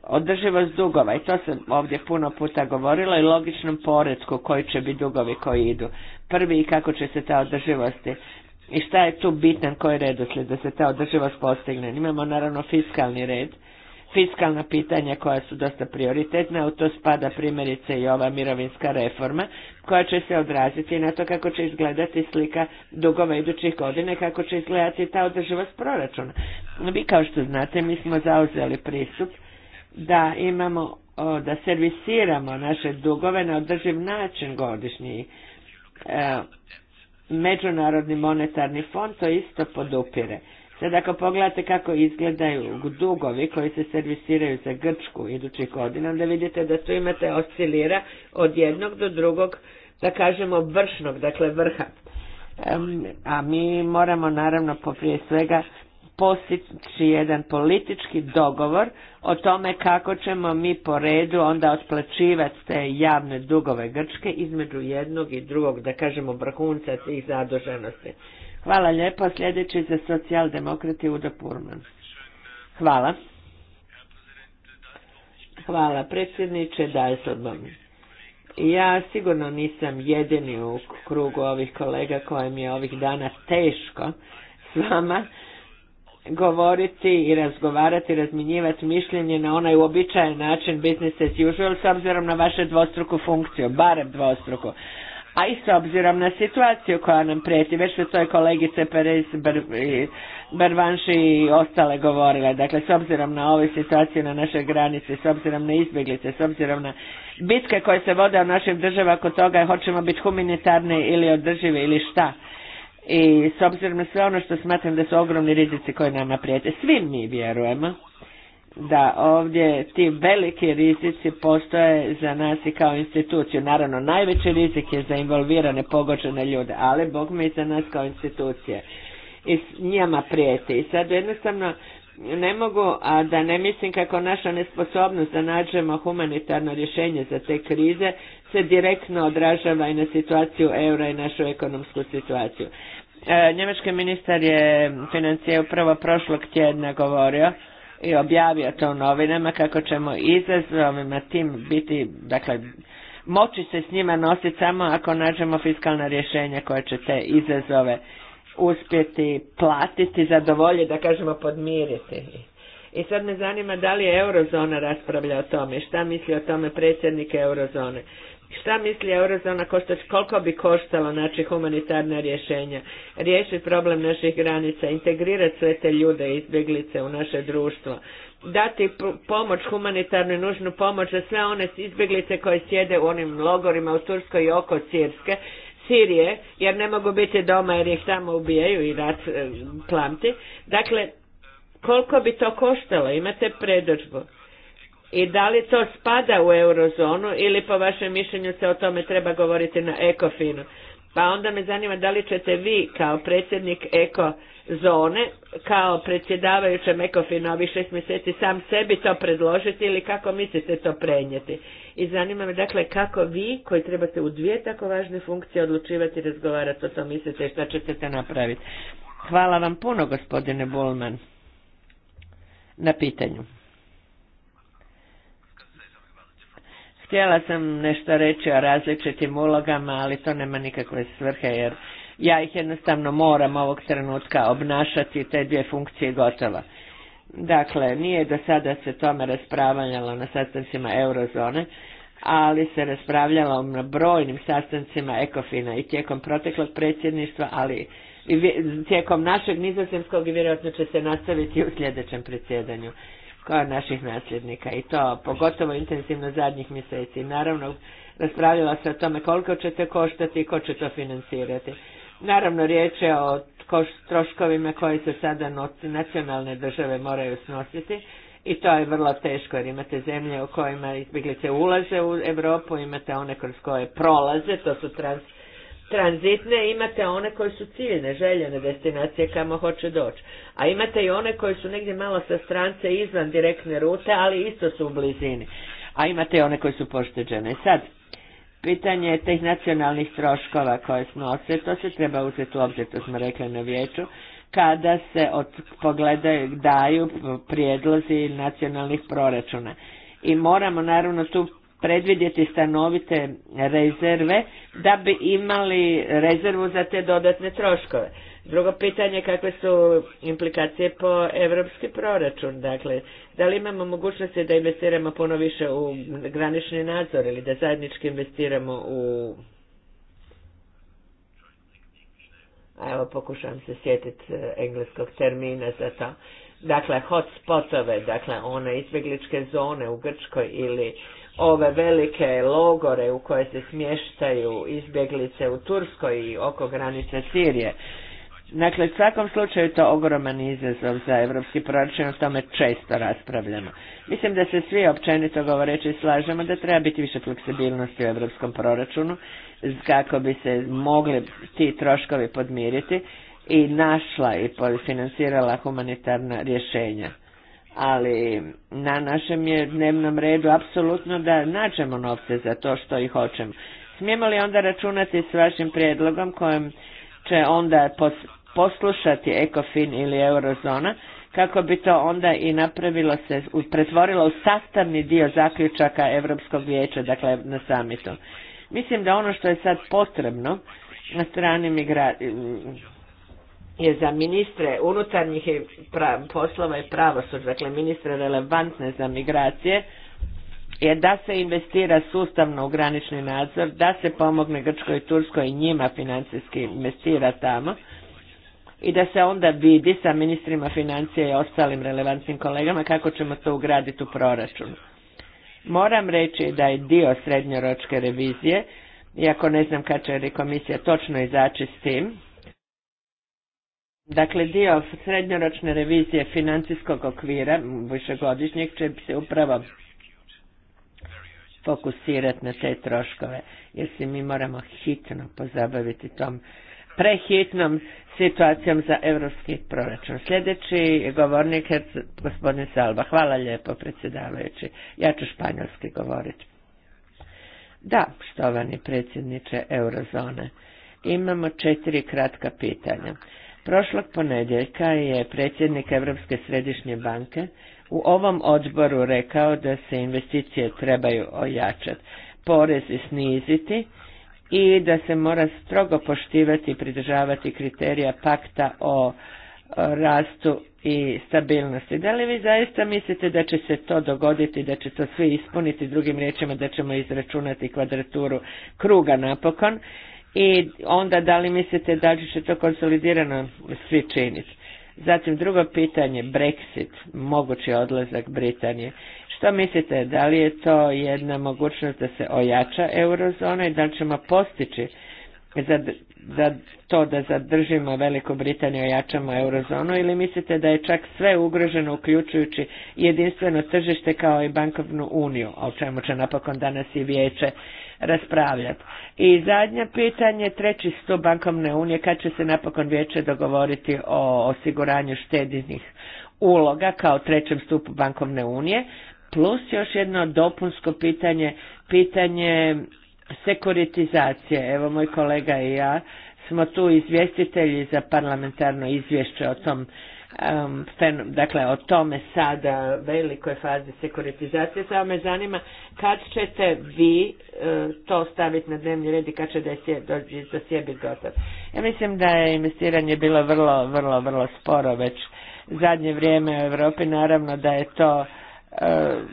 S3: održivost dugova i to sam ovdje puno puta govorila i logičnom poredku koji će biti dugovi koji idu. Prvi i kako će se ta održivost i šta je tu bitan koji redoslijed da se ta održivost postigne. Imamo naravno fiskalni red, fiskalna pitanja koja su dosta prioritetna, u to spada primjerice i ova mirovinska reforma koja će se odraziti na to kako će izgledati slika dugova idućih godine, kako će izgledati ta održivost proračuna. Vi kao što znate mi smo zauzeli pristup da imamo, da servisiramo naše dugove na održiv način godišnji. E, Međunarodni monetarni fond to isto podupire. Sada ako pogledate kako izgledaju dugovi koji se servisiraju za Grčku idućih godina, onda vidite da tu imate oscilira od jednog do drugog, da kažemo vršnog, dakle vrha. A mi moramo naravno po prije svega postići jedan politički dogovor o tome kako ćemo mi po redu onda otplaćivati te javne dugove Grčke između jednog i drugog, da kažemo, brhunca tih zadoženosti. Hvala lijepo. Sljedeći za socijaldemokrati Udo Purman. Hvala. Hvala predsjedniče Dajsodbom. Ja sigurno nisam jedini u krugu ovih kolega kojem je ovih dana teško s vama govoriti i razgovarati, razminjivati mišljenje na onaj uobičajen način business as usual s obzirom na vaše dvostruku funkciju, barem dvostruku. A i s obzirom na situaciju koja nam prijeti, već su to kolegice Perez, Barvanši i ostale govorile, dakle s obzirom na ove situaciju na našoj granici, s obzirom na izbjeglice, s obzirom na bitke koje se vode u našim državama kod toga hoćemo biti humanitarni ili održivi ili šta i s obzirom na sve ono što smatram da su ogromni rizici koji nama prijete, svi mi vjerujemo da ovdje ti veliki rizici postoje za nas i kao instituciju. Naravno, najveći rizik je za involvirane, pogođene ljude, ali Bog mi za nas kao institucije. I njima prijeti. I sad jednostavno ne mogu, a da ne mislim kako naša nesposobnost da nađemo humanitarno rješenje za te krize se direktno odražava i na situaciju eura i našu ekonomsku situaciju. E, njemački ministar je financije upravo prošlog tjedna govorio i objavio to u novinama kako ćemo izazovima tim biti, dakle, moći se s njima nositi samo ako nađemo fiskalna rješenja koja će te izazove uspjeti platiti, zadovoljiti, da kažemo podmiriti. I sad me zanima da li je Eurozona raspravlja o tome, šta misli o tome predsjednik Eurozone. Šta misli eurozona koštać, koliko bi koštalo naše humanitarna rješenja, riješiti problem naših granica, integrirati sve te ljude i izbjeglice u naše društvo, dati pomoć, humanitarnu i nužnu pomoć za sve one izbjeglice koje sjede u onim logorima u Turskoj i oko Sirske, Sirije, jer ne mogu biti doma jer ih tamo ubijaju i rat e, Dakle, koliko bi to koštalo? Imate predođbu i da li to spada u eurozonu ili po vašem mišljenju se o tome treba govoriti na ekofinu. Pa onda me zanima da li ćete vi kao predsjednik ekozone, kao predsjedavajućem ekofinu ovih šest mjeseci sam sebi to predložiti ili kako mislite to prenijeti. I zanima me dakle kako vi koji trebate u dvije tako važne funkcije odlučivati i razgovarati o tom mislite i šta ćete napraviti. Hvala vam puno gospodine Bulman na pitanju. Htjela sam nešto reći o različitim ulogama, ali to nema nikakve svrhe jer ja ih jednostavno moram ovog trenutka obnašati te dvije funkcije gotovo. Dakle, nije do sada se tome raspravljalo na sastancima eurozone, ali se raspravljalo na brojnim sastancima Ekofina i tijekom proteklog predsjedništva, ali i tijekom našeg nizozemskog i vjerojatno će se nastaviti u sljedećem predsjedanju kao naših nasljednika i to pogotovo intenzivno zadnjih mjeseci. Naravno, raspravljala se o tome koliko će to koštati i ko će to financirati. Naravno, riječ je o troškovima koje se sada nacionalne države moraju snositi i to je vrlo teško jer imate zemlje u kojima izbjeglice ulaze u Europu, imate one kroz koje prolaze, to su trans tranzitne, imate one koje su ciljne, željene destinacije kamo hoće doći. A imate i one koje su negdje malo sa strance izvan direktne rute, ali isto su u blizini. A imate i one koje su pošteđene. Sad, pitanje tih nacionalnih troškova koje snose, to se treba uzeti u obzir, to smo rekli na vijeću, kada se od, pogledaju, daju prijedlozi nacionalnih proračuna. I moramo naravno tu predvidjeti stanovite rezerve da bi imali rezervu za te dodatne troškove. Drugo pitanje kakve su implikacije po evropski proračun, dakle, da li imamo mogućnosti da investiramo puno više u granični nadzor ili da zajednički investiramo u... evo pokušavam se sjetiti e, engleskog termina za to. Dakle, hotspotove, dakle one izbjegličke zone u Grčkoj ili ove velike logore u koje se smještaju izbjeglice u Turskoj i oko granice Sirije. Dakle, u svakom slučaju to ogroman izazov za evropski proračun, o tome često raspravljamo. Mislim da se svi općenito govoreći slažemo da treba biti više fleksibilnosti u evropskom proračunu kako bi se mogli ti troškovi podmiriti i našla i financirala humanitarna rješenja ali na našem je dnevnom redu apsolutno da nađemo novce za to što i hoćemo. Smijemo li onda računati s vašim prijedlogom kojem će onda poslušati ECOFIN ili Eurozona kako bi to onda i napravilo se, pretvorilo u sastavni dio zaključaka Europskog vijeća, dakle na samitu. Mislim da ono što je sad potrebno na strani migra je za ministre unutarnjih poslova i pravosuđa, dakle ministre relevantne za migracije, je da se investira sustavno u granični nadzor, da se pomogne Grčkoj i Turskoj i njima financijski investira tamo i da se onda vidi sa ministrima financija i ostalim relevantnim kolegama kako ćemo to ugraditi u proračun. Moram reći da je dio srednjoročke revizije, iako ne znam kada će komisija točno izaći s tim, Dakle, dio srednjoročne revizije financijskog okvira višegodišnjeg će se upravo fokusirati na te troškove, jer se mi moramo hitno pozabaviti tom prehitnom situacijom za evropski proračun. Sljedeći govornik je gospodin Salba. Hvala lijepo, predsjedavajući. Ja ću španjolski govoriti. Da, štovani predsjedniče Eurozone, imamo četiri kratka pitanja. Prošlog ponedjeljka je predsjednik Europske središnje banke u ovom odboru rekao da se investicije trebaju ojačati, porezi sniziti i da se mora strogo poštivati i pridržavati kriterija pakta o e, rastu i stabilnosti. Da li vi zaista mislite da će se to dogoditi, da će to svi ispuniti, drugim riječima da ćemo izračunati kvadraturu kruga napokon i onda da li mislite da li će to konsolidirano svi činiti. Zatim drugo pitanje, Brexit, mogući odlazak Britanije. Što mislite, da li je to jedna mogućnost da se ojača eurozona i da li ćemo postići za, to da zadržimo Veliku Britaniju i jačamo eurozonu ili mislite da je čak sve ugroženo uključujući jedinstveno tržište kao i bankovnu uniju, o čemu će napokon danas i vijeće raspravljati. I zadnje pitanje, treći stup bankovne unije, kad će se napokon vijeće dogovoriti o osiguranju štedinih uloga kao trećem stupu bankovne unije, plus još jedno dopunsko pitanje, pitanje sekuritizacije. Evo moj kolega i ja smo tu izvjestitelji za parlamentarno izvješće o tom um, dakle o tome sada velikoj fazi sekuritizacije. Samo me zanima kad ćete vi uh, to staviti na dnevni red i kad će da je do sjebi gotov. Ja mislim da je investiranje bilo vrlo, vrlo, vrlo sporo već zadnje vrijeme u Europi. Naravno da je to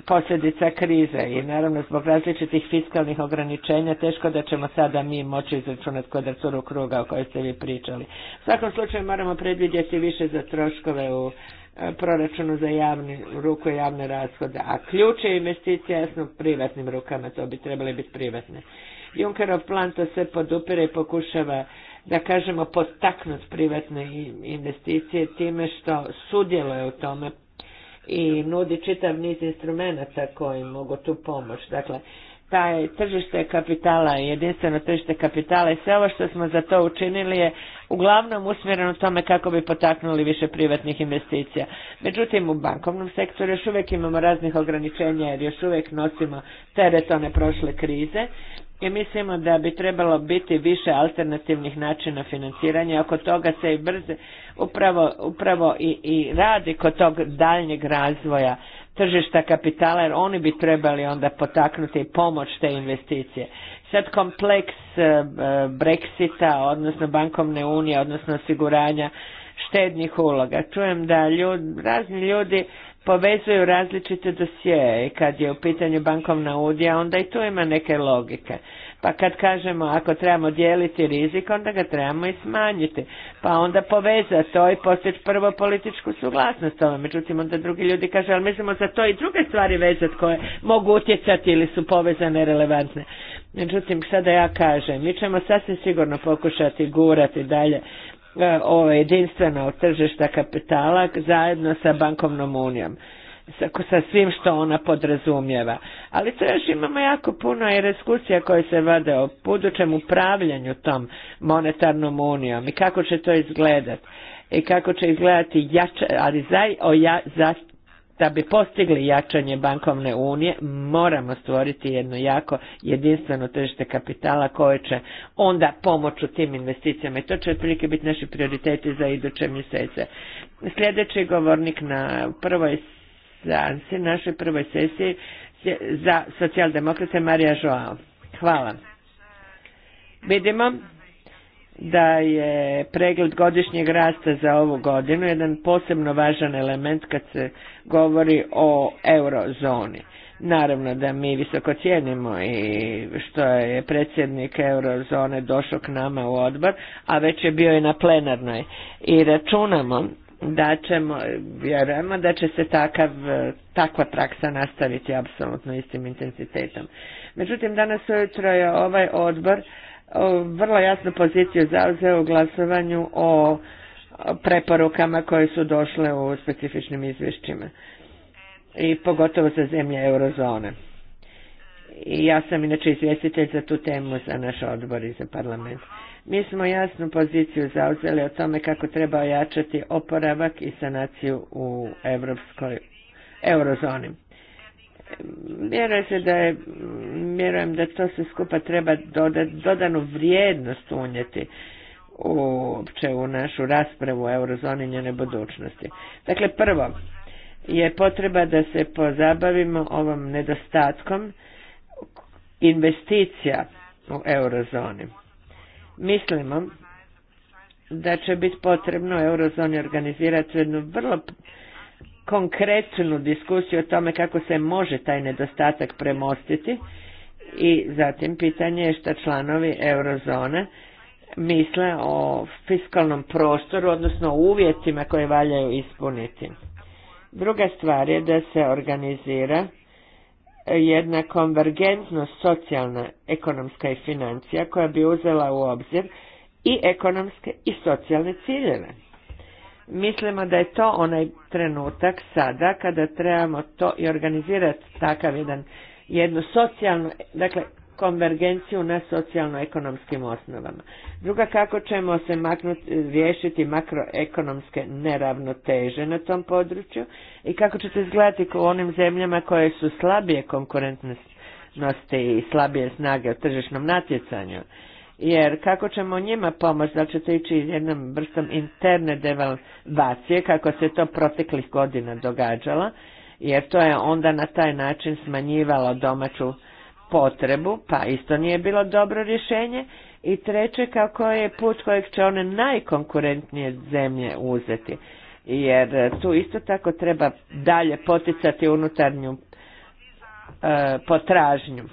S3: posljedica krize i naravno zbog različitih fiskalnih ograničenja teško da ćemo sada mi moći izračunati kvadraturu kruga o kojoj ste vi pričali. U svakom slučaju moramo predvidjeti više za troškove u e, proračunu za javni, ruku javne rashode, a ključ je investicija jasno privatnim rukama, to bi trebale biti privatne. Junkerov plan to sve podupire i pokušava da kažemo potaknuti privatne investicije time što sudjeluje u tome i nudi čitav niz instrumenta koji mogu tu pomoć. Dakle, taj tržište kapitala, jedinstveno tržište kapitala i sve ovo što smo za to učinili je uglavnom usmjereno tome kako bi potaknuli više privatnih investicija. Međutim, u bankovnom sektoru još uvijek imamo raznih ograničenja jer još uvijek nosimo teret one prošle krize i mislimo da bi trebalo biti više alternativnih načina financiranja. Oko toga se i brze upravo, upravo i, i radi kod tog daljnjeg razvoja tržišta kapitala jer oni bi trebali onda potaknuti i pomoć te investicije. Sad kompleks e, e, Brexita, odnosno bankovne unije, odnosno osiguranja štednih uloga. Čujem da razni ljudi povezuju različite dosjeje kad je u pitanju bankovna udija, onda i tu ima neke logike. Pa kad kažemo ako trebamo dijeliti rizik, onda ga trebamo i smanjiti. Pa onda poveza to i postići prvo političku suglasnost tome. Međutim, onda drugi ljudi kažu, ali ćemo za to i druge stvari vezati koje mogu utjecati ili su povezane relevantne. Međutim, sada ja kažem, mi ćemo sasvim sigurno pokušati gurati dalje E, ovo jedinstveno tržišta kapitala zajedno sa bankovnom unijom sa svim što ona podrazumijeva. Ali to još imamo jako puno i diskusija koje se vade o budućem upravljanju tom monetarnom unijom i kako će to izgledati i kako će izgledati jače ali o ja za, da bi postigli jačanje bankovne unije moramo stvoriti jedno jako jedinstveno tržište kapitala koje će onda pomoći u tim investicijama i to će otprilike biti naši prioriteti za iduće mjesece. Sljedeći govornik na prvoj našoj prvoj sesiji za socijaldemokrate Marija Joao. Hvala. Vidimo da je pregled godišnjeg rasta za ovu godinu jedan posebno važan element kad se govori o eurozoni. Naravno da mi visoko cijenimo i što je predsjednik eurozone došao k nama u odbor, a već je bio i na plenarnoj. I računamo da ćemo, vjerujemo da će se takav, takva praksa nastaviti apsolutno istim intenzitetom. Međutim, danas ujutro je ovaj odbor vrlo jasnu poziciju zauzeo u glasovanju o preporukama koje su došle u specifičnim izvješćima i pogotovo za zemlje eurozone. I ja sam inače izvjestitelj za tu temu za naš odbor i za parlament. Mi smo jasnu poziciju zauzeli o tome kako treba ojačati oporavak i sanaciju u europskoj eurozoni vjeruje se da je, vjerujem da to se skupa treba dodanu vrijednost unijeti u našu raspravu o eurozoni i njene budućnosti. Dakle, prvo je potreba da se pozabavimo ovom nedostatkom investicija u eurozoni. Mislimo da će biti potrebno u eurozoni organizirati jednu vrlo konkretnu diskusiju o tome kako se može taj nedostatak premostiti i zatim pitanje je što članovi eurozone misle o fiskalnom prostoru, odnosno uvjetima koje valjaju ispuniti. Druga stvar je da se organizira jedna konvergentno socijalna, ekonomska i financija koja bi uzela u obzir i ekonomske i socijalne ciljeve. Mislimo da je to onaj trenutak sada kada trebamo to i organizirati takav jedan, jednu socijalnu, dakle konvergenciju na socijalno-ekonomskim osnovama. Druga, kako ćemo se maknuti, riješiti makroekonomske neravnoteže na tom području i kako će se izgledati u onim zemljama koje su slabije konkurentnosti i slabije snage u tržišnom natjecanju jer kako ćemo njima pomoći, da će to ići jednom vrstom interne devalvacije, kako se to proteklih godina događalo, jer to je onda na taj način smanjivalo domaću potrebu, pa isto nije bilo dobro rješenje. I treće, kako je put kojeg će one najkonkurentnije zemlje uzeti, jer tu isto tako treba dalje poticati unutarnju e, potražnju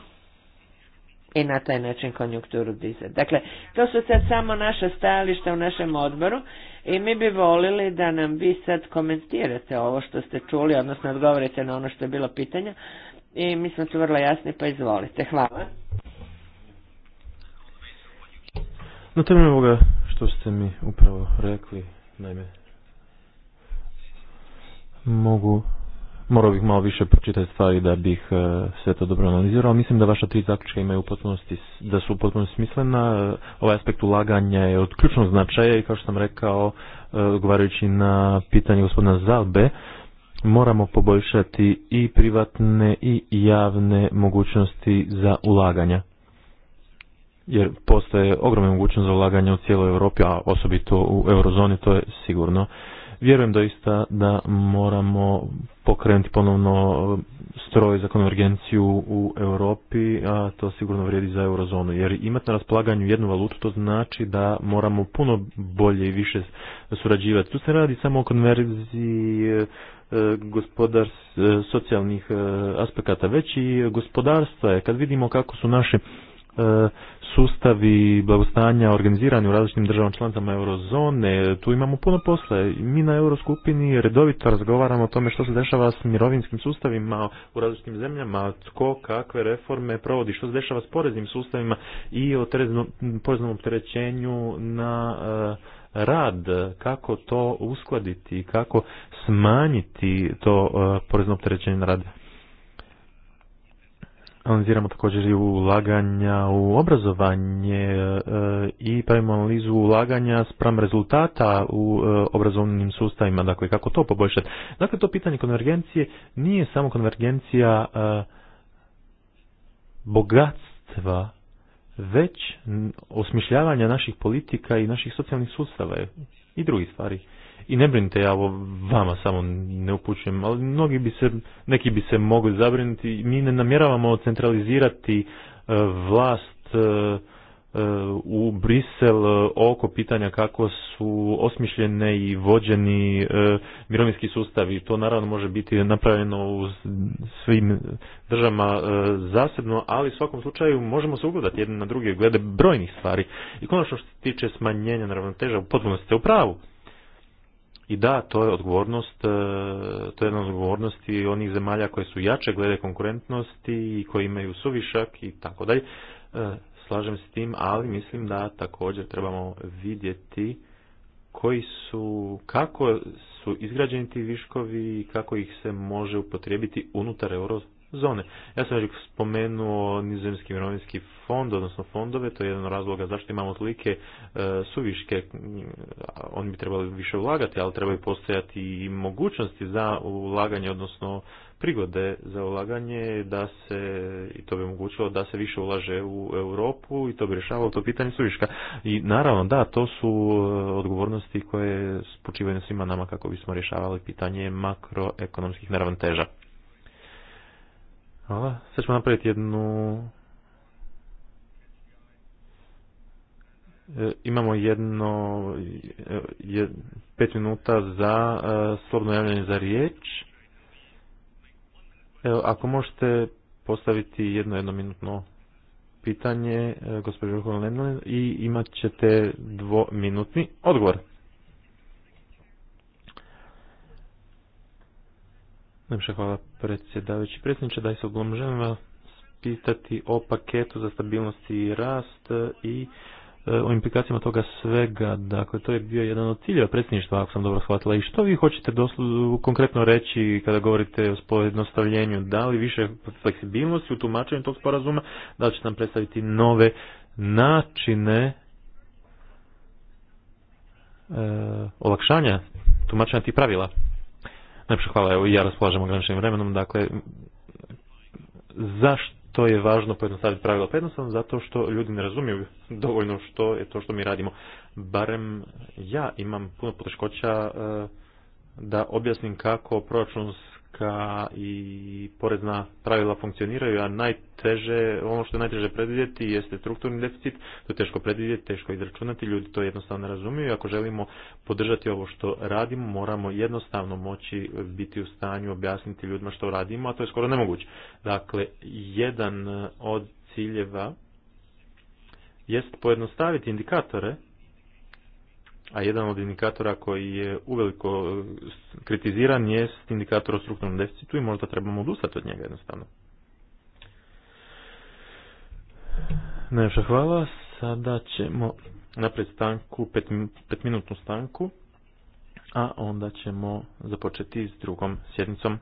S3: i na taj način konjunkturu dizati. Dakle, to su sad samo naše stajališta u našem odboru i mi bi volili da nam vi sad komentirate ovo što ste čuli, odnosno odgovorite na ono što je bilo pitanja i mi smo tu vrlo jasni, pa izvolite. Hvala.
S2: Na temelju ovoga što ste mi upravo rekli, naime, mogu morao bih malo više pročitati stvari da bih e, sve to dobro analizirao. Mislim da vaša tri zaključka imaju u potpunosti, da su u potpunosti smislena. E, ovaj aspekt ulaganja je od ključnog značaja i kao što sam rekao, e, odgovarajući na pitanje gospodina Zalbe, moramo poboljšati i privatne i javne mogućnosti za ulaganja. Jer postoje ogromne mogućnosti za ulaganja u cijeloj Europi, a osobito u eurozoni, to je sigurno. Vjerujem doista da moramo pokrenuti ponovno stroj za konvergenciju u Europi, a to sigurno vrijedi za eurozonu. Jer imati na raspolaganju jednu valutu to znači da moramo puno bolje i više surađivati. Tu se radi samo o konverziji e, e, gospodar e, socijalnih aspekata, već i gospodarstva je. Kad vidimo kako su naše sustavi blagostanja organizirani u različitim državama članicama eurozone, tu imamo puno posla. Mi na euroskupini redovito razgovaramo o tome što se dešava s mirovinskim sustavima u različitim zemljama, tko kakve reforme provodi, što se dešava s poreznim sustavima i o poreznom opterećenju na eh, rad, kako to uskladiti, kako smanjiti to eh, porezno opterećenje na rad analiziramo također i ulaganja u obrazovanje e, i pravimo analizu ulaganja spram rezultata u e, obrazovnim sustavima, dakle kako to poboljšati. Dakle, to pitanje konvergencije nije samo konvergencija e, bogatstva, već osmišljavanja naših politika i naših socijalnih sustava i drugih stvari. I ne brinite, ja ovo vama samo ne upućujem, ali mnogi bi se, neki bi se mogli zabrinuti. Mi ne namjeravamo centralizirati e, vlast e, e, u Brisel oko pitanja kako su osmišljene i vođeni mirovinski sustavi. To naravno može biti napravljeno u svim državama zasebno, ali u svakom slučaju možemo se ugledati jedne na druge glede brojnih stvari. I konačno što se tiče smanjenja neravnoteža, potpuno ste u pravu. I da, to je odgovornost, e, to je jedna odgovornost i onih zemalja koje su jače glede konkurentnosti i koji imaju suvišak i tako dalje. E, slažem se s tim, ali mislim da također trebamo vidjeti koji su, kako su izgrađeni ti viškovi i kako ih se može upotrijebiti unutar euro zone. Ja sam već spomenuo nizozemski mirovinski fond, odnosno fondove, to je jedan od razloga zašto imamo tolike e, suviške, oni bi trebali više ulagati, ali trebaju postojati i mogućnosti za ulaganje, odnosno prigode za ulaganje da se, i to bi omogućilo da se više ulaže u Europu i to bi rješavalo to pitanje suviška. I naravno da, to su e, odgovornosti koje spočivaju svima nama kako bismo rješavali pitanje makroekonomskih neravnoteža. Hvala. Sad ćemo napraviti jednu... E, imamo jedno... E, pet minuta za e, slobno javljanje za riječ. Evo, ako možete postaviti jedno jednominutno pitanje gospođo i imat ćete dvominutni odgovor. hvala predsjedavajući predsjedniče, daj se uglavnom želim vas pitati o paketu za stabilnost i rast i e, o implikacijama toga svega. Dakle, to je bio jedan od ciljeva predsjedništva, ako sam dobro shvatila. I što vi hoćete konkretno reći kada govorite o pojednostavljenju? Da li više fleksibilnosti u tumačenju tog sporazuma? Da li ćete nam predstaviti nove načine e, olakšanja tumačenja tih pravila? Najprej hvala, evo ja raspolažem ograničenim vremenom, dakle, zašto je važno pojednostaviti pravila? Pa zato što ljudi ne razumiju dovoljno što je to što mi radimo. Barem ja imam puno poteškoća eh, da objasnim kako proračun ka i porezna pravila funkcioniraju, a najteže, ono što je najteže predvidjeti jeste strukturni deficit, to je teško predvidjeti, teško izračunati, ljudi to jednostavno razumiju i ako želimo podržati ovo što radimo, moramo jednostavno moći biti u stanju objasniti ljudima što radimo, a to je skoro nemoguće. Dakle, jedan od ciljeva jest pojednostaviti indikatore a jedan od indikatora koji je uveliko e, kritiziran jest indikator o strukturnom deficitu i možda trebamo odustati od njega jednostavno. Najviše hvala. Sada ćemo napred stanku, pet, minutnu stanku, a onda ćemo započeti s drugom sjednicom.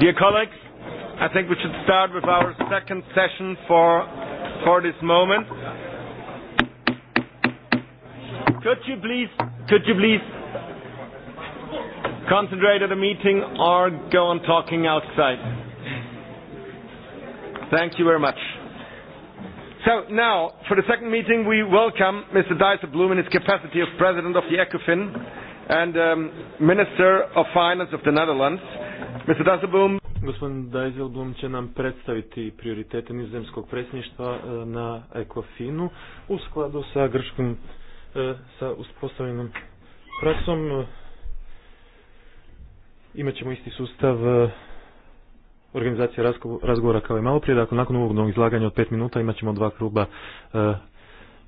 S1: Dear colleagues, I think we should start with our second session for, for this moment. Could you please, could you please concentrate at the meeting or go on talking outside?
S3: Thank you very much. So now, for the
S4: second meeting, we welcome Mr. Dyser Bloom in his capacity of President of the ECOFIN and um, Minister of Finance of the Netherlands Mr. Gospodin
S2: će nam predstaviti prioritete nizozemskog predsjedništva e, na Ekofinu u skladu sa grškom e, sa uspostavljenom praksom. E, Imaćemo isti sustav organizacije razgovora kao i malo prije. Dakle, nakon ovog izlaganja od pet minuta imat ćemo dva kruba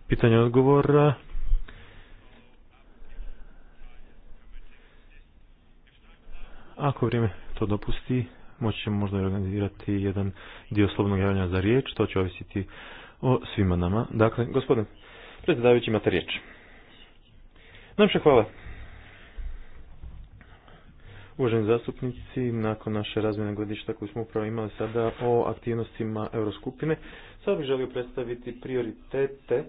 S2: pitanja i odgovora. Ako vrijeme to dopusti, moći ćemo možda organizirati jedan dio slobodnog javljanja za riječ, to će ovisiti o svima nama. Dakle, gospodin, predsjedavajući imate riječ. Najviše hvala. Uvaženi zastupnici, nakon naše razmjene godišta koju smo upravo imali sada o aktivnostima Euroskupine, sad bih želio predstaviti prioritete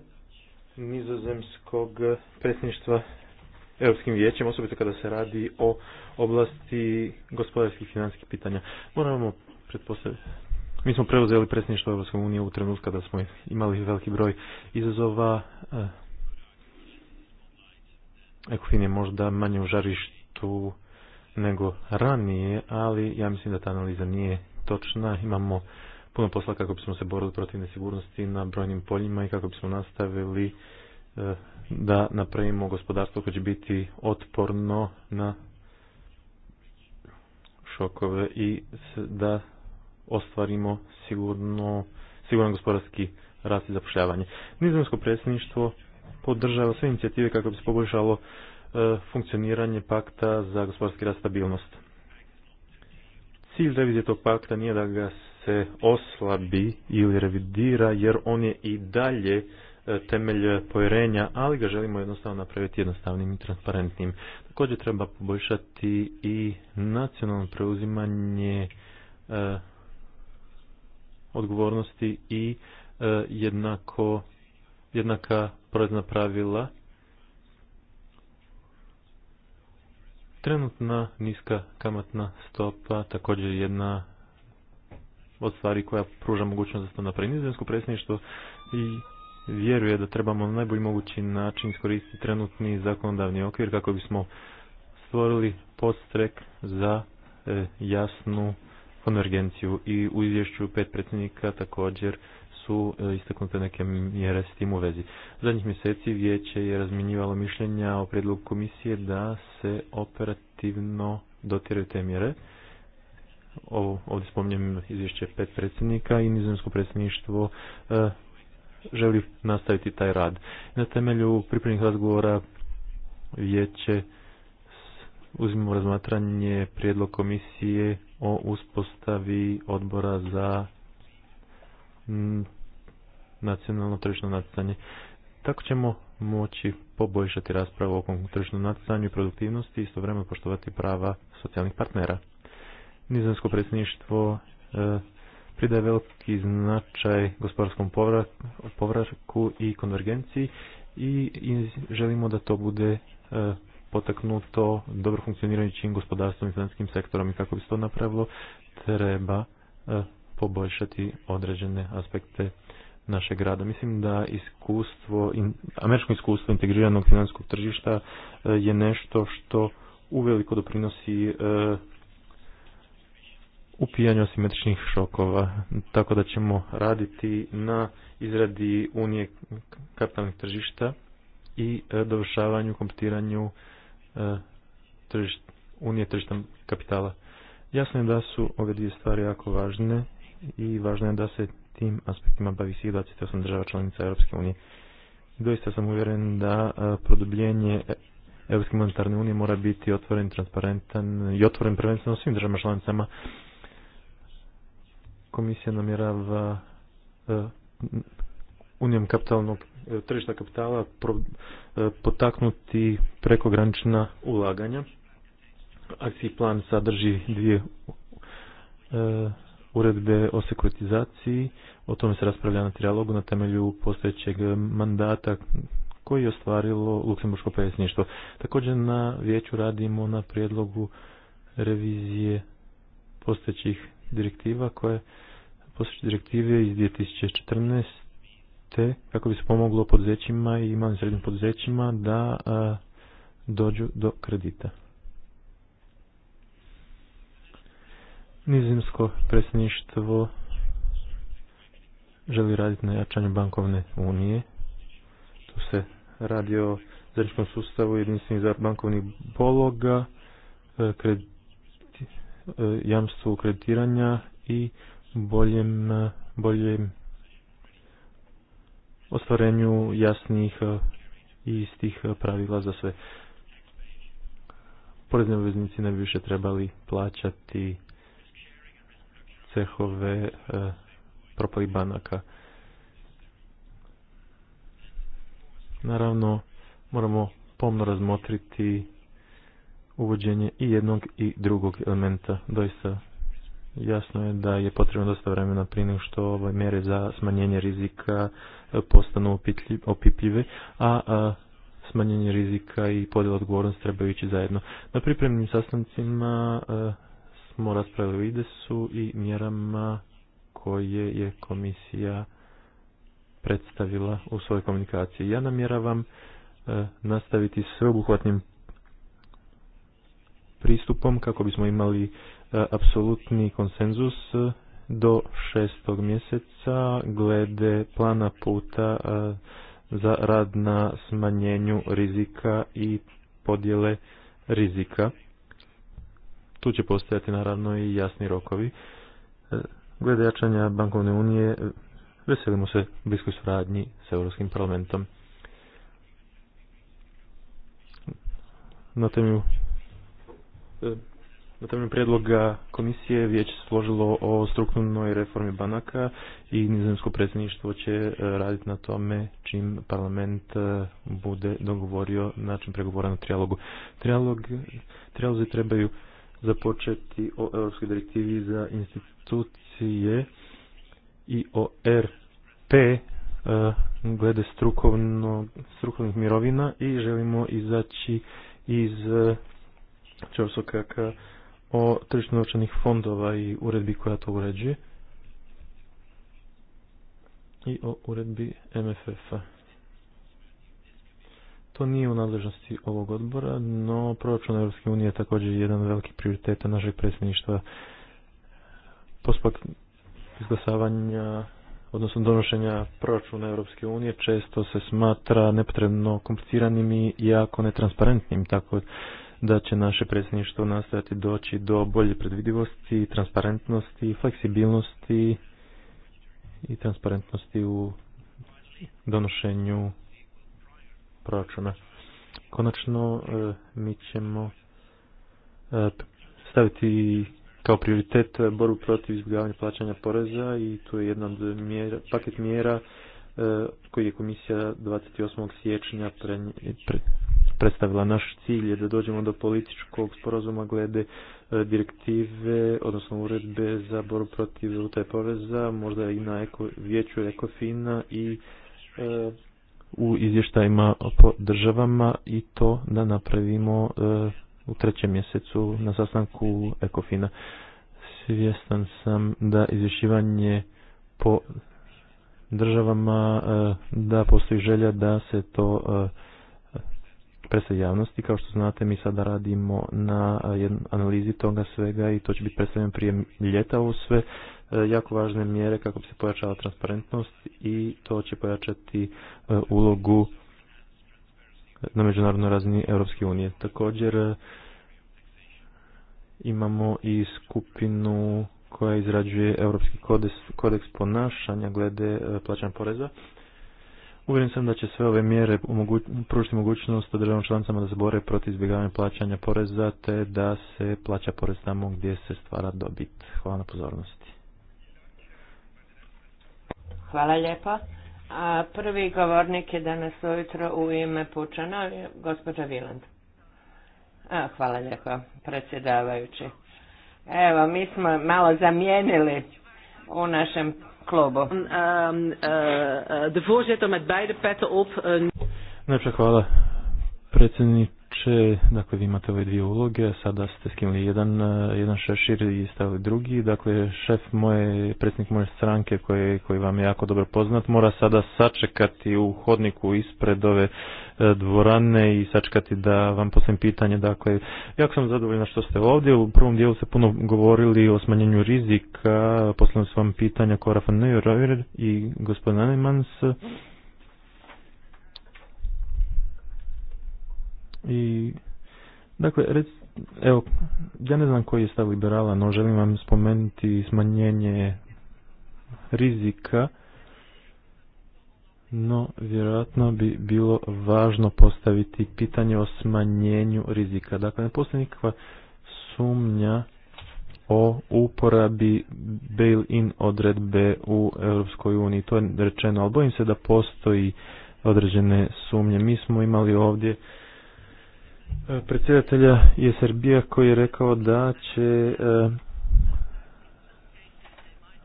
S2: nizozemskog predsjedništva Europskim vijećem, osobito kada se radi o oblasti gospodarskih i financijskih pitanja. Moramo pretpostaviti mi smo preuzeli predsjedništvo Europske unije u trenutku kada smo imali veliki broj izazova. E, Ekofin je možda manje u žarištu nego ranije, ali ja mislim da ta analiza nije točna. Imamo puno posla kako bismo se borili protiv nesigurnosti na brojnim poljima i kako bismo nastavili da napravimo gospodarstvo koje će biti otporno na šokove i da ostvarimo sigurno, siguran gospodarski rast i zapošljavanje. Nizozemsko predsjedništvo podržava sve inicijative kako bi se poboljšalo e, funkcioniranje pakta za gospodarski rast stabilnost. Cilj revizije tog pakta nije da ga se oslabi ili revidira jer on je i dalje temelj povjerenja, ali ga želimo jednostavno napraviti jednostavnim i transparentnim. Također treba poboljšati i nacionalno preuzimanje e, odgovornosti i e, jednako, jednaka porezna pravila. Trenutna niska kamatna stopa, također jedna od stvari koja pruža mogućnost da se napravi nizozemsko predsjedništvo i vjeruje da trebamo na najbolji mogući način iskoristiti trenutni zakonodavni okvir kako bismo stvorili postrek za e, jasnu konvergenciju i u izvješću pet predsjednika također su e, istaknute neke mjere s tim u vezi. Zadnjih mjeseci vijeće je razminjivalo mišljenja o prijedlogu komisije da se operativno dotiraju te mjere. Ovo, ovdje spominjem izvješće pet predsjednika i nizozemsko predsjedništvo e, želi nastaviti taj rad. Na temelju pripremnih razgovora vijeće uzmimo razmatranje prijedlog komisije o uspostavi odbora za nacionalno tržišno natjecanje. Tako ćemo moći poboljšati raspravu o tržišnom natjecanju i produktivnosti i istovremeno poštovati prava socijalnih partnera. Nizansko predsjedništvo e, pridaje veliki značaj gospodarskom povratku i konvergenciji i želimo da to bude e, potaknuto dobro funkcionirajućim gospodarstvom i financijskim sektorom i kako bi se to napravilo treba e, poboljšati određene aspekte našeg rada. Mislim da iskustvo, američko iskustvo integriranog financijskog tržišta e, je nešto što uveliko doprinosi pijanju asimetričnih šokova. Tako da ćemo raditi na izradi unije kapitalnih tržišta i e, dovršavanju, komptiranju e, unije tržišta kapitala. Jasno je da su ove dvije stvari jako važne i važno je da se tim aspektima bavi svih 28 država članica Europske unije. Doista sam uvjeren da e, produbljenje Europske monetarne unije mora biti otvoren, transparentan i otvoren prvenstveno svim državama članicama komisija namjerava e, unijom kapitalnog e, tržišta kapitala e, potaknuti prekogranična ulaganja. Akcijski plan sadrži dvije uredbe o sekuritizaciji. O tome se raspravlja na trijalogu na temelju postojećeg mandata koji je ostvarilo Luksemburško predsjedništvo. Također na vijeću radimo na prijedlogu revizije postojećih direktiva koje posjeću direktive iz 2014. kako bi se pomoglo poduzećima i malim srednjim poduzećima da dođu do kredita. Nizimsko predsjedništvo želi raditi na jačanju bankovne unije. Tu se radi o zajedničkom sustavu jedinstvenih bankovnih pologa, e, kredit E, jamstvu kreditiranja i boljem, e, boljem ostvarenju jasnih e, i istih pravila za sve. Porezni obveznici ne bi više trebali plaćati cehove propali banaka. Naravno, moramo pomno razmotriti uvođenje i jednog i drugog elementa. Doista jasno je da je potrebno dosta vremena prije nego što ove mjere za smanjenje rizika e, postanu opipljive, a, smanjenje rizika i podjela odgovornosti trebaju ići zajedno. Na pripremnim sastancima e, smo raspravili o ides i mjerama koje je komisija predstavila u svojoj komunikaciji. Ja namjeravam e, nastaviti s sveobuhvatnim pristupom kako bismo imali e, apsolutni konsenzus e, do šestog mjeseca glede plana puta e, za rad na smanjenju rizika i podjele rizika. Tu će postojati naravno i jasni rokovi. Glede jačanja bankovne unije veselimo se bliskoj suradnji s Europskim parlamentom. Na temelju E, na temelju prijedloga komisije vijeće se složilo o strukturnoj reformi banaka i nizozemsko predsjedništvo će e, raditi na tome čim parlament e, bude dogovorio način pregovora na trijalogu. Trijalog, trijalozi trebaju započeti o Europskoj direktivi za institucije i o RP glede strukovnih mirovina i želimo izaći iz Čorsokaka e, o tržištu novčanih fondova i uredbi koja to uređuje i o uredbi MFF-a. To nije u nadležnosti ovog odbora, no proračun Europske unije je također jedan veliki prioriteta našeg predsjedništva Pospak izglasavanja odnosno donošenja proračuna Europske unije često se smatra nepotrebno kompliciranim i jako netransparentnim, tako da će naše predsjedništvo nastaviti doći do bolje predvidivosti, transparentnosti, fleksibilnosti i transparentnosti u donošenju proračuna. Konačno e, mi ćemo e, staviti kao prioritet borbu protiv izbjegavanja plaćanja poreza i tu je jedan od mjera, paket mjera e, koji je komisija 28. siječnja pre, predstavila. Naš cilj je da dođemo do političkog sporazuma glede e, direktive, odnosno uredbe za boru protiv utaje poveza, možda i na eko, vijeću ekofina i e, u izvještajima po državama i to da napravimo e, u trećem mjesecu na sastanku ekofina. Svjestan sam da izvješivanje po državama, da postoji želja da se to predstaviti javnosti. Kao što znate, mi sada radimo na analizi toga svega i to će biti predstavljeno prije ljeta u sve e, jako važne mjere kako bi se pojačala transparentnost i to će pojačati e, ulogu na međunarodnoj razini Europske unije. Također e, imamo i skupinu koja izrađuje Europski kodeks ponašanja glede plaćanja poreza Uvjeren sam da će sve ove mjere pružiti mogućnost državnom člancama da se bore protiv izbjegavanja plaćanja poreza te da se plaća porez tamo gdje se stvara dobit. Hvala na pozornosti.
S3: Hvala lijepa. A prvi govornik je danas ujutro u ime Pučana, gospođa Viland. A, hvala lijepa, predsjedavajući. Evo, mi smo malo zamijenili u našem Um, uh, uh, uh, De voorzitter met beide petten op. Uh,
S2: Najpša hvala predsjednik dakle vi imate ove dvije uloge, sada ste skinuli jedan, e, jedan šešir i stavili drugi, dakle šef moje, predsjednik moje stranke koji, koji vam je jako dobro poznat, mora sada sačekati u hodniku ispred ove e, dvorane i sačekati da vam postavim pitanje, dakle jako sam zadovoljna što ste ovdje, u prvom dijelu ste puno govorili o smanjenju rizika, postavljam su vam pitanja korafan Neuroir i gospodin Anemans, I, dakle, rec, evo, ja ne znam koji je stav liberala, no želim vam spomenuti smanjenje rizika, no vjerojatno bi bilo važno postaviti pitanje o smanjenju rizika. Dakle, ne postoji nikakva sumnja o uporabi bail-in odredbe u Europskoj uniji. To je rečeno, ali bojim se da postoji određene sumnje. Mi smo imali ovdje E, predsjedatelja je Srbija koji je rekao da će e,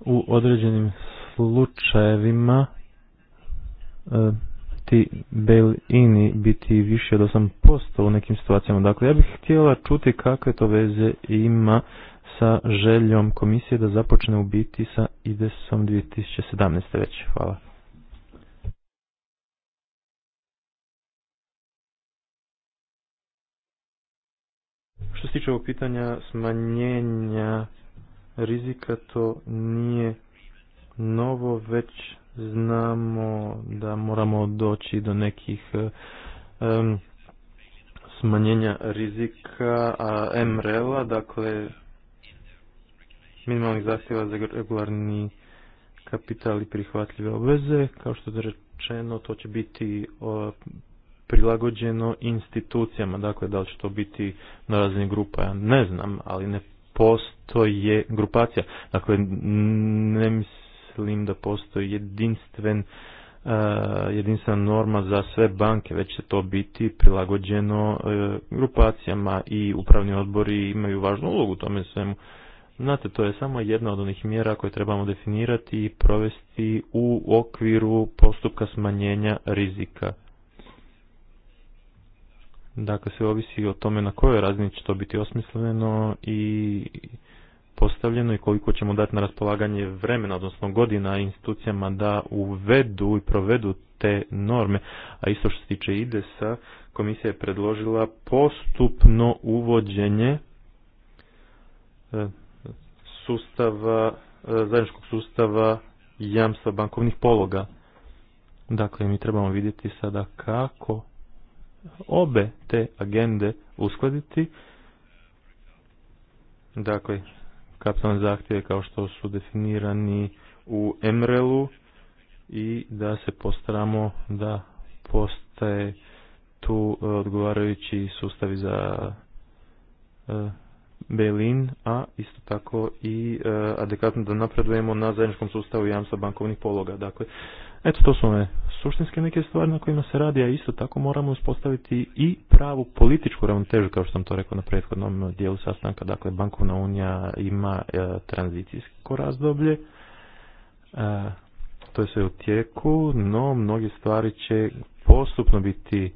S2: u određenim slučajevima e, ti bail-ini biti više od 8% u nekim situacijama. Dakle, ja bih htjela čuti kakve to veze ima sa željom komisije da započne u biti sa
S4: IDES-om 2017. već. Hvala.
S2: Što se tiče ovog pitanja smanjenja rizika, to nije novo, već znamo da moramo doći do nekih eh, smanjenja rizika a a dakle minimalnih zahtjeva za regularni kapital i prihvatljive obveze. Kao što je rečeno, to će biti prilagođeno institucijama, dakle da li će to biti na razini grupa, ja ne znam, ali ne postoje grupacija. Dakle, ne mislim da postoji jedinstven uh, jedinstvena norma za sve banke, već će to biti prilagođeno e, grupacijama i upravni odbori imaju važnu ulogu u tome svemu. Znate, to je samo jedna od onih mjera koje trebamo definirati i provesti u okviru postupka smanjenja rizika. Dakle, sve ovisi o tome na kojoj razini će to biti osmisleno i postavljeno i koliko ćemo dati na raspolaganje vremena, odnosno godina institucijama da uvedu i provedu te norme. A isto što se tiče IDES-a, komisija je predložila postupno uvođenje e, sustava, e, zajedničkog sustava jamstva bankovnih pologa. Dakle, mi trebamo vidjeti sada kako obe te agende uskladiti. Dakle, kapitalne zahtjeve kao što su definirani u Emrelu i da se postaramo da postaje tu e, odgovarajući sustavi za e, Berlin, a isto tako i e, adekvatno da napredujemo na zajedničkom sustavu jamstva bankovnih pologa. Dakle, eto to su one suštinske neke stvari na kojima se radi, a isto tako moramo uspostaviti i pravu političku ravnotežu, kao što sam to rekao na prethodnom dijelu sastanka. Dakle, bankovna unija ima e, tranzicijsko razdoblje, e, to je sve u tijeku, no mnoge stvari će postupno biti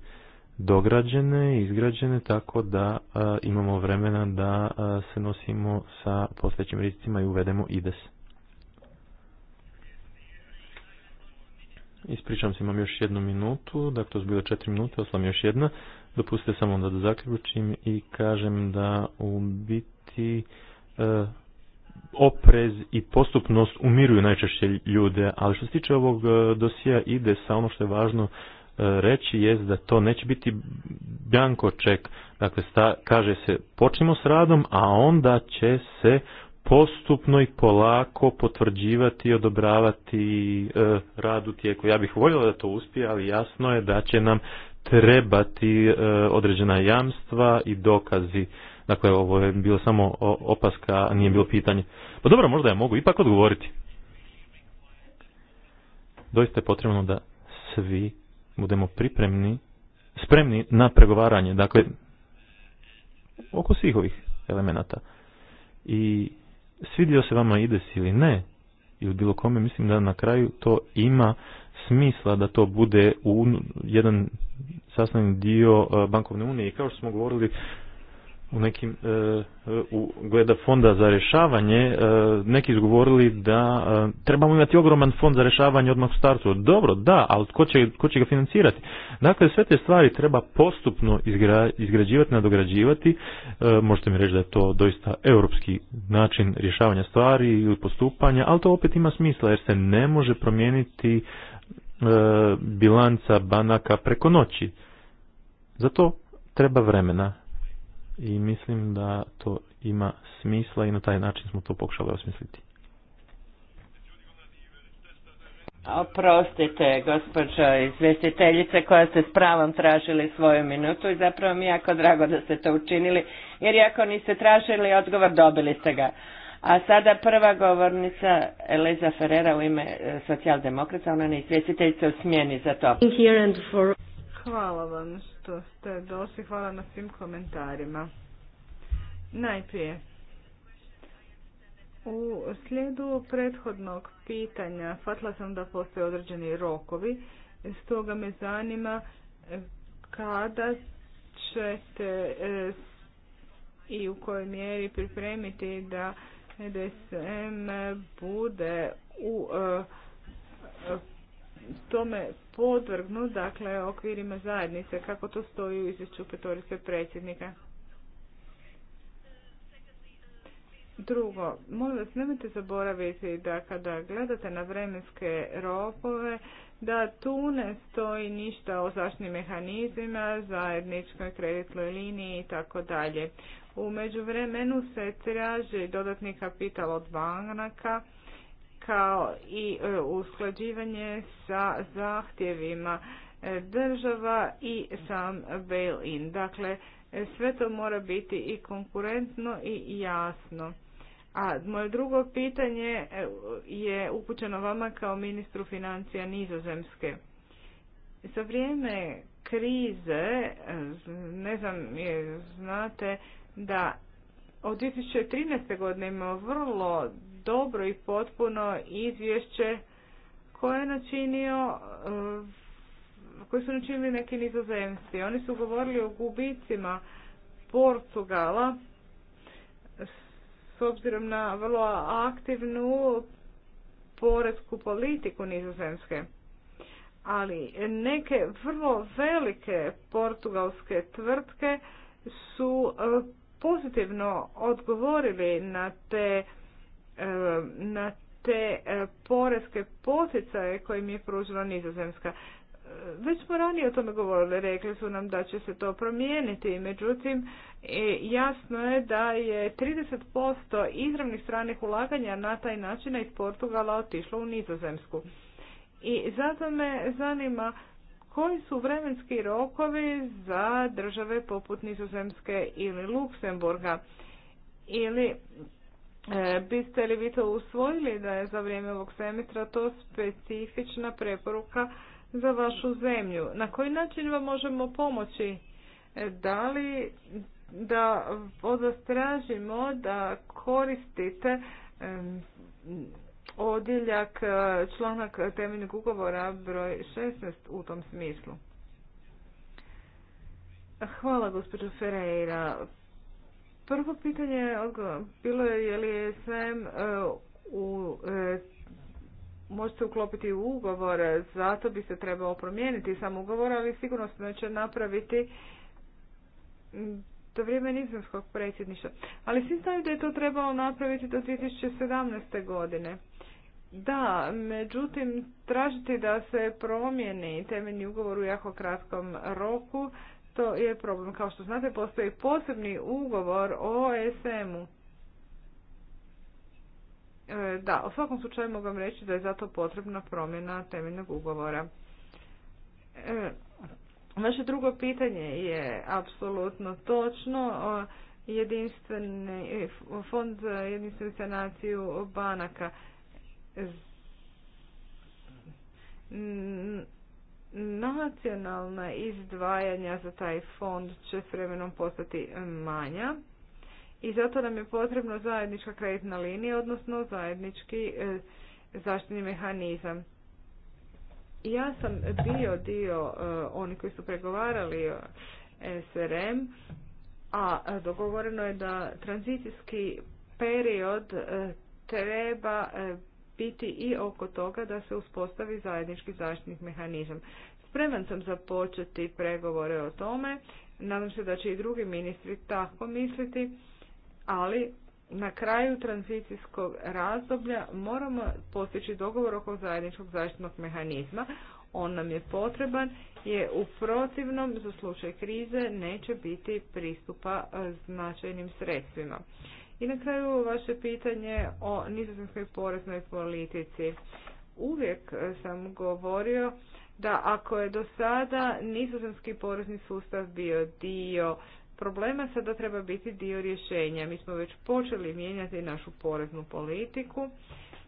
S2: dograđene izgrađene tako da e, imamo vremena da e, se nosimo sa postojećim rizicima i uvedemo IDES. Ispričam se, imam još jednu minutu, dakle to su bilo četiri minute, oslam još jedna. Dopustite samo da zaključim i kažem da u biti e, oprez i postupnost umiruju najčešće ljude, ali što se tiče ovog dosija ide sa ono što je važno reći je da to neće biti bjanko ček. Dakle, sta, kaže se počnimo s radom, a onda će se postupno i polako potvrđivati i odobravati e, rad u tijeku. Ja bih voljela da to uspije, ali jasno je da će nam trebati e, određena jamstva i dokazi. Dakle, ovo je bilo samo opaska, a nije bilo pitanje. Pa dobro, možda ja mogu ipak odgovoriti. Doista je potrebno da svi budemo pripremni, spremni na pregovaranje, dakle, oko svih ovih elemenata. I svidio se vama ide ili ne, ili bilo kome, mislim da na kraju to ima smisla da to bude u jedan sastavni dio eh, bankovne unije. I kao što smo govorili u nekim e, u gleda fonda za rješavanje e, neki izgovorili da e, trebamo imati ogroman fond za rješavanje odmah u startu. Dobro, da, ali tko će, će ga financirati? Dakle, sve te stvari treba postupno izgrađivati, nadograđivati. Možete mi reći da je to doista europski način rješavanja stvari ili postupanja, ali to opet ima smisla jer se ne može promijeniti bilanca banaka preko noći. Zato treba vremena i mislim da to ima smisla i na taj način smo to pokušali osmisliti.
S3: Oprostite, gospođo izvestiteljice koja ste s pravom tražili svoju minutu i zapravo mi je jako drago da ste to učinili, jer iako niste tražili odgovor, dobili ste ga. A sada prva govornica eliza Ferrera u ime eh, socijaldemokrata, ona je izvjestiteljica u smjeni za to.
S5: Hvala vam što ste došli, hvala na svim komentarima. Najprije, u slijedu prethodnog pitanja shvatila sam da postoje određeni rokovi, stoga me zanima e, kada ćete e, i u kojoj mjeri pripremiti da DSM bude u e, tome podvrgnu, dakle, okvirima zajednice, kako to stoji u izvješću petorice predsjednika. Drugo, molim vas, nemojte zaboraviti da kada gledate na vremenske rokove, da tu ne stoji ništa o zaštitnim mehanizmima, zajedničkoj kreditnoj liniji i tako dalje. U međuvremenu se traži dodatni kapital od banaka, kao i e, usklađivanje sa zahtjevima e, država i sam bail-in. Dakle, e, sve to mora biti i konkurentno i jasno. A moje drugo pitanje je upućeno vama kao ministru financija Nizozemske. Za vrijeme krize, ne znam, znate da od 2013. godine imamo vrlo dobro i potpuno izvješće koje je načinio eh, koji su načinili neki nizozemci. Oni su govorili o gubicima Portugala s obzirom na vrlo aktivnu poresku politiku nizozemske. Ali neke vrlo velike portugalske tvrtke su eh, pozitivno odgovorili na te E, na te e, porezke poticaje koje mi je pružila nizozemska. E, već smo ranije o tome govorili, rekli su nam da će se to promijeniti, međutim jasno je da je 30% izravnih stranih ulaganja na taj način iz Portugala otišlo u nizozemsku. I zato me zanima koji su vremenski rokovi za države poput nizozemske ili Luksemburga ili E, biste li vi to usvojili da je za vrijeme ovog semestra to specifična preporuka za vašu zemlju? Na koji način vam možemo pomoći? E, da li da od vas tražimo da koristite odjeljak e, članak temeljnog ugovora broj 16 u tom smislu? Hvala gospođo Ferreira. Prvo pitanje bilo je je li SM e, u, e, možete uklopiti u ugovor, zato bi se trebao promijeniti sam ugovor, ali sigurno se će napraviti do vrijeme nizozemskog predsjedništva. Ali svi znaju da je to trebalo napraviti do 2017. godine. Da, međutim, tražiti da se promijeni temeljni ugovor u jako kratkom roku to je problem. Kao što znate, postoji posebni ugovor o sm u e, Da, u svakom slučaju mogu vam reći da je zato potrebna promjena temeljnog ugovora. E, vaše drugo pitanje je apsolutno točno. Jedinstveni e, fond za jedinstvenu sanaciju banaka nacionalna izdvajanja za taj fond će s vremenom postati manja i zato nam je potrebno zajednička kreditna linija, odnosno zajednički e, zaštitni mehanizam. Ja sam bio dio e, oni koji su pregovarali e, SRM, a dogovoreno je da tranzicijski period treba biti i oko toga da se uspostavi zajednički zaštitnih mehanizam. Spreman sam započeti pregovore o tome, nadam se da će i drugi ministri tako misliti, ali na kraju tranzicijskog razdoblja moramo postići dogovor oko zajedničkog zaštitnog mehanizma. On nam je potreban, je u protivnom za slučaj krize neće biti pristupa e, značajnim sredstvima. I na kraju vaše pitanje o nizozemskoj poreznoj politici. Uvijek e, sam govorio da ako je do sada nizozemski porezni sustav bio dio problema, sada treba biti dio rješenja. Mi smo već počeli mijenjati našu poreznu politiku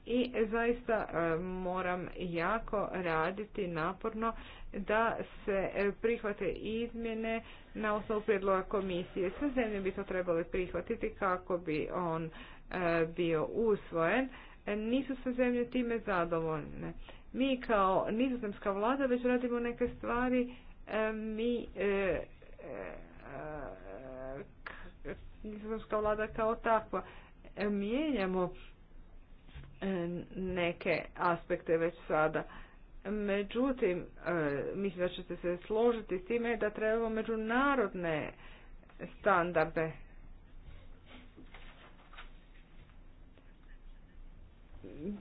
S5: i zaista e, moram jako raditi naporno da se e, prihvate izmjene na osnovu prijedloga komisije. Sve zemlje bi to trebale prihvatiti kako bi on e, bio usvojen. Nisu sve zemlje time zadovoljne. Mi kao nizozemska vlada već radimo neke stvari, mi nizozemska vlada kao takva mijenjamo E, neke aspekte već sada. Međutim, e, mislim da ćete se složiti s time da trebamo međunarodne standarde.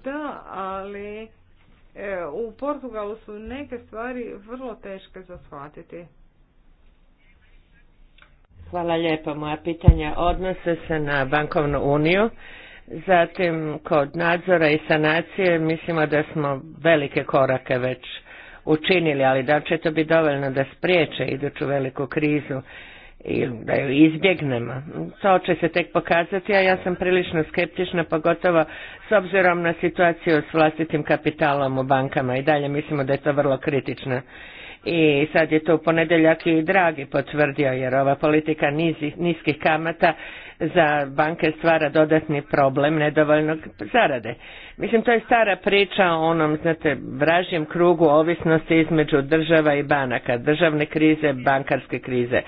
S5: Da, ali e, u Portugalu su neke stvari vrlo teške za shvatiti.
S3: Hvala lijepo. Moja pitanja odnose se na bankovnu uniju Zatim, kod nadzora i sanacije mislimo da smo velike korake već učinili, ali da će to biti dovoljno da spriječe iduću veliku krizu i da ju izbjegnemo. To će se tek pokazati, a ja sam prilično skeptična, pogotovo s obzirom na situaciju s vlastitim kapitalom u bankama i dalje mislimo da je to vrlo kritično. I sad je to u ponedjeljak i Dragi potvrdio, jer ova politika niskih kamata za banke stvara dodatni problem nedovoljnog zarade. Mislim, to je stara priča o onom, znate, vražjem krugu ovisnosti između država i banaka, državne krize, bankarske krize.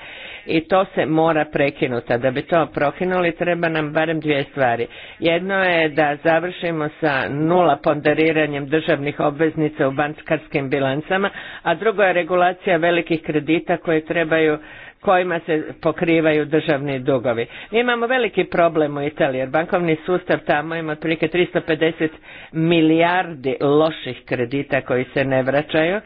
S3: I to se mora prekinuti, a da bi to prokinuli treba nam barem dvije stvari. Jedno je da završimo sa nula ponderiranjem državnih obveznica u bankarskim bilancama, a drugo je regulacija velikih kredita koje trebaju kojima se pokrivaju državni dugovi. Imamo veliki problem u Italiji jer bankovni sustav tamo ima otprilike 350 milijardi loših kredita koji se ne vraćaju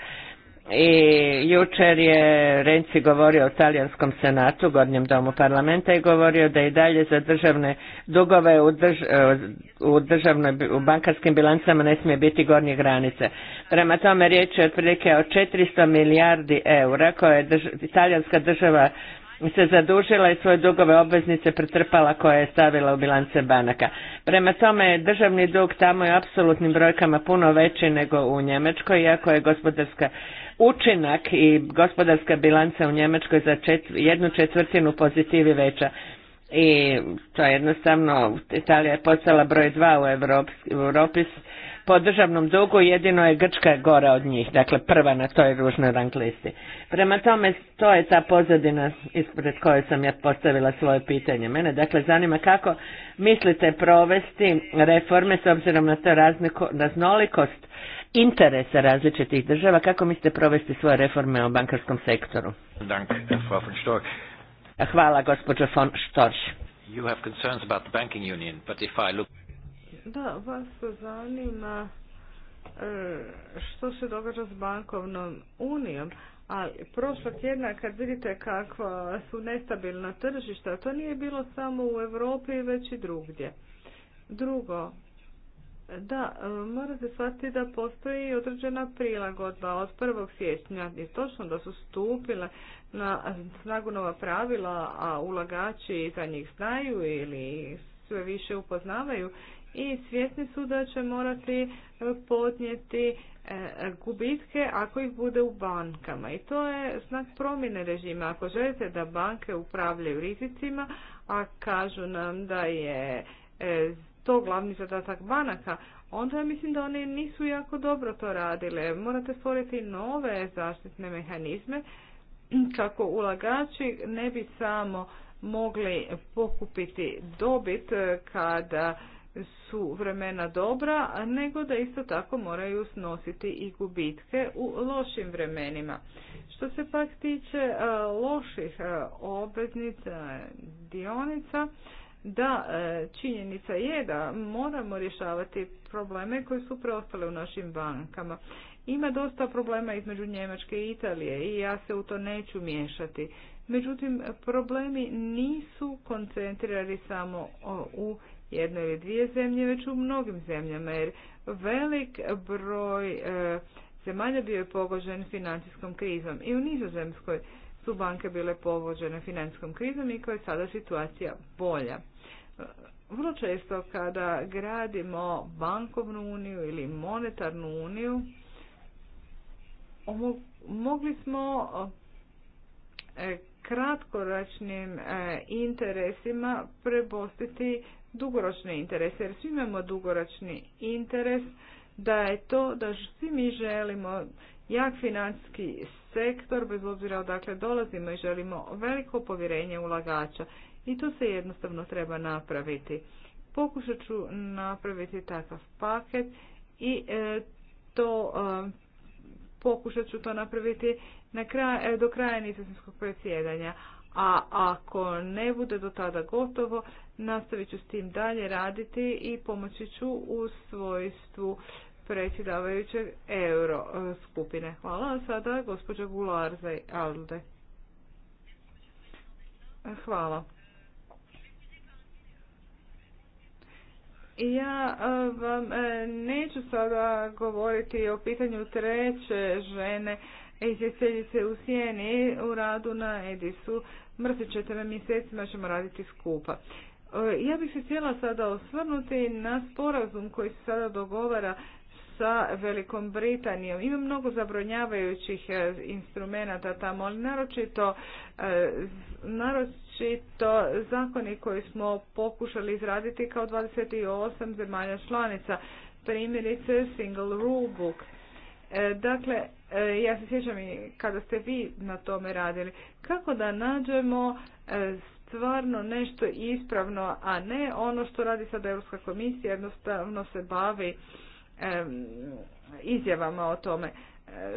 S3: i jučer je Renci govorio o talijanskom senatu, gornjem domu parlamenta i govorio da i dalje za državne dugove u, drž, u, državnoj, u bankarskim bilancama ne smije biti gornje granice. Prema tome riječ je otprilike o 400 milijardi eura koje je talijanska država se zadužila i svoje dugove obveznice pretrpala koje je stavila u bilance banaka. Prema tome, državni dug tamo je apsolutnim brojkama puno veći nego u Njemačkoj, iako je gospodarska učinak i gospodarska bilanca u Njemačkoj za četv, jednu četvrtinu pozitivi veća. I to je jednostavno, Italija je postala broj dva u Europi, Europi po državnom dugu jedino je Grčka gora od njih, dakle prva na toj ružnoj rang listi. Prema tome, to je ta pozadina ispred koje sam ja postavila svoje pitanje. Mene dakle zanima kako mislite provesti reforme s obzirom na to raznolikost interesa različitih država. Kako mislite provesti svoje reforme o bankarskom sektoru? Hvala, gospođo von Storch.
S5: Da, vas zanima e, što se događa s bankovnom unijom, A prošlog tjedna kad vidite kakva su nestabilna tržišta, to nije bilo samo u Europi već i drugdje. Drugo, da, e, morate shvatiti da postoji određena prilagodba od 1. siječnja. i točno da su stupile na snagu nova pravila, a ulagači za njih znaju ili sve više upoznavaju i svjesni su da će morati e, podnijeti e, gubitke ako ih bude u bankama. I to je znak promjene režima. Ako želite da banke upravljaju rizicima, a kažu nam da je to glavni zadatak banaka, onda ja mislim da one nisu jako dobro to radile. Morate stvoriti nove zaštitne mehanizme kako ulagači ne bi samo mogli pokupiti dobit e, kada su vremena dobra, nego da isto tako moraju snositi i gubitke u lošim vremenima. Što se pak tiče e, loših e, obveznica, dionica, da, e, činjenica je da moramo rješavati probleme koji su preostale u našim bankama. Ima dosta problema između Njemačke i Italije i ja se u to neću miješati. Međutim, problemi nisu koncentrirani samo u jednoj ili dvije zemlje, već u mnogim zemljama, jer velik broj e, zemalja bio je pogođen financijskom krizom i u nizozemskoj su banke bile povođene financijskom krizom i je sada situacija bolja. E, vrlo često kada gradimo bankovnu uniju ili monetarnu uniju, mogli smo e, kratkoračnim e, interesima prebostiti dugoročne interese, jer svi imamo dugoročni interes da je to da svi mi želimo jak financijski sektor, bez obzira odakle dolazimo i želimo veliko povjerenje ulagača. I to se jednostavno treba napraviti. Pokušat ću napraviti takav paket i e, to e, pokušat ću to napraviti e, do kraja nizozemskog predsjedanja. A ako ne bude do tada gotovo, nastavit ću s tim dalje raditi i pomoći ću u svojstvu predsjedavajućeg euro e, skupine. Hvala. A sada gospođa Gular Alde. E, hvala. Ja e, vam neću sada govoriti o pitanju treće žene se u sjeni u radu na Edisu. Mrtit četiri me mjesecima, ćemo raditi skupa. Ja bih se htjela sada osvrnuti na sporazum koji se sada dogovara sa Velikom Britanijom. Ima mnogo zabronjavajućih e, instrumenta tamo, ali naročito, e, naročito zakoni koji smo pokušali izraditi kao 28 zemalja članica, primjerice Single Rule Book. E, dakle, ja se sjećam i kada ste vi na tome radili, kako da nađemo stvarno nešto ispravno, a ne ono što radi sada Europska komisija, jednostavno se bavi izjavama o tome. E,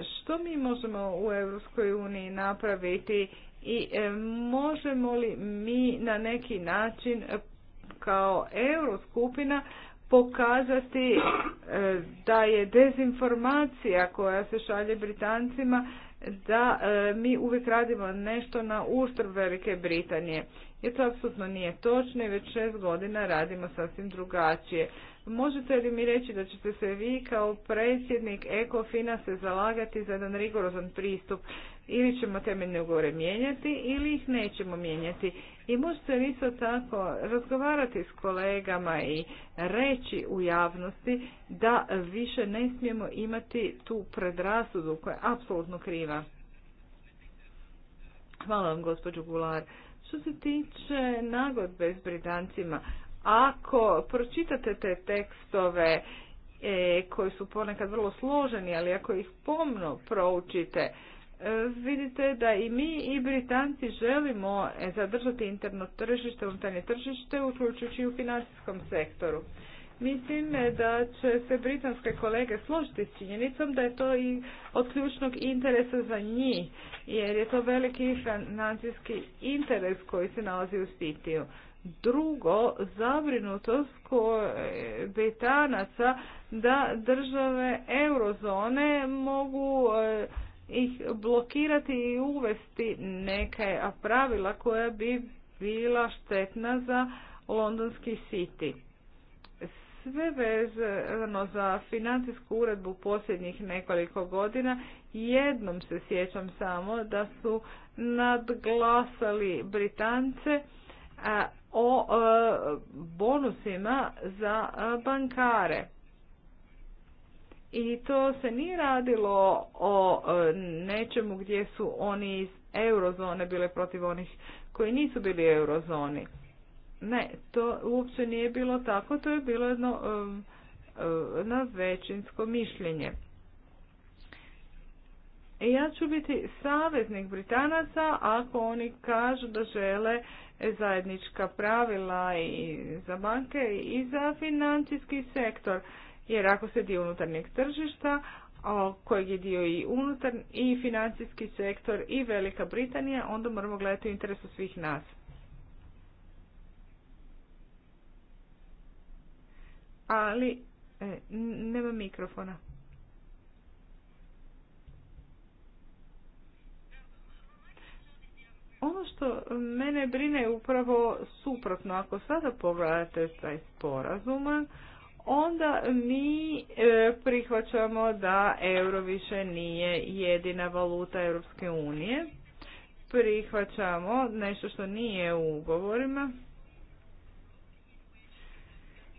S5: što mi možemo u Europskoj uniji napraviti i e, možemo li mi na neki način kao euroskupina pokazati e, da je dezinformacija koja se šalje Britancima da mi uvijek radimo nešto na uštrb Velike Britanije. Jer to apsolutno nije točno i već šest godina radimo sasvim drugačije. Možete li mi reći da ćete se vi kao predsjednik Ekofina se zalagati za jedan rigorozan pristup ili ćemo temeljne ugovore mijenjati ili ih nećemo mijenjati. I možete li isto tako razgovarati s kolegama i reći u javnosti da više ne smijemo imati tu predrasudu koja je apsolutno kriva. Hvala vam gospođo Gular. Što se tiče nagodbe s Britancima, ako pročitate te tekstove e, koji su ponekad vrlo složeni, ali ako ih pomno proučite, e, vidite da i mi i Britanci želimo e, zadržati interno tržište, unutarnje tržište, uključujući i u financijskom sektoru. Mislim da će se britanske kolege složiti s činjenicom da je to i od ključnog interesa za njih, jer je to veliki financijski interes koji se nalazi u Sitiju. Drugo, zabrinutost Britanaca da države eurozone mogu eh, ih blokirati i uvesti neke pravila koja bi bila štetna za londonski city. Sve vezano za financijsku uredbu posljednjih nekoliko godina jednom se sjećam samo da su nadglasali Britance o e, bonusima za e, bankare. I to se nije radilo o e, nečemu gdje su oni iz eurozone bile protiv onih koji nisu bili u eurozoni. Ne, to uopće nije bilo tako, to je bilo jedno na većinsko mišljenje. Ja ću biti saveznik Britanaca ako oni kažu da žele zajednička pravila i za banke i za financijski sektor. Jer ako se dio unutarnjeg tržišta, kojeg je dio i unutar i financijski sektor i Velika Britanija, onda moramo gledati u interesu svih nas. Ali, e, nema mikrofona. Ono što mene brine je upravo suprotno. Ako sada pogledate taj sporazum, onda mi e, prihvaćamo da euro više nije jedina valuta Europske unije. Prihvaćamo nešto što nije u ugovorima.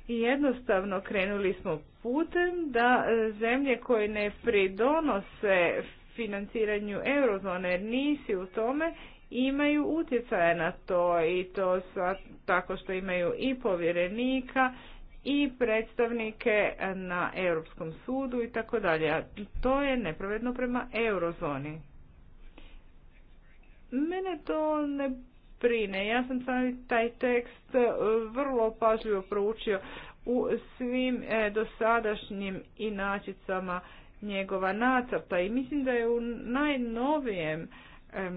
S5: I jednostavno krenuli smo putem da zemlje koje ne pridonose financiranju eurozone nisi u tome imaju utjecaja na to i to sa, tako što imaju i povjerenika i predstavnike na Europskom sudu i tako dalje. to je nepravedno prema eurozoni. Mene to ne brine. Ja sam sam taj tekst e, vrlo pažljivo proučio u svim e, dosadašnjim inačicama njegova nacrta i mislim da je u najnovijem E,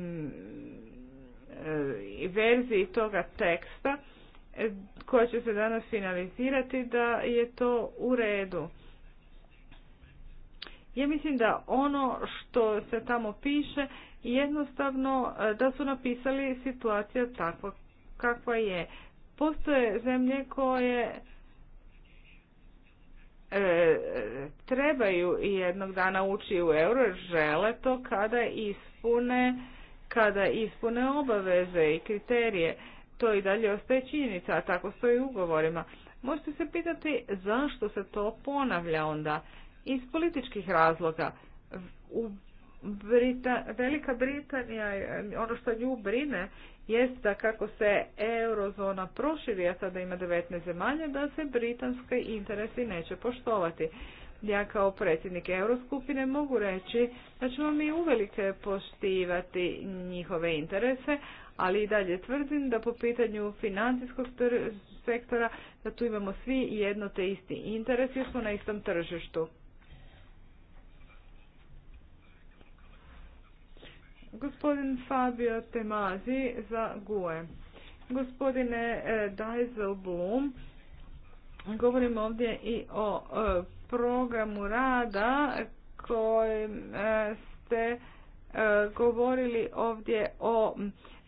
S5: verziji toga teksta e, koja će se danas finalizirati da je to u redu. Ja mislim da ono što se tamo piše jednostavno e, da su napisali situacija takva kakva je. Postoje zemlje koje e, trebaju jednog dana ući u euro, žele to kada ispune kada ispune obaveze i kriterije. To i dalje ostaje činjenica, a tako stoji u ugovorima. Možete se pitati zašto se to ponavlja onda? Iz političkih razloga. U Brita, Velika Britanija, ono što nju brine, jest da kako se eurozona proširi, a sada ima 19 zemalja, da se britanske interesi neće poštovati. Ja kao predsjednik Euroskupine mogu reći da ćemo mi uvelike poštivati njihove interese, ali i dalje tvrdim da po pitanju financijskog sektora da tu imamo svi jedno te isti interes jer smo na istom tržištu. Gospodin Fabio Temazi za GUE. Gospodine e, Blum, govorim ovdje i o e, programu rada kojem e, ste govorili ovdje o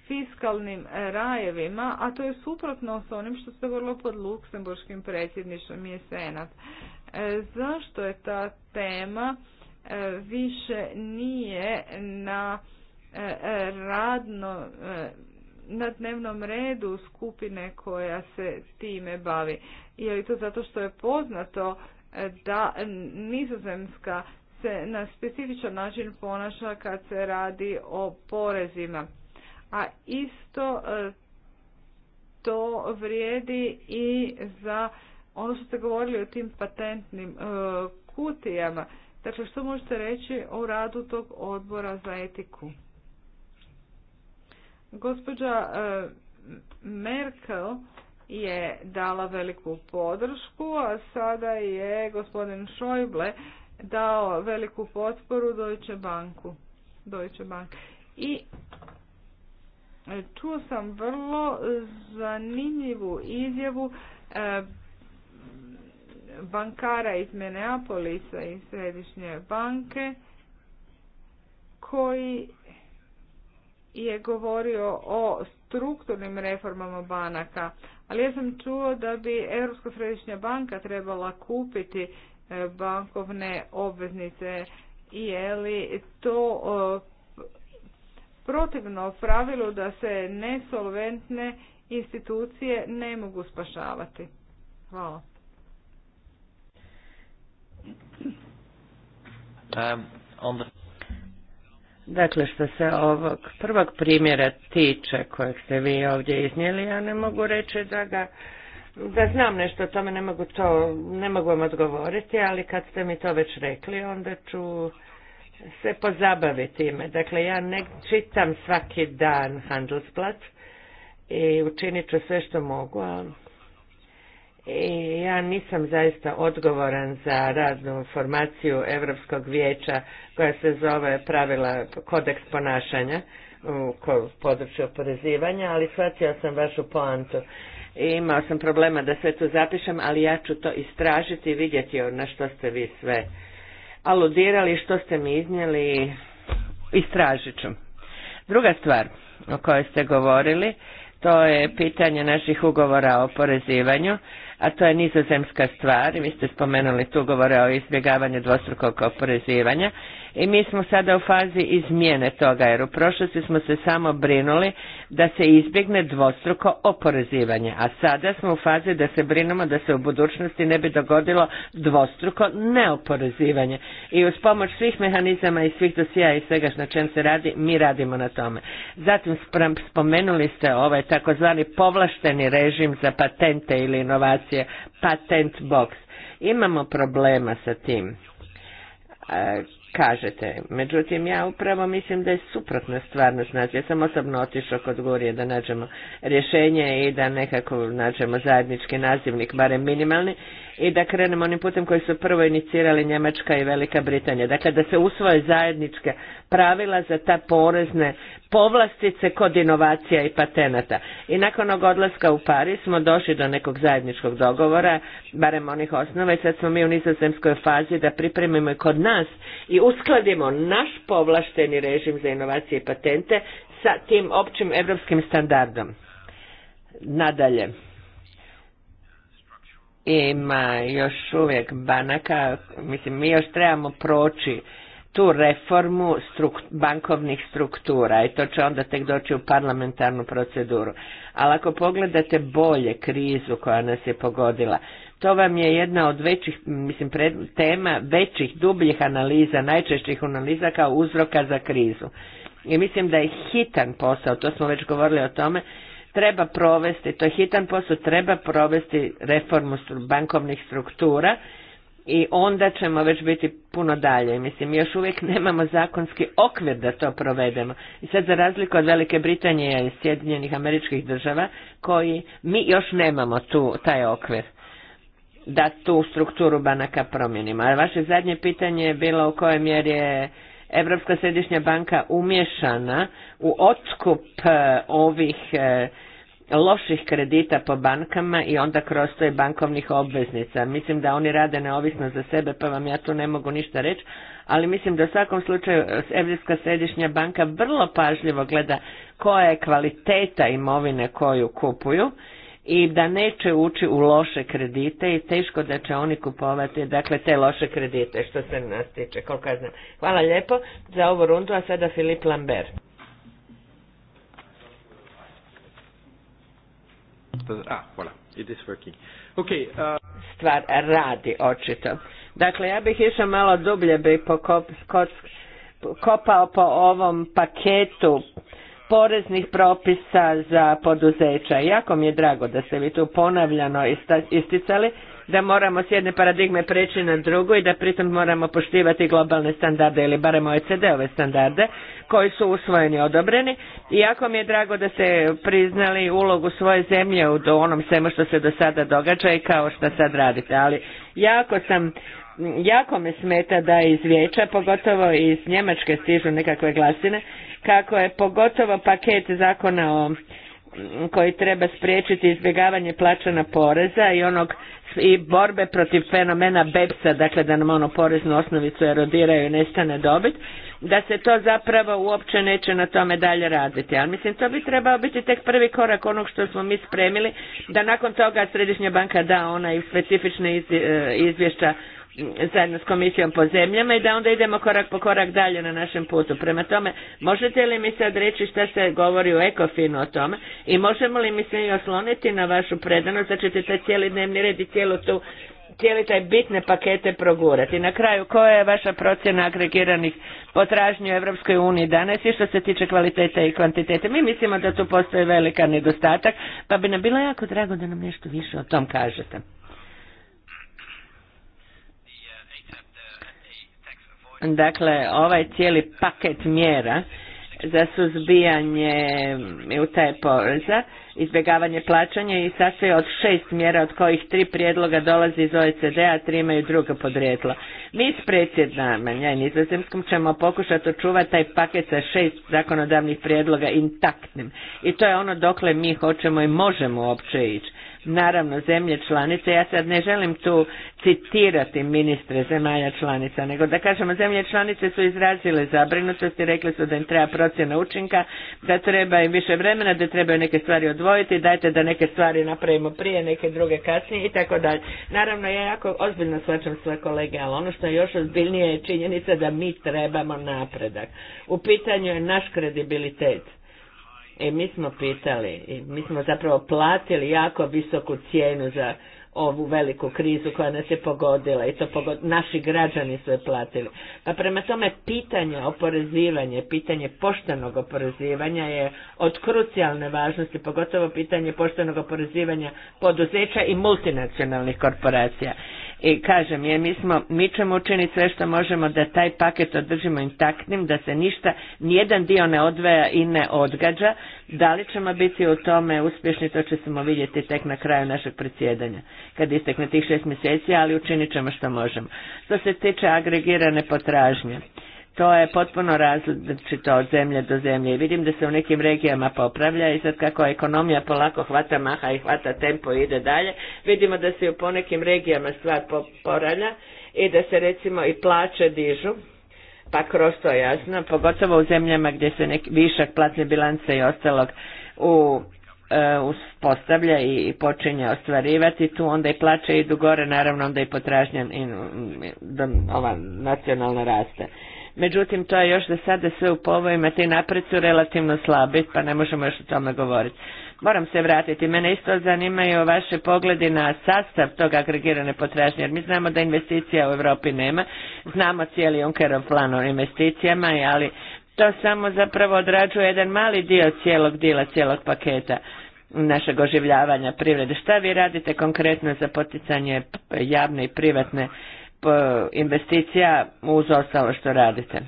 S5: fiskalnim rajevima, a to je suprotno s onim što se govorilo pod Luksemburskim predsjedništvom i Senat. Zašto je ta tema više nije na E, e, radno e, na dnevnom redu skupine koja se time bavi. Je li to zato što je poznato da nizozemska se na specifičan način ponaša kad se radi o porezima. A isto to vrijedi i za ono što ste govorili o tim patentnim kutijama. Dakle, što možete reći o radu tog odbora za etiku? Gospođa e, Merkel je dala veliku podršku, a sada je gospodin Šojble dao veliku potporu Deutsche Banku. Deutsche Bank. I e, čuo sam vrlo zanimljivu izjavu e, bankara iz Minneapolisa i Središnje banke koji je govorio o strukturnim reformama banaka, ali ja sam čuo da bi Europska središnja banka trebala kupiti e, bankovne obveznice i je li to e, protivno pravilu da se nesolventne institucije ne mogu spašavati. Hvala.
S4: Um, on
S5: Dakle, što se ovog
S3: prvog primjera tiče kojeg ste vi ovdje iznijeli, ja ne mogu reći da ga da znam nešto o tome, ne mogu, to, ne mogu vam odgovoriti, ali kad ste mi to već rekli, onda ću se pozabaviti time. Dakle, ja ne čitam svaki dan Handelsblatt i učinit ću sve što mogu, a E, ja nisam zaista odgovoran za radnu formaciju Europskog vijeća koja se zove pravila kodeks ponašanja u području oporezivanja, ali shvatio sam vašu poantu. I imao sam problema da sve to zapišem, ali ja ću to istražiti i vidjeti na što ste vi sve aludirali, što ste mi iznijeli, istražit ću. Druga stvar o kojoj ste govorili, to je pitanje naših ugovora o oporezivanju a to je nizozemska stvar. Vi ste spomenuli tu govore o izbjegavanju dvostrukog oporezivanja i mi smo sada u fazi izmjene toga, jer u prošlosti smo se samo brinuli da se izbjegne dvostruko oporezivanje, a sada smo u fazi da se brinemo da se u budućnosti ne bi dogodilo dvostruko neoporezivanje. I uz pomoć svih mehanizama i svih dosija i svega na čem se radi, mi radimo na tome. Zatim spomenuli ste ovaj takozvani povlašteni režim za patente ili inovacije, patent box. Imamo problema sa tim e, kažete. Međutim, ja upravo mislim da je suprotna stvarnost. Znači, ja sam osobno otišao kod gorije da nađemo rješenje i da nekako nađemo zajednički nazivnik, barem minimalni, i da krenemo onim putem koji su prvo inicirali Njemačka i Velika Britanija. Dakle, da se usvoje zajednička pravila za ta porezne povlastice kod inovacija i patenata. I nakon ovog odlaska u Pari smo došli do nekog zajedničkog dogovora, barem onih osnova i sad smo mi u nizozemskoj fazi da pripremimo i kod nas i uskladimo naš povlašteni režim za inovacije i patente sa tim općim europskim standardom. Nadalje, ima još uvijek banaka, mislim mi još trebamo proći tu reformu bankovnih struktura i to će onda tek doći u parlamentarnu proceduru. Ali ako pogledate bolje krizu koja nas je pogodila, to vam je jedna od većih, mislim, tema većih, dubljih analiza, najčešćih analiza kao uzroka za krizu. I mislim da je hitan posao, to smo već govorili o tome, treba provesti, to je hitan posao, treba provesti reformu bankovnih struktura i onda ćemo već biti puno dalje. Mislim, još uvijek nemamo zakonski okvir da to provedemo. I sad za razliku od Velike Britanije i Sjedinjenih američkih država, koji mi još nemamo tu, taj okvir da tu strukturu banaka promijenimo. A vaše zadnje pitanje je bilo u kojoj mjeri je Europska središnja banka umješana u otkup eh, ovih eh, loših kredita po bankama i onda kroz to bankovnih obveznica. Mislim da oni rade neovisno za sebe, pa vam ja tu ne mogu ništa reći, ali mislim da u svakom slučaju Evropska središnja banka vrlo pažljivo gleda koja je kvaliteta imovine koju kupuju i da neće ući u loše kredite i teško da će oni kupovati dakle te loše kredite što se nas tiče, koliko ja znam. Hvala lijepo za ovu rundu, a sada Filip Lambert. voilà. Uh, Stvar radi, očito. Dakle, ja bih išao malo dublje, bi kopao po ovom paketu poreznih propisa za poduzeća. Jako mi je drago da ste vi tu ponavljano isticali da moramo s jedne paradigme preći na drugu i da pritom moramo poštivati globalne standarde ili barem OECD-ove standarde koji su usvojeni i odobreni. I jako mi je drago da ste priznali ulogu svoje zemlje u onom svemu što se do sada događa i kao što sad radite. Ali jako sam jako me smeta da iz vijeća, pogotovo iz Njemačke stižu nekakve glasine, kako je pogotovo paket zakona o koji treba spriječiti izbjegavanje plaćana poreza i onog i borbe protiv fenomena BEPS-a, dakle da nam ono poreznu osnovicu erodiraju i nestane dobit, da se to zapravo uopće neće na tome dalje raditi. Ali mislim, to bi trebao biti tek prvi korak onog što smo mi spremili, da nakon toga Središnja banka da ona i specifične e, izvješća zajedno s komisijom po zemljama i da onda idemo korak po korak dalje na našem putu. Prema tome, možete li mi sad reći šta se govori u Ekofinu o tome i možemo li mi se osloniti na vašu predanost da ćete taj cijeli dnevni red i tu cijeli taj bitne pakete progurati. Na kraju, koja je vaša procjena agregiranih potražnji u EU uniji danas i što se tiče kvalitete i kvantitete? Mi mislimo da tu postoji velika nedostatak, pa bi nam bilo jako drago da nam nešto više o tom kažete. Dakle, ovaj cijeli paket mjera za suzbijanje taj poreza, izbjegavanje plaćanja i sastoji od šest mjera od kojih tri prijedloga dolazi iz OECD-a, tri imaju druga podrijetla. Mi s predsjednama i nizozemskom ćemo pokušati očuvati taj paket sa šest zakonodavnih prijedloga intaktnim. I to je ono dokle mi hoćemo i možemo uopće ići naravno zemlje članice, ja sad ne želim tu citirati ministre zemalja članica, nego da kažemo zemlje članice su izrazile zabrinutost i rekli su da im treba procjena učinka, da treba im više vremena, da trebaju neke stvari odvojiti, dajte da neke stvari napravimo prije, neke druge kasnije i tako dalje. Naravno, ja jako ozbiljno shvaćam sve kolege, ali ono što je još ozbiljnije je činjenica da mi trebamo napredak. U pitanju je naš kredibilitet E, mi smo pitali, i mi smo zapravo platili jako visoku cijenu za ovu veliku krizu koja nas je pogodila i to pogod... naši građani su je platili. Pa prema tome pitanje oporezivanja, pitanje poštenog oporezivanja je od krucijalne važnosti, pogotovo pitanje poštenog oporezivanja poduzeća i multinacionalnih korporacija. I kažem je, mi, smo, mi ćemo učiniti sve što možemo da taj paket održimo intaktnim, da se ništa, nijedan dio ne odvaja i ne odgađa. Da li ćemo biti u tome uspješni, to ćemo vidjeti tek na kraju našeg predsjedanja, kad istekne tih šest mjeseci, ali učinit ćemo što možemo. Što se tiče agregirane potražnje, to je potpuno različito od zemlje do zemlje. Vidim da se u nekim regijama popravlja i sad kako ekonomija polako hvata maha i hvata tempo i ide dalje, vidimo da se u ponekim regijama stvar poporalja i da se recimo i plaće dižu, pa kroz to jasno, pogotovo u zemljama gdje se nek, višak platne bilance i ostalog u e, uspostavlja i počinje ostvarivati tu onda i plaće idu gore naravno onda i potražnja i, ova nacionalna raste Međutim, to je još za sada sve u povojima, ti su relativno slabi, pa ne možemo još o tome govoriti. Moram se vratiti, mene isto zanimaju vaše pogledi na sastav tog agregirane potražnje, jer mi znamo da investicija u Europi nema, znamo cijeli Junckerov plan o investicijama, ali to samo zapravo odrađuje jedan mali dio cijelog dila, cijelog paketa našeg oživljavanja privrede. Šta vi radite konkretno za poticanje javne i privatne investicija uz ostalo što radite.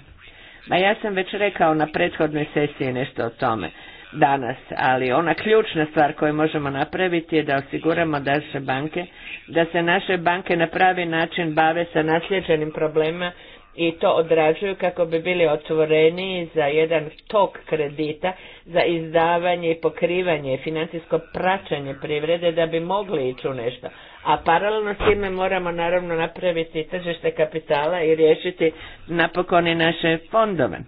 S3: Ma ja sam već rekao na prethodnoj sesiji nešto o tome danas, ali ona ključna stvar koju možemo napraviti je da osiguramo da se banke, da se naše banke na pravi način bave sa nasljeđenim problemima i to odrađuju kako bi bili otvoreni za jedan tok kredita za izdavanje i pokrivanje, financijsko praćenje privrede da bi mogli ići u nešto. A paralelno s time moramo naravno napraviti tržište kapitala i riješiti napokon i naše fondove.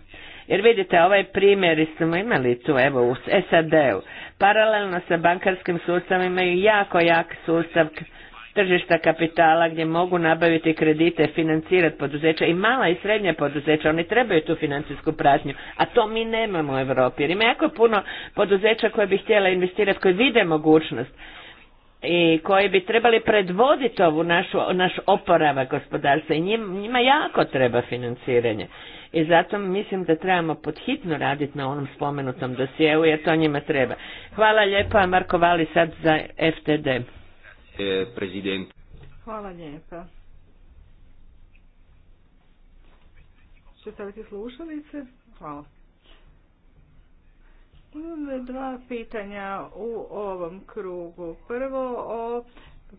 S3: Jer vidite, ovaj primjer smo imali tu, evo, u SAD-u. Paralelno sa bankarskim sustavima imaju jako jak sustav tržišta kapitala gdje mogu nabaviti kredite, financirati poduzeća i mala i srednja poduzeća, oni trebaju tu financijsku pratnju, a to mi nemamo u Europi jer ima jako puno poduzeća koje bi htjela investirati, koje vide mogućnost i koji bi trebali predvoditi ovu našu, naš oporavak gospodarstva i njima, jako treba financiranje. I zato mislim da trebamo podhitno raditi na onom spomenutom dosjeu jer to njima treba. Hvala lijepa Marko Vali sad za FTD.
S4: E, prezident.
S5: Hvala lijepa. Če staviti slušalice? Hvala. dva pitanja u ovom krugu. Prvo o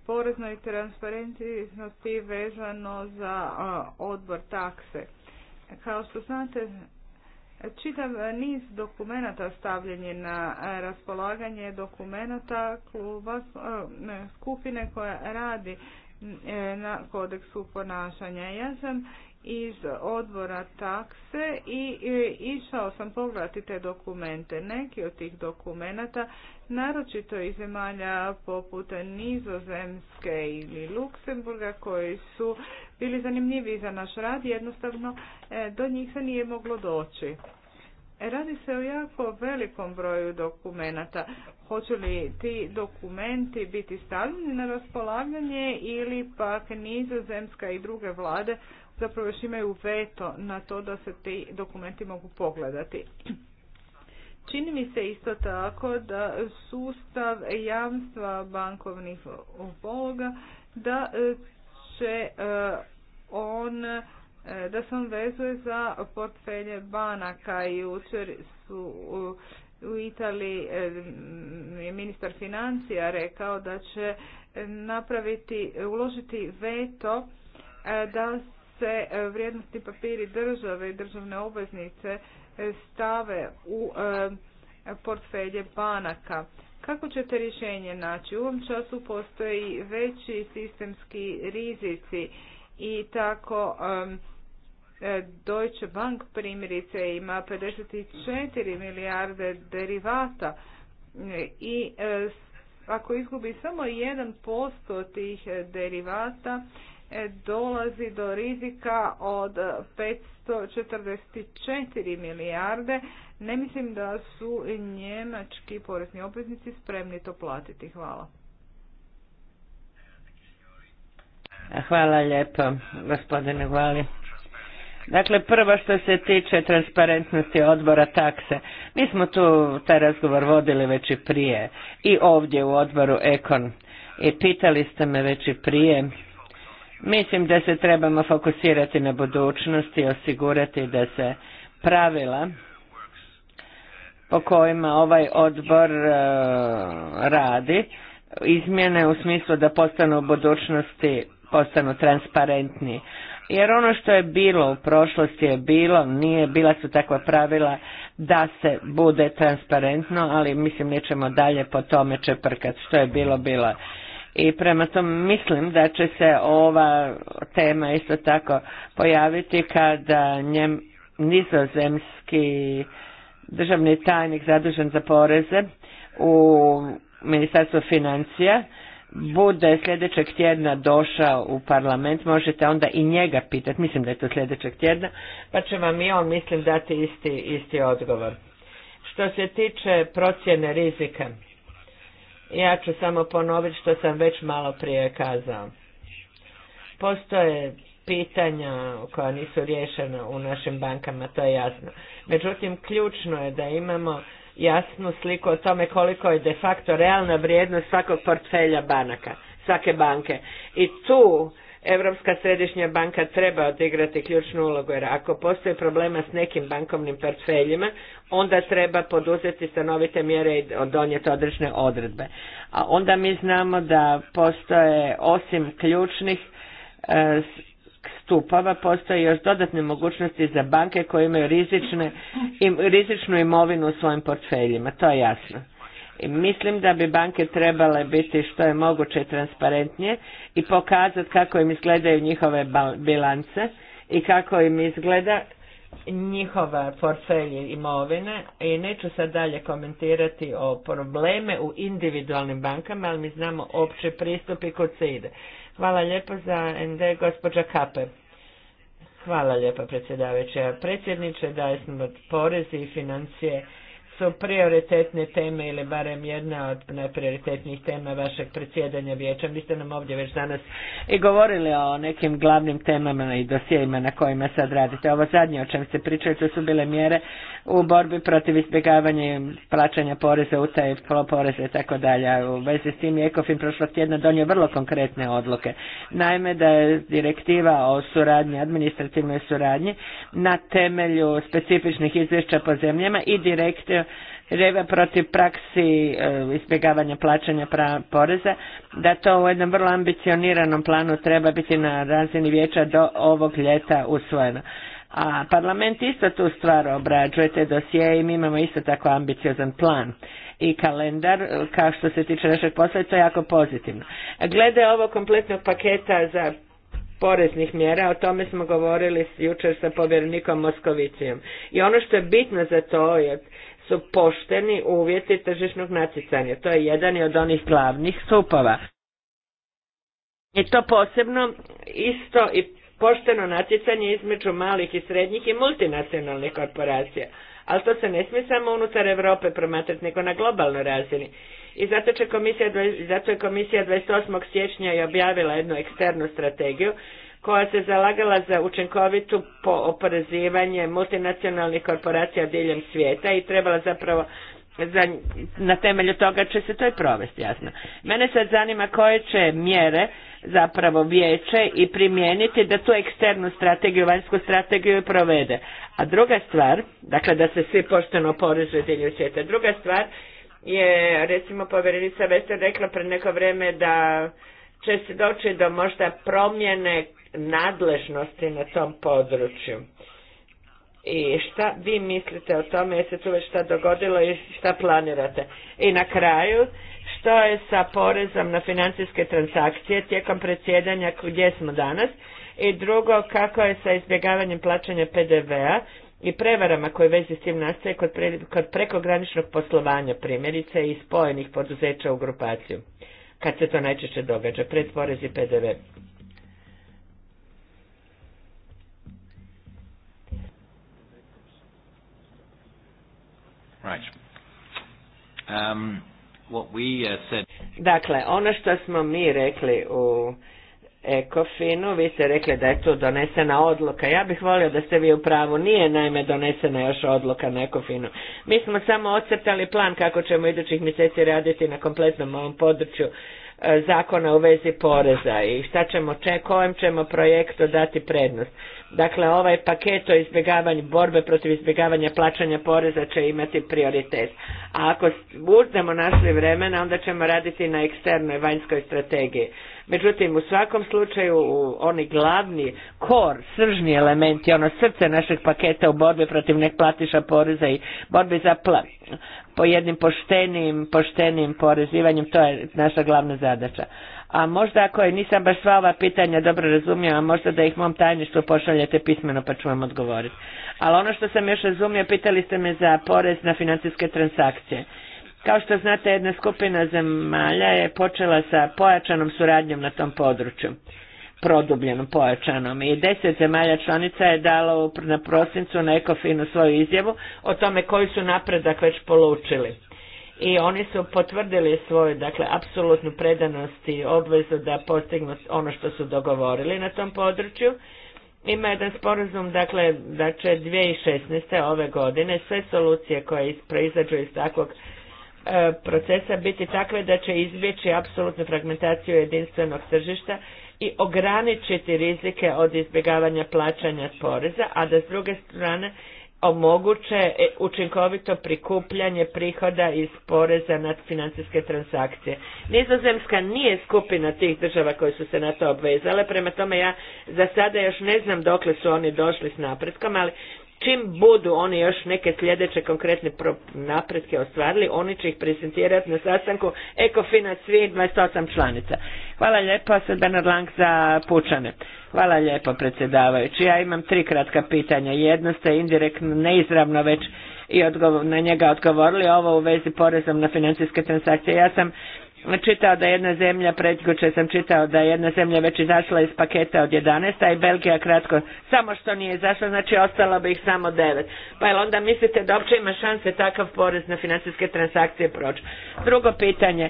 S5: poreznoj transparentnosti vezano za odbor takse. Kao što znate, Čitav niz dokumenata stavljen je na raspolaganje dokumenata kluba, e, skupine koja radi e, na kodeksu ponašanja. Ja sam iz odbora takse i e, išao sam pogledati te dokumente. Neki od tih dokumenata, naročito iz zemalja poput Nizozemske ili Luksemburga, koji su bili zanimljivi za naš rad, jednostavno e, do njih se nije moglo doći. E, radi se o jako velikom broju dokumenata. Hoće li ti dokumenti biti stavljeni na raspolaganje ili pak nizozemska i druge vlade zapravo još imaju veto na to da se ti dokumenti mogu pogledati. Čini mi se isto tako da sustav jamstva bankovnih pologa da e, će e, on e, da se on vezuje za portfelje banaka i jučer su u Italiji e, je ministar financija rekao da će napraviti, uložiti veto da se vrijednosti papiri države i državne obveznice stave u portfelje banaka. Kako ćete rješenje naći? U ovom času postoji veći sistemski rizici i tako e, Deutsche Bank primjerice ima 54 milijarde derivata e, i e, ako izgubi samo 1% tih derivata dolazi do rizika od 544 milijarde ne mislim da su njemački porezni obveznici spremni to platiti. Hvala.
S3: Hvala lijepo, gospodine Guali. Dakle, prvo što se tiče transparentnosti odbora takse, mi smo tu taj razgovor vodili već i prije i ovdje u odboru Ekon i pitali ste me već i prije. Mislim da se trebamo fokusirati na budućnost i osigurati da se pravila po kojima ovaj odbor e, radi, izmjene u smislu da postanu u budućnosti, postanu transparentniji. Jer ono što je bilo u prošlosti je bilo, nije bila su takva pravila da se bude transparentno, ali mislim nećemo dalje po tome čeprkat što je bilo, bilo. I prema tom mislim da će se ova tema isto tako pojaviti kada njem, nizozemski državni tajnik zadužen za poreze u Ministarstvu financija bude sljedećeg tjedna došao u parlament, možete onda i njega pitati, mislim da je to sljedećeg tjedna, pa će vam i on, mislim, dati isti, isti odgovor. Što se tiče procjene rizika, ja ću samo ponoviti što sam već malo prije kazao. Postoje pitanja koja nisu riješena u našim bankama, to je jasno. Međutim, ključno je da imamo jasnu sliku o tome koliko je de facto realna vrijednost svakog portfelja banaka, svake banke. I tu Europska središnja banka treba odigrati ključnu ulogu jer ako postoji problema s nekim bankovnim portfeljima, onda treba poduzeti stanovite mjere i donijeti određene odredbe. A onda mi znamo da postoje osim ključnih e, stupova postoje još dodatne mogućnosti za banke koje imaju rizične, im, rizičnu imovinu u svojim portfeljima, to je jasno. I mislim da bi banke trebale biti što je moguće transparentnije i pokazati kako im izgledaju njihove bilance i kako im izgleda njihova portfelje imovine i neću sad dalje komentirati o probleme u individualnim bankama, ali mi znamo opće pristup i kod se ide. Hvala lijepo za ND gospođa Kape. Hvala lijepa predsjedavajuća. Predsjedniče, daje smo porezi i financije su prioritetne teme ili barem jedna od najprioritetnijih tema vašeg predsjedanja vijećem. Vi ste nam ovdje već danas i govorili o nekim glavnim temama i dosijejima na kojima sad radite. Ovo zadnje o čem ste pričali, to su bile mjere u borbi protiv izbjegavanja plaćanja poreza, utaje, poreza i tako dalje. U vezi s tim je Ekofin prošlog tjedna donio vrlo konkretne odluke. Naime, da je direktiva o suradnji, administrativnoj suradnji na temelju specifičnih izvješća po zemljama i direktiv protiv praksi e, izbjegavanja plaćanja poreza, da to u jednom vrlo ambicioniranom planu treba biti na razini vijeća do ovog ljeta usvojeno. A parlament isto tu stvar obrađuje te dosije i mi imamo isto tako ambiciozan plan i kalendar e, kao što se tiče našeg posla to je jako pozitivno. Glede ovo kompletnog paketa za poreznih mjera, o tome smo govorili jučer sa povjerenikom Moskovicijom. I ono što je bitno za to je su pošteni uvjeti tržišnog natjecanja. To je jedan od onih glavnih stupova. I to posebno isto i pošteno natjecanje između malih i srednjih i multinacionalnih korporacija. Ali to se ne smije samo unutar Europe promatrati, nego na globalnoj razini. I zato, će komisija, zato je komisija 28. siječnja i objavila jednu eksternu strategiju koja se zalagala za učinkovitu po oporezivanje multinacionalnih korporacija diljem svijeta i trebala zapravo za, na temelju toga će se to i provesti, jasno. Mene sad zanima koje će mjere zapravo vijeće i primijeniti da tu eksternu strategiju, vanjsku strategiju provede. A druga stvar, dakle da se svi pošteno porezuju diljem svijeta, druga stvar je recimo povjerenica Vester rekla pred neko vrijeme da će se doći do možda promjene nadležnosti na tom području. I šta vi mislite o tome, jeste se tu već šta dogodilo i šta planirate? I na kraju, što je sa porezom na financijske transakcije tijekom predsjedanja gdje smo danas? I drugo, kako je sa izbjegavanjem plaćanja PDV-a i prevarama koje vezi s tim nastaje kod, prekograničnog poslovanja primjerice i spojenih poduzeća u grupaciju, kad se to najčešće događa, pred porez i PDV?
S1: Right.
S4: Um, what we uh, said...
S3: Dakle, ono što smo mi rekli u Ekofinu, vi ste rekli da je tu donesena odluka. Ja bih volio da ste vi u pravu. Nije naime donesena još odluka na Ekofinu. Mi smo samo ocrtali plan kako ćemo idućih mjeseci raditi na kompletnom ovom području E, zakona u vezi poreza i šta ćemo, kojem ćemo projektu dati prednost. Dakle, ovaj paket o izbjegavanju borbe protiv izbjegavanja plaćanja poreza će imati prioritet. A ako budemo našli vremena, onda ćemo raditi na eksternoj vanjskoj strategiji. Međutim, u svakom slučaju oni glavni kor, sržni elementi, ono srce našeg paketa u borbi protiv platiša poreza i borbi za pl, po jednim poštenim, poštenim porezivanjem, to je naša glavna zadaća. A možda ako je nisam baš sva ova pitanja dobro razumio, a možda da ih mom tajništvu pošaljete pismeno pa ću vam odgovoriti. Ali ono što sam još razumio, pitali ste me za porez na financijske transakcije. Kao što znate, jedna skupina zemalja je počela sa pojačanom suradnjom na tom području, produbljenom pojačanom i deset zemalja članica je dalo na prosincu na Ekofinu svoju izjavu o tome koji su napredak već polučili. I oni su potvrdili svoju, dakle, apsolutnu predanost i obvezu da postignu ono što su dogovorili na tom području. Ima jedan sporazum, dakle, da će 2016. ove godine sve solucije koje proizađu iz takvog E, procesa biti takve da će izbjeći apsolutnu fragmentaciju jedinstvenog tržišta i ograničiti rizike od izbjegavanja plaćanja poreza, a da s druge strane omoguće e, učinkovito prikupljanje prihoda iz poreza nad financijske transakcije. Nizozemska nije skupina tih država koje su se na to obvezale, prema tome ja za sada još ne znam dokle su oni došli s napretkom, ali čim budu oni još neke sljedeće konkretne napretke ostvarili, oni će ih prezentirati na sastanku Ekofina svih 28 članica. Hvala lijepo, sad Bernard Lang za pučane. Hvala lijepo, predsjedavajući. Ja imam tri kratka pitanja. Jedno ste indirektno, neizravno već i odgovor, na njega odgovorili, ovo u vezi porezom na financijske transakcije. Ja sam čitao da jedna zemlja, pretkoče sam čitao da jedna zemlja već izašla iz paketa od 11, a i Belgija kratko, samo što nije izašla, znači ostalo bi ih samo 9. Pa jel onda mislite da uopće ima šanse takav porez na financijske transakcije proći? Drugo pitanje, e,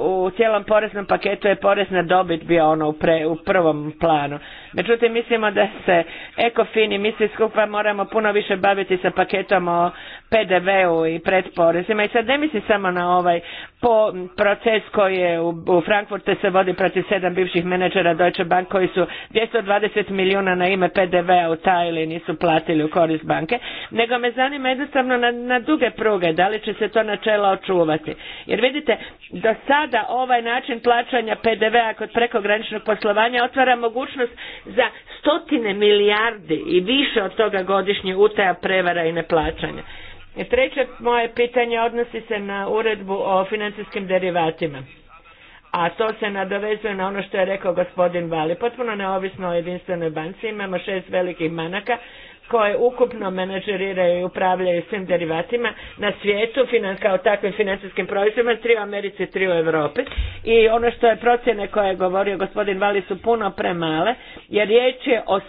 S3: u cijelom poreznom paketu je porez na dobit bio ono u, prvom planu. Međutim, mislimo da se ekofini, mi svi skupa moramo puno više baviti sa paketom o PDV-u i predporezima i sad ne misli samo na ovaj po, proces proces koji u, Frankfurtu se vodi protiv sedam bivših menadžera Deutsche Bank koji su 220 milijuna na ime PDV-a utajili nisu platili u korist banke, nego me zanima jednostavno na, na duge pruge, da li će se to načelo očuvati. Jer vidite, do sada ovaj način plaćanja PDV-a kod prekograničnog poslovanja otvara mogućnost za stotine milijardi i više od toga godišnje utaja prevara i neplaćanja treće moje pitanje odnosi se na uredbu o financijskim derivatima. A to se nadovezuje na ono što je rekao gospodin Vali. Potpuno neovisno o jedinstvenoj banci imamo šest velikih banaka koje ukupno menadžeriraju i upravljaju svim derivatima na svijetu kao takvim financijskim proizvodima, tri u Americi, tri u Europi. I ono što je procjene koje je govorio gospodin Vali su puno premale, jer riječ je o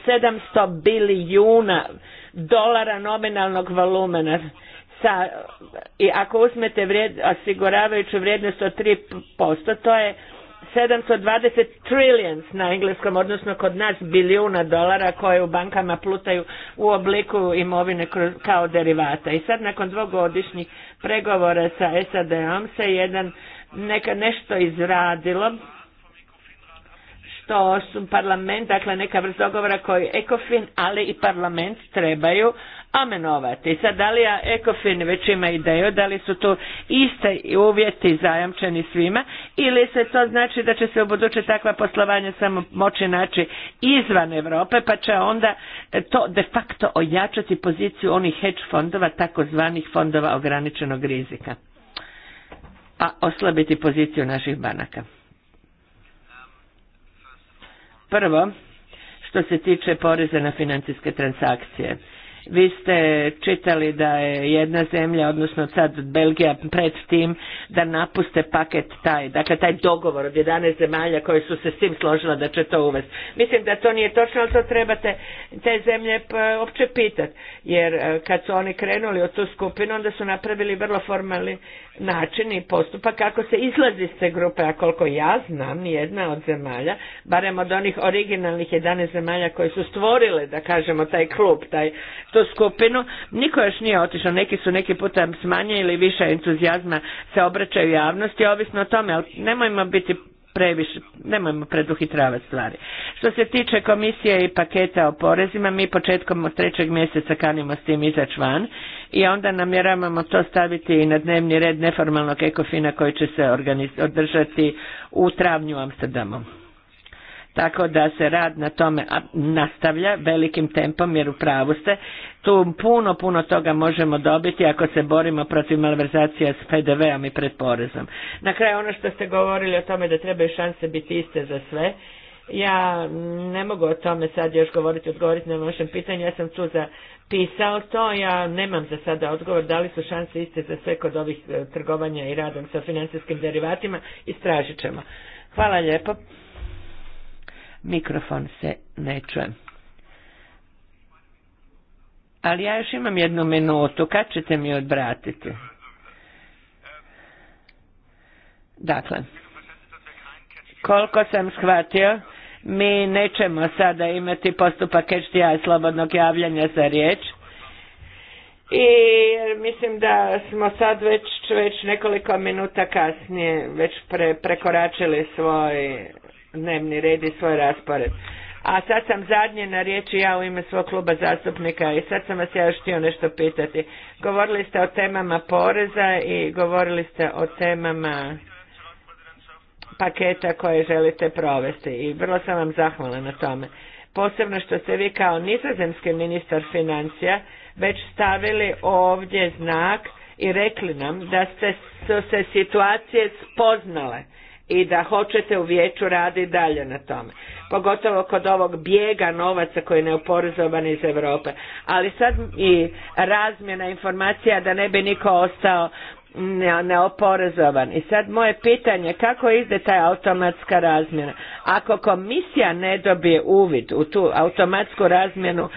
S3: 700 bilijuna dolara nominalnog volumena sa, i ako uzmete vrijed, osiguravajuću vrijednost od 3%, to je 720 trillions na engleskom, odnosno kod nas bilijuna dolara koje u bankama plutaju u obliku imovine kao derivata. I sad nakon dvogodišnjih pregovora sa SAD-om se jedan neka nešto izradilo što su parlament, dakle neka vrsta dogovora koji ECOFIN, ali i parlament trebaju amenovati. Sad, da li ECOFIN već ima ideju, da li su tu iste uvjeti zajamčeni svima ili se to znači da će se u buduće takva poslovanja samo moći naći izvan Europe, pa će onda e, to de facto ojačati poziciju onih hedge fondova, takozvanih fondova ograničenog rizika, a pa oslabiti poziciju naših banaka. Prvo, što se tiče poreza na financijske transakcije. Vi ste čitali da je jedna zemlja, odnosno sad Belgija pred tim da napuste paket taj, dakle taj dogovor od 11 zemalja koje su se s tim složila da će to uvesti. Mislim da to nije točno, ali to trebate te zemlje eh, opće pitati. Jer eh, kad su oni krenuli od tu skupinu, onda su napravili vrlo formalni način i postupak kako se izlazi iz te grupe, a koliko ja znam, jedna od zemalja, barem od onih originalnih 11 zemalja koje su stvorile, da kažemo, taj klub, taj tu skupinu. Niko još nije otišao, neki su neki puta smanje ili više entuzijazma se obraćaju javnosti, ovisno o tome, ali nemojmo biti previše, nemojmo preduhitravati stvari. Što se tiče komisije i paketa o porezima, mi početkom od trećeg mjeseca kanimo s tim izaći van i onda namjeravamo to staviti i na dnevni red neformalnog ekofina koji će se održati u travnju u Amsterdamu. Tako da se rad na tome nastavlja velikim tempom jer u pravu ste. Tu puno, puno toga možemo dobiti ako se borimo protiv malverzacija s PDV-om i porezom. Na kraju ono što ste govorili o tome da trebaju šanse biti iste za sve. Ja ne mogu o tome sad još govoriti, odgovoriti na vašem pitanju, ja sam tu pisao to, ja nemam za sada odgovor da li su šanse iste za sve kod ovih e, trgovanja i radom sa financijskim derivatima, istražit ćemo. Hvala lijepo. Mikrofon se ne čuje. Ali ja još imam jednu minutu, kad ćete mi odbratiti? Dakle, koliko sam shvatio, mi nećemo sada imati postupak HDI slobodnog javljanja za riječ. I mislim da smo sad već, već nekoliko minuta kasnije već pre, prekoračili svoj dnevni red i svoj raspored. A sad sam zadnje na riječi ja u ime svog kluba zastupnika i sad sam vas ja još htio nešto pitati. Govorili ste o temama poreza i govorili ste o temama paketa koje želite provesti i vrlo sam vam zahvala na tome. Posebno što ste vi kao nizozemski ministar financija već stavili ovdje znak i rekli nam da ste, su se situacije spoznale i da hoćete u vijeću radi dalje na tome. Pogotovo kod ovog bijega novaca koji je neoporezovan iz Europe. Ali sad i razmjena informacija da ne bi niko ostao neoporezovan. I sad moje pitanje, kako ide ta automatska razmjena? Ako komisija ne dobije uvid u tu automatsku razmjenu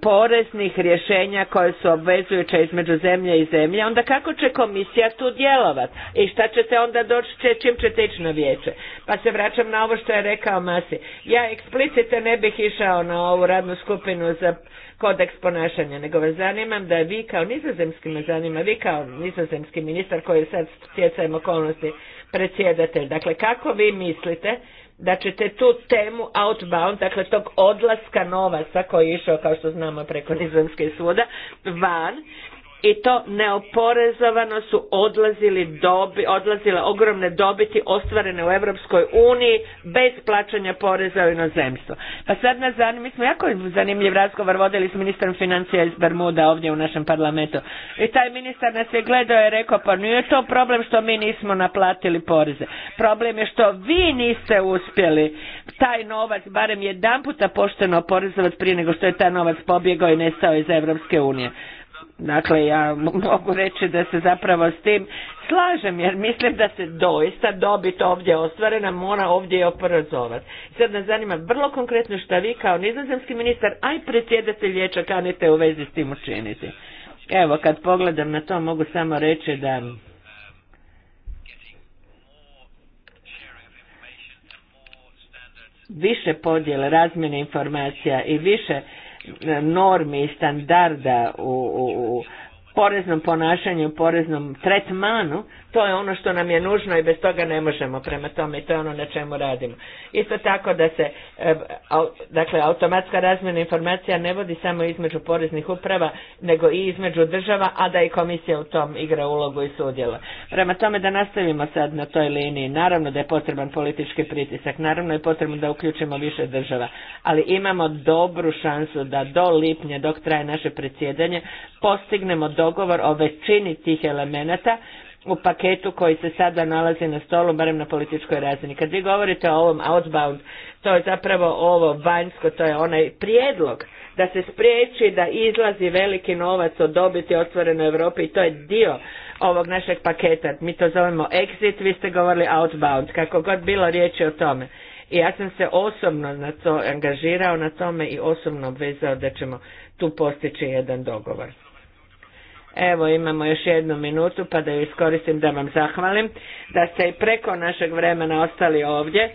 S3: poreznih rješenja koje su obvezujuća između zemlje i zemlje, onda kako će komisija tu djelovati i šta ćete onda doći, čim će ići na vijeće. Pa se vraćam na ovo što je rekao Masi. Ja eksplicite ne bih išao na ovu radnu skupinu za kodeks ponašanja, nego vas zanimam da vi kao nizozemski, me zanima, vi kao nizozemski ministar koji sad stjecajem okolnosti predsjedatelj, dakle kako vi mislite da ćete tu temu outbound, dakle tog odlaska novaca koji je išao kao što znamo preko nizozemske suda van i to neoporezovano su odlazili dobi, odlazile ogromne dobiti ostvarene u Europskoj uniji bez plaćanja poreza u inozemstvo. Pa sad nas zanima, mi smo jako zanimljiv razgovor vodili s ministrom financija iz Bermuda ovdje u našem parlamentu. I taj ministar nas je gledao i rekao pa nije to problem što mi nismo naplatili poreze. Problem je što vi niste uspjeli taj novac barem jedan puta pošteno oporezovati prije nego što je taj novac pobjegao i nestao iz Europske unije. Dakle, ja mogu reći da se zapravo s tim slažem, jer mislim da se doista dobit ovdje ostvarena mora ovdje i oporazovati Sad nas zanima vrlo konkretno što vi kao nizozemski ministar, aj i predsjedatelj vijeća kanite u vezi s tim učiniti. Evo, kad pogledam na to, mogu samo reći da više podjele, razmjene informacija i više norme i standarda u, u, u poreznom ponašanju, u poreznom tretmanu to je ono što nam je nužno i bez toga ne možemo, prema tome i to je ono na čemu radimo. Isto tako da se, e, dakle, automatska razmjena informacija ne vodi samo između poreznih uprava, nego i između država, a da i komisija u tom igra ulogu i sudjela. Prema tome da nastavimo sad na toj liniji, naravno da je potreban politički pritisak, naravno je potrebno da uključimo više država, ali imamo dobru šansu da do lipnja, dok traje naše predsjedanje, postignemo dogovor o većini tih elemenata, u paketu koji se sada nalazi na stolu, barem na političkoj razini. Kad vi govorite o ovom outbound, to je zapravo ovo vanjsko, to je onaj prijedlog da se spriječi da izlazi veliki novac od dobiti otvorenoj Europi i to je dio ovog našeg paketa. Mi to zovemo exit, vi ste govorili outbound, kako god bilo riječi o tome. I ja sam se osobno na to angažirao, na tome i osobno obvezao da ćemo tu postići jedan dogovor. Evo imamo još jednu minutu pa da ju iskoristim da vam zahvalim da ste i preko našeg vremena ostali ovdje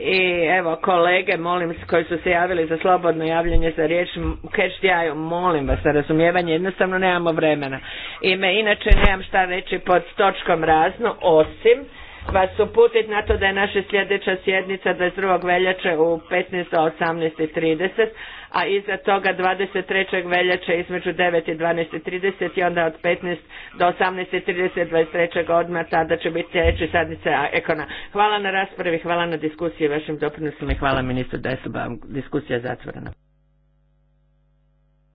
S3: i evo kolege molim koji su se javili za slobodno javljanje za riječ u catch the molim vas za razumijevanje jednostavno nemamo vremena i me inače nemam šta reći pod točkom razno osim vas uputiti na to da je naša sljedeća sjednica 22. veljače u 15.18.30, a iza toga 23. veljače između 9 i 12.30 i onda od 15 do 18.30 23. odma tada će biti sljedeći sadnice Ekona. Hvala na raspravi, hvala na diskusiji vašim doprinosima i hvala ministru da je diskusija zatvorena.